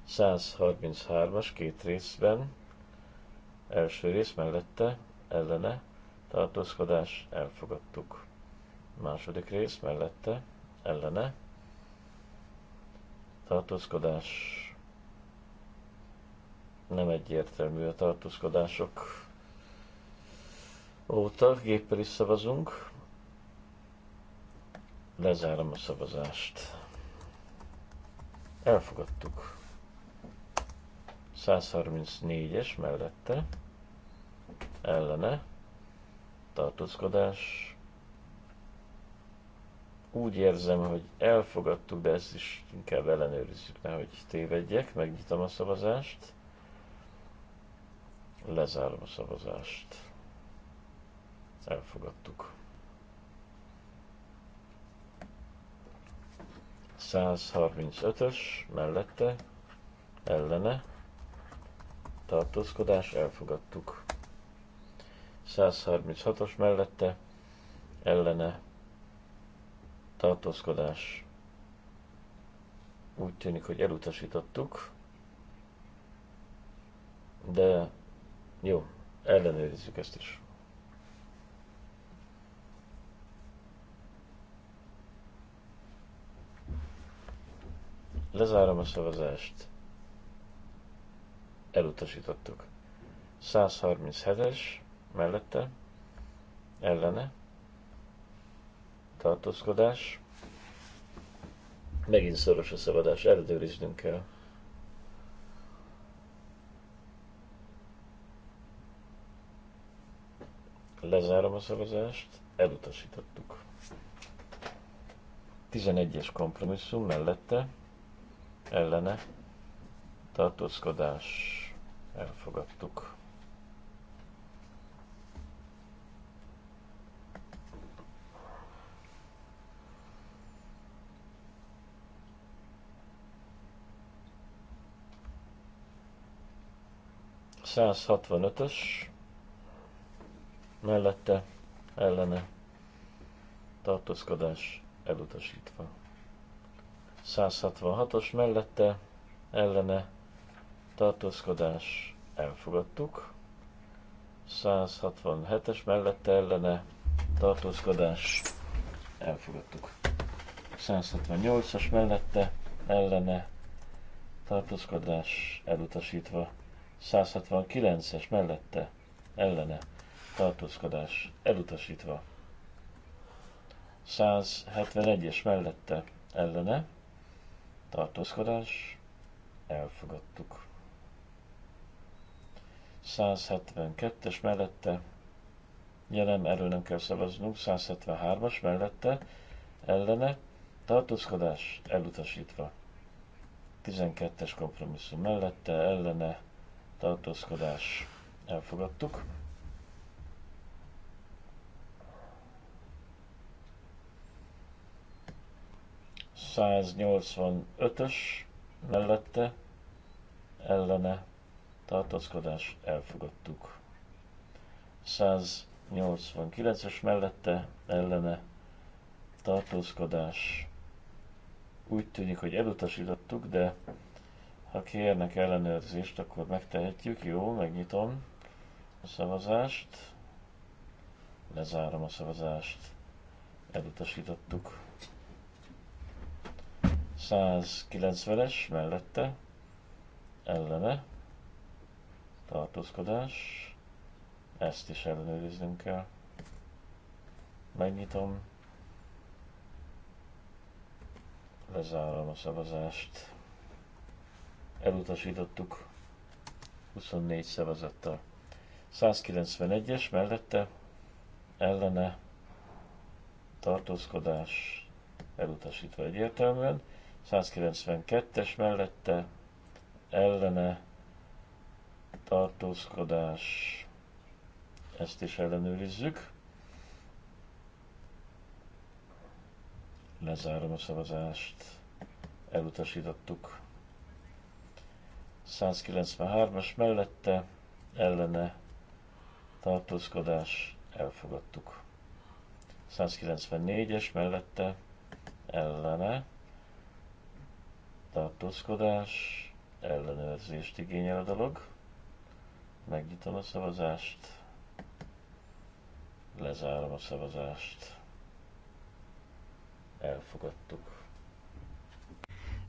133-as két részben, első rész mellette, ellene, tartózkodás, elfogadtuk. Második rész mellette, ellene, tartózkodás, nem egyértelmű a tartózkodások óta, géppel is szavazunk. Lezárom a szavazást. Elfogadtuk. 134-es mellette, ellene, tartózkodás. Úgy érzem, hogy elfogadtuk, de ezt is inkább ellenőrizzük, nehogy tévedjek. Megnyitom a szavazást. Lezárom a szavazást. Elfogadtuk. 135-ös mellette ellene tartózkodás elfogadtuk. 136-os mellette ellene tartózkodás úgy tűnik, hogy elutasítottuk, de jó, ellenőrizzük ezt is. Lezárom a szavazást. Elutasítottuk. 137-es mellette, ellene, tartózkodás. Megint szoros a szabadás, ellenőriznünk kell. Lezárom a szavazást, elutasítottuk. 11-es kompromisszum mellette, ellene tartózkodás elfogadtuk. ös mellette ellene tartózkodás elutasítva. 166-os mellette ellene tartózkodás elfogadtuk. 167-es mellette ellene tartózkodás elfogadtuk. 168-as mellette ellene tartózkodás elutasítva. 169-es mellette ellene tartózkodás elutasítva. 171-es mellette ellene tartózkodás, elfogadtuk. 172-es mellette, ja nem, erről nem kell szavaznunk, 173-as mellette, ellene, tartózkodás, elutasítva. 12-es kompromisszum mellette, ellene, tartózkodás, elfogadtuk. 185-ös mellette ellene tartózkodás elfogadtuk. 189-es mellette ellene tartózkodás úgy tűnik, hogy elutasítottuk, de ha kérnek ellenőrzést, akkor megtehetjük. Jó, megnyitom a szavazást. Lezárom a szavazást. Elutasítottuk. 190-es mellette ellene tartózkodás. Ezt is ellenőriznünk kell. Megnyitom. Lezárom a szavazást. Elutasítottuk 24 szavazattal. 191-es mellette ellene tartózkodás elutasítva egyértelműen. 192-es mellette ellene tartózkodás, ezt is ellenőrizzük. Lezárom a szavazást, elutasítottuk. 193-as mellette ellene tartózkodás, elfogadtuk. 194-es mellette ellene tartózkodás, ellenőrzést igényel a dolog. Megnyitom a szavazást, lezárom a szavazást, elfogadtuk.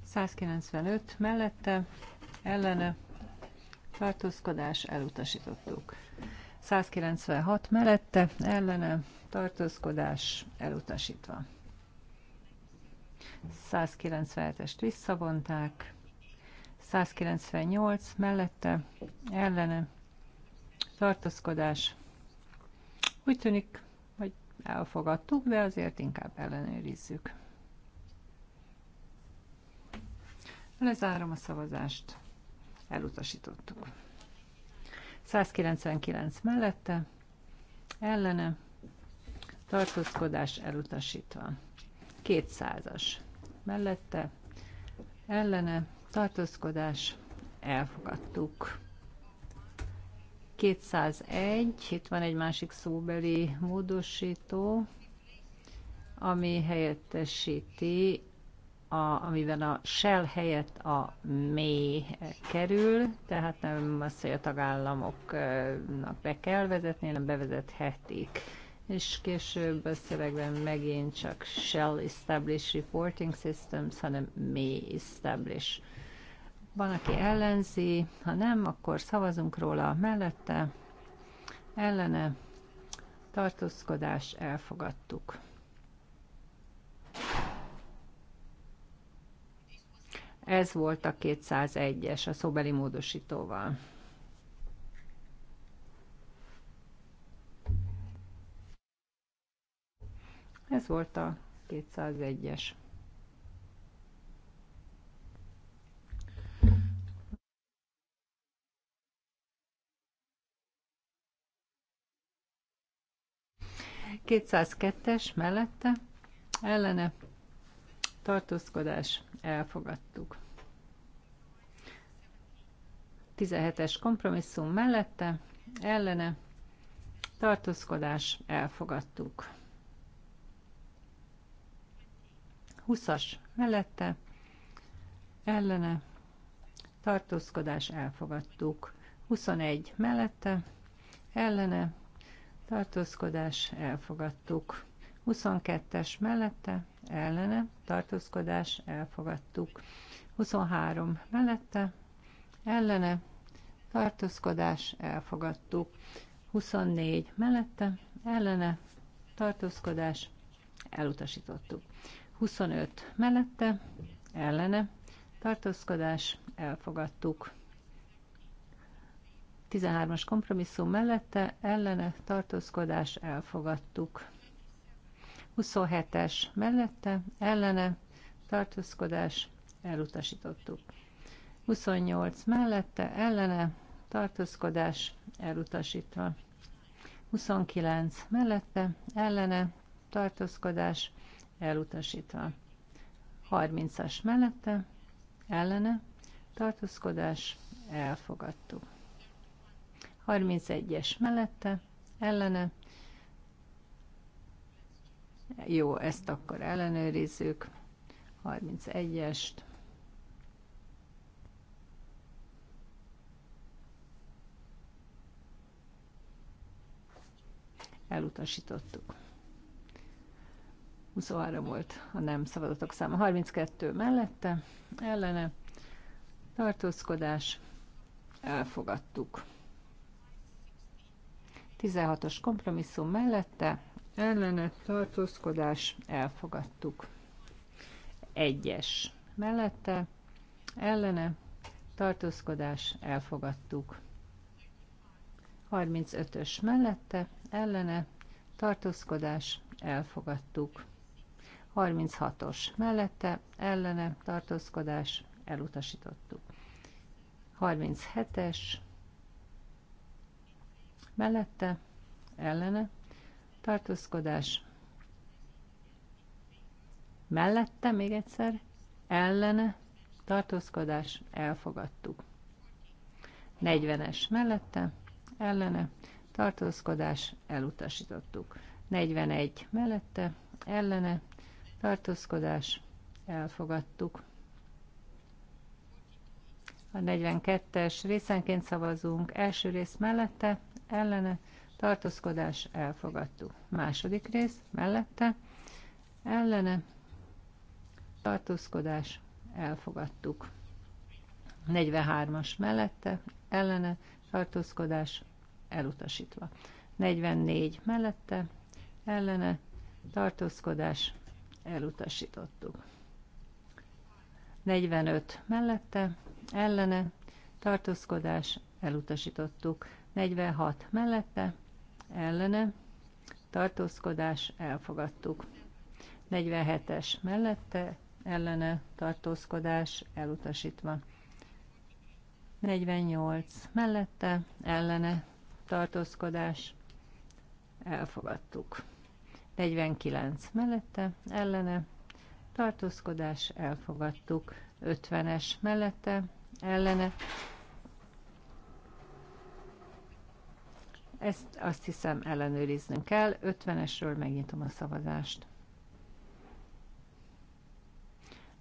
195 mellette, ellene, tartózkodás, elutasítottuk. 196 mellette, ellene, tartózkodás, elutasítva. 197-est visszavonták, 198 mellette, ellene, tartózkodás. Úgy tűnik, hogy elfogadtuk, de azért inkább ellenőrizzük. Lezárom a szavazást. Elutasítottuk. 199 mellette, ellene, tartózkodás elutasítva. 200-as mellette, ellene, tartózkodás, elfogadtuk. 201, itt van egy másik szóbeli módosító, ami helyettesíti, a, amiben a shell helyett a mély kerül, tehát nem azt, hogy a tagállamoknak be kell vezetni, hanem bevezethetik és később a szövegben megint csak shall establish reporting systems, hanem may establish. Van, aki ellenzi, ha nem, akkor szavazunk róla mellette, ellene, tartózkodás, elfogadtuk. Ez volt a 201-es a szóbeli módosítóval. Ez volt a 201-es. 202-es mellette ellene tartózkodás elfogadtuk. 17-es kompromisszum mellette ellene tartózkodás elfogadtuk. 20-as mellette ellene tartózkodás elfogadtuk. 21 mellette ellene tartózkodás elfogadtuk. 22-es mellette ellene tartózkodás elfogadtuk. 23 mellette ellene tartózkodás elfogadtuk. 24 mellette ellene tartózkodás elutasítottuk. 25 mellette, ellene, tartózkodás, elfogadtuk. 13-as kompromisszum mellette, ellene, tartózkodás, elfogadtuk. 27-es mellette, ellene, tartózkodás, elutasítottuk. 28 mellette, ellene, tartózkodás, elutasítva. 29 mellette, ellene, tartózkodás, elutasítva. 30-as mellette, ellene, tartózkodás, elfogadtuk. 31-es mellette, ellene, jó, ezt akkor ellenőrizzük, 31-est, elutasítottuk. 23 volt a nem szavazatok száma. 32 mellette, ellene, tartózkodás, elfogadtuk. 16-os kompromisszum mellette, ellene, tartózkodás, elfogadtuk. 1-es mellette, ellene, tartózkodás, elfogadtuk. 35-ös mellette, ellene, tartózkodás, elfogadtuk. 36-os mellette ellene tartózkodás elutasítottuk. 37-es mellette ellene tartózkodás mellette még egyszer ellene tartózkodás elfogadtuk. 40-es mellette ellene tartózkodás elutasítottuk. 41 mellette ellene tartózkodás, elfogadtuk. A 42-es részenként szavazunk, első rész mellette, ellene, tartózkodás, elfogadtuk. Második rész mellette, ellene, tartózkodás, elfogadtuk. 43-as mellette, ellene, tartózkodás, elutasítva. 44 mellette, ellene, tartózkodás, elutasítottuk. 45 mellette, ellene, tartózkodás, elutasítottuk. 46 mellette, ellene, tartózkodás, elfogadtuk. 47-es mellette, ellene, tartózkodás, elutasítva. 48 mellette, ellene, tartózkodás, elfogadtuk. 49 mellette, ellene, tartózkodás, elfogadtuk. 50-es mellette, ellene. Ezt azt hiszem ellenőriznünk kell. 50-esről megnyitom a szavazást.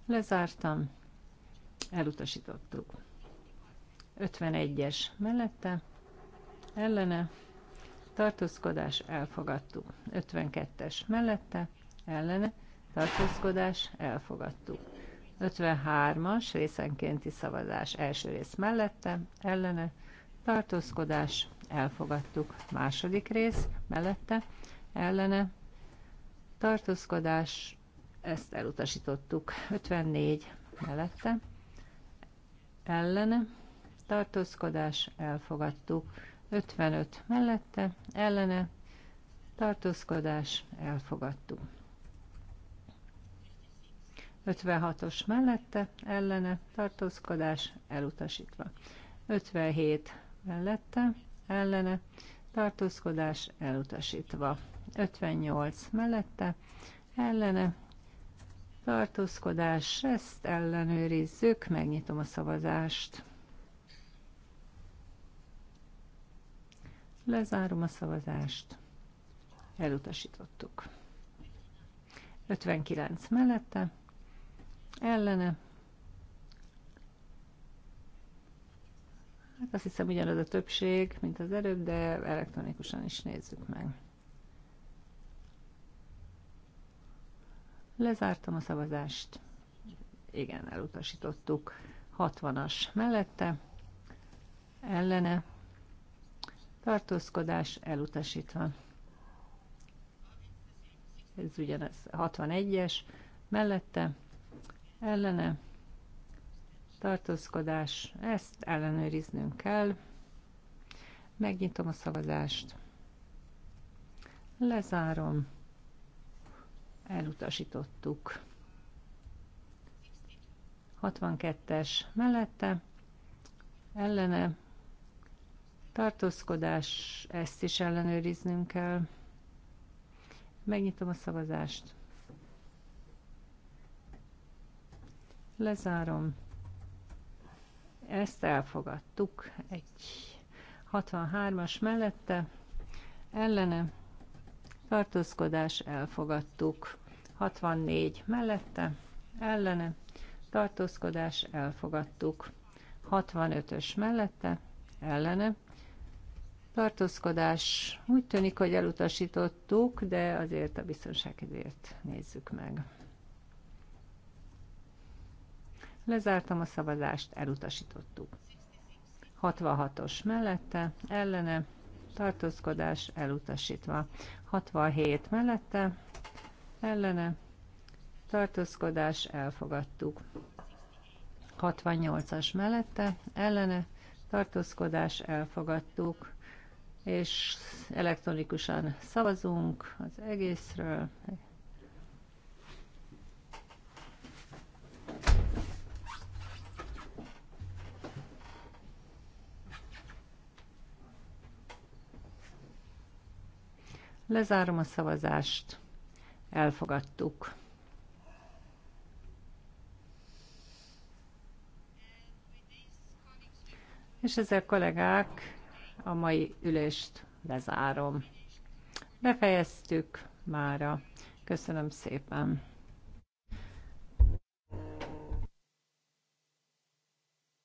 Lezártam, elutasítottuk. 51-es mellette, ellene, tartózkodás elfogadtuk. 52-es mellette, ellene, tartózkodás elfogadtuk. 53-as részenkénti szavazás első rész mellette, ellene, tartózkodás elfogadtuk. Második rész mellette, ellene, tartózkodás, ezt elutasítottuk. 54 mellette, ellene, tartózkodás elfogadtuk. 55 mellette, ellene, tartózkodás, elfogadtuk. 56-os mellette, ellene, tartózkodás, elutasítva. 57 mellette, ellene, tartózkodás, elutasítva. 58 mellette, ellene, tartózkodás, ezt ellenőrizzük, megnyitom a szavazást. Lezárom a szavazást. Elutasítottuk. 59 mellette, ellene. Hát azt hiszem ugyanaz a többség, mint az előbb, de elektronikusan is nézzük meg. Lezártam a szavazást. Igen, elutasítottuk. 60-as mellette, ellene tartózkodás elutasítva. Ez ugyanez 61-es, mellette, ellene, tartózkodás, ezt ellenőriznünk kell. Megnyitom a szavazást. Lezárom. Elutasítottuk. 62-es mellette, ellene, Tartózkodás, ezt is ellenőriznünk kell. Megnyitom a szavazást. Lezárom. Ezt elfogadtuk. Egy 63-as mellette. Ellene. Tartózkodás, elfogadtuk. 64 mellette. Ellene. Tartózkodás, elfogadtuk. 65-ös mellette. Ellene Tartózkodás úgy tűnik, hogy elutasítottuk, de azért a biztonság kedvéért nézzük meg. Lezártam a szavazást, elutasítottuk. 66-os mellette, ellene, tartózkodás elutasítva. 67 mellette, ellene, tartózkodás elfogadtuk. 68-as mellette, ellene, tartózkodás elfogadtuk és elektronikusan szavazunk az egészről. Lezárom a szavazást. Elfogadtuk. És ezzel kollégák a mai ülést lezárom. Befejeztük mára. Köszönöm szépen.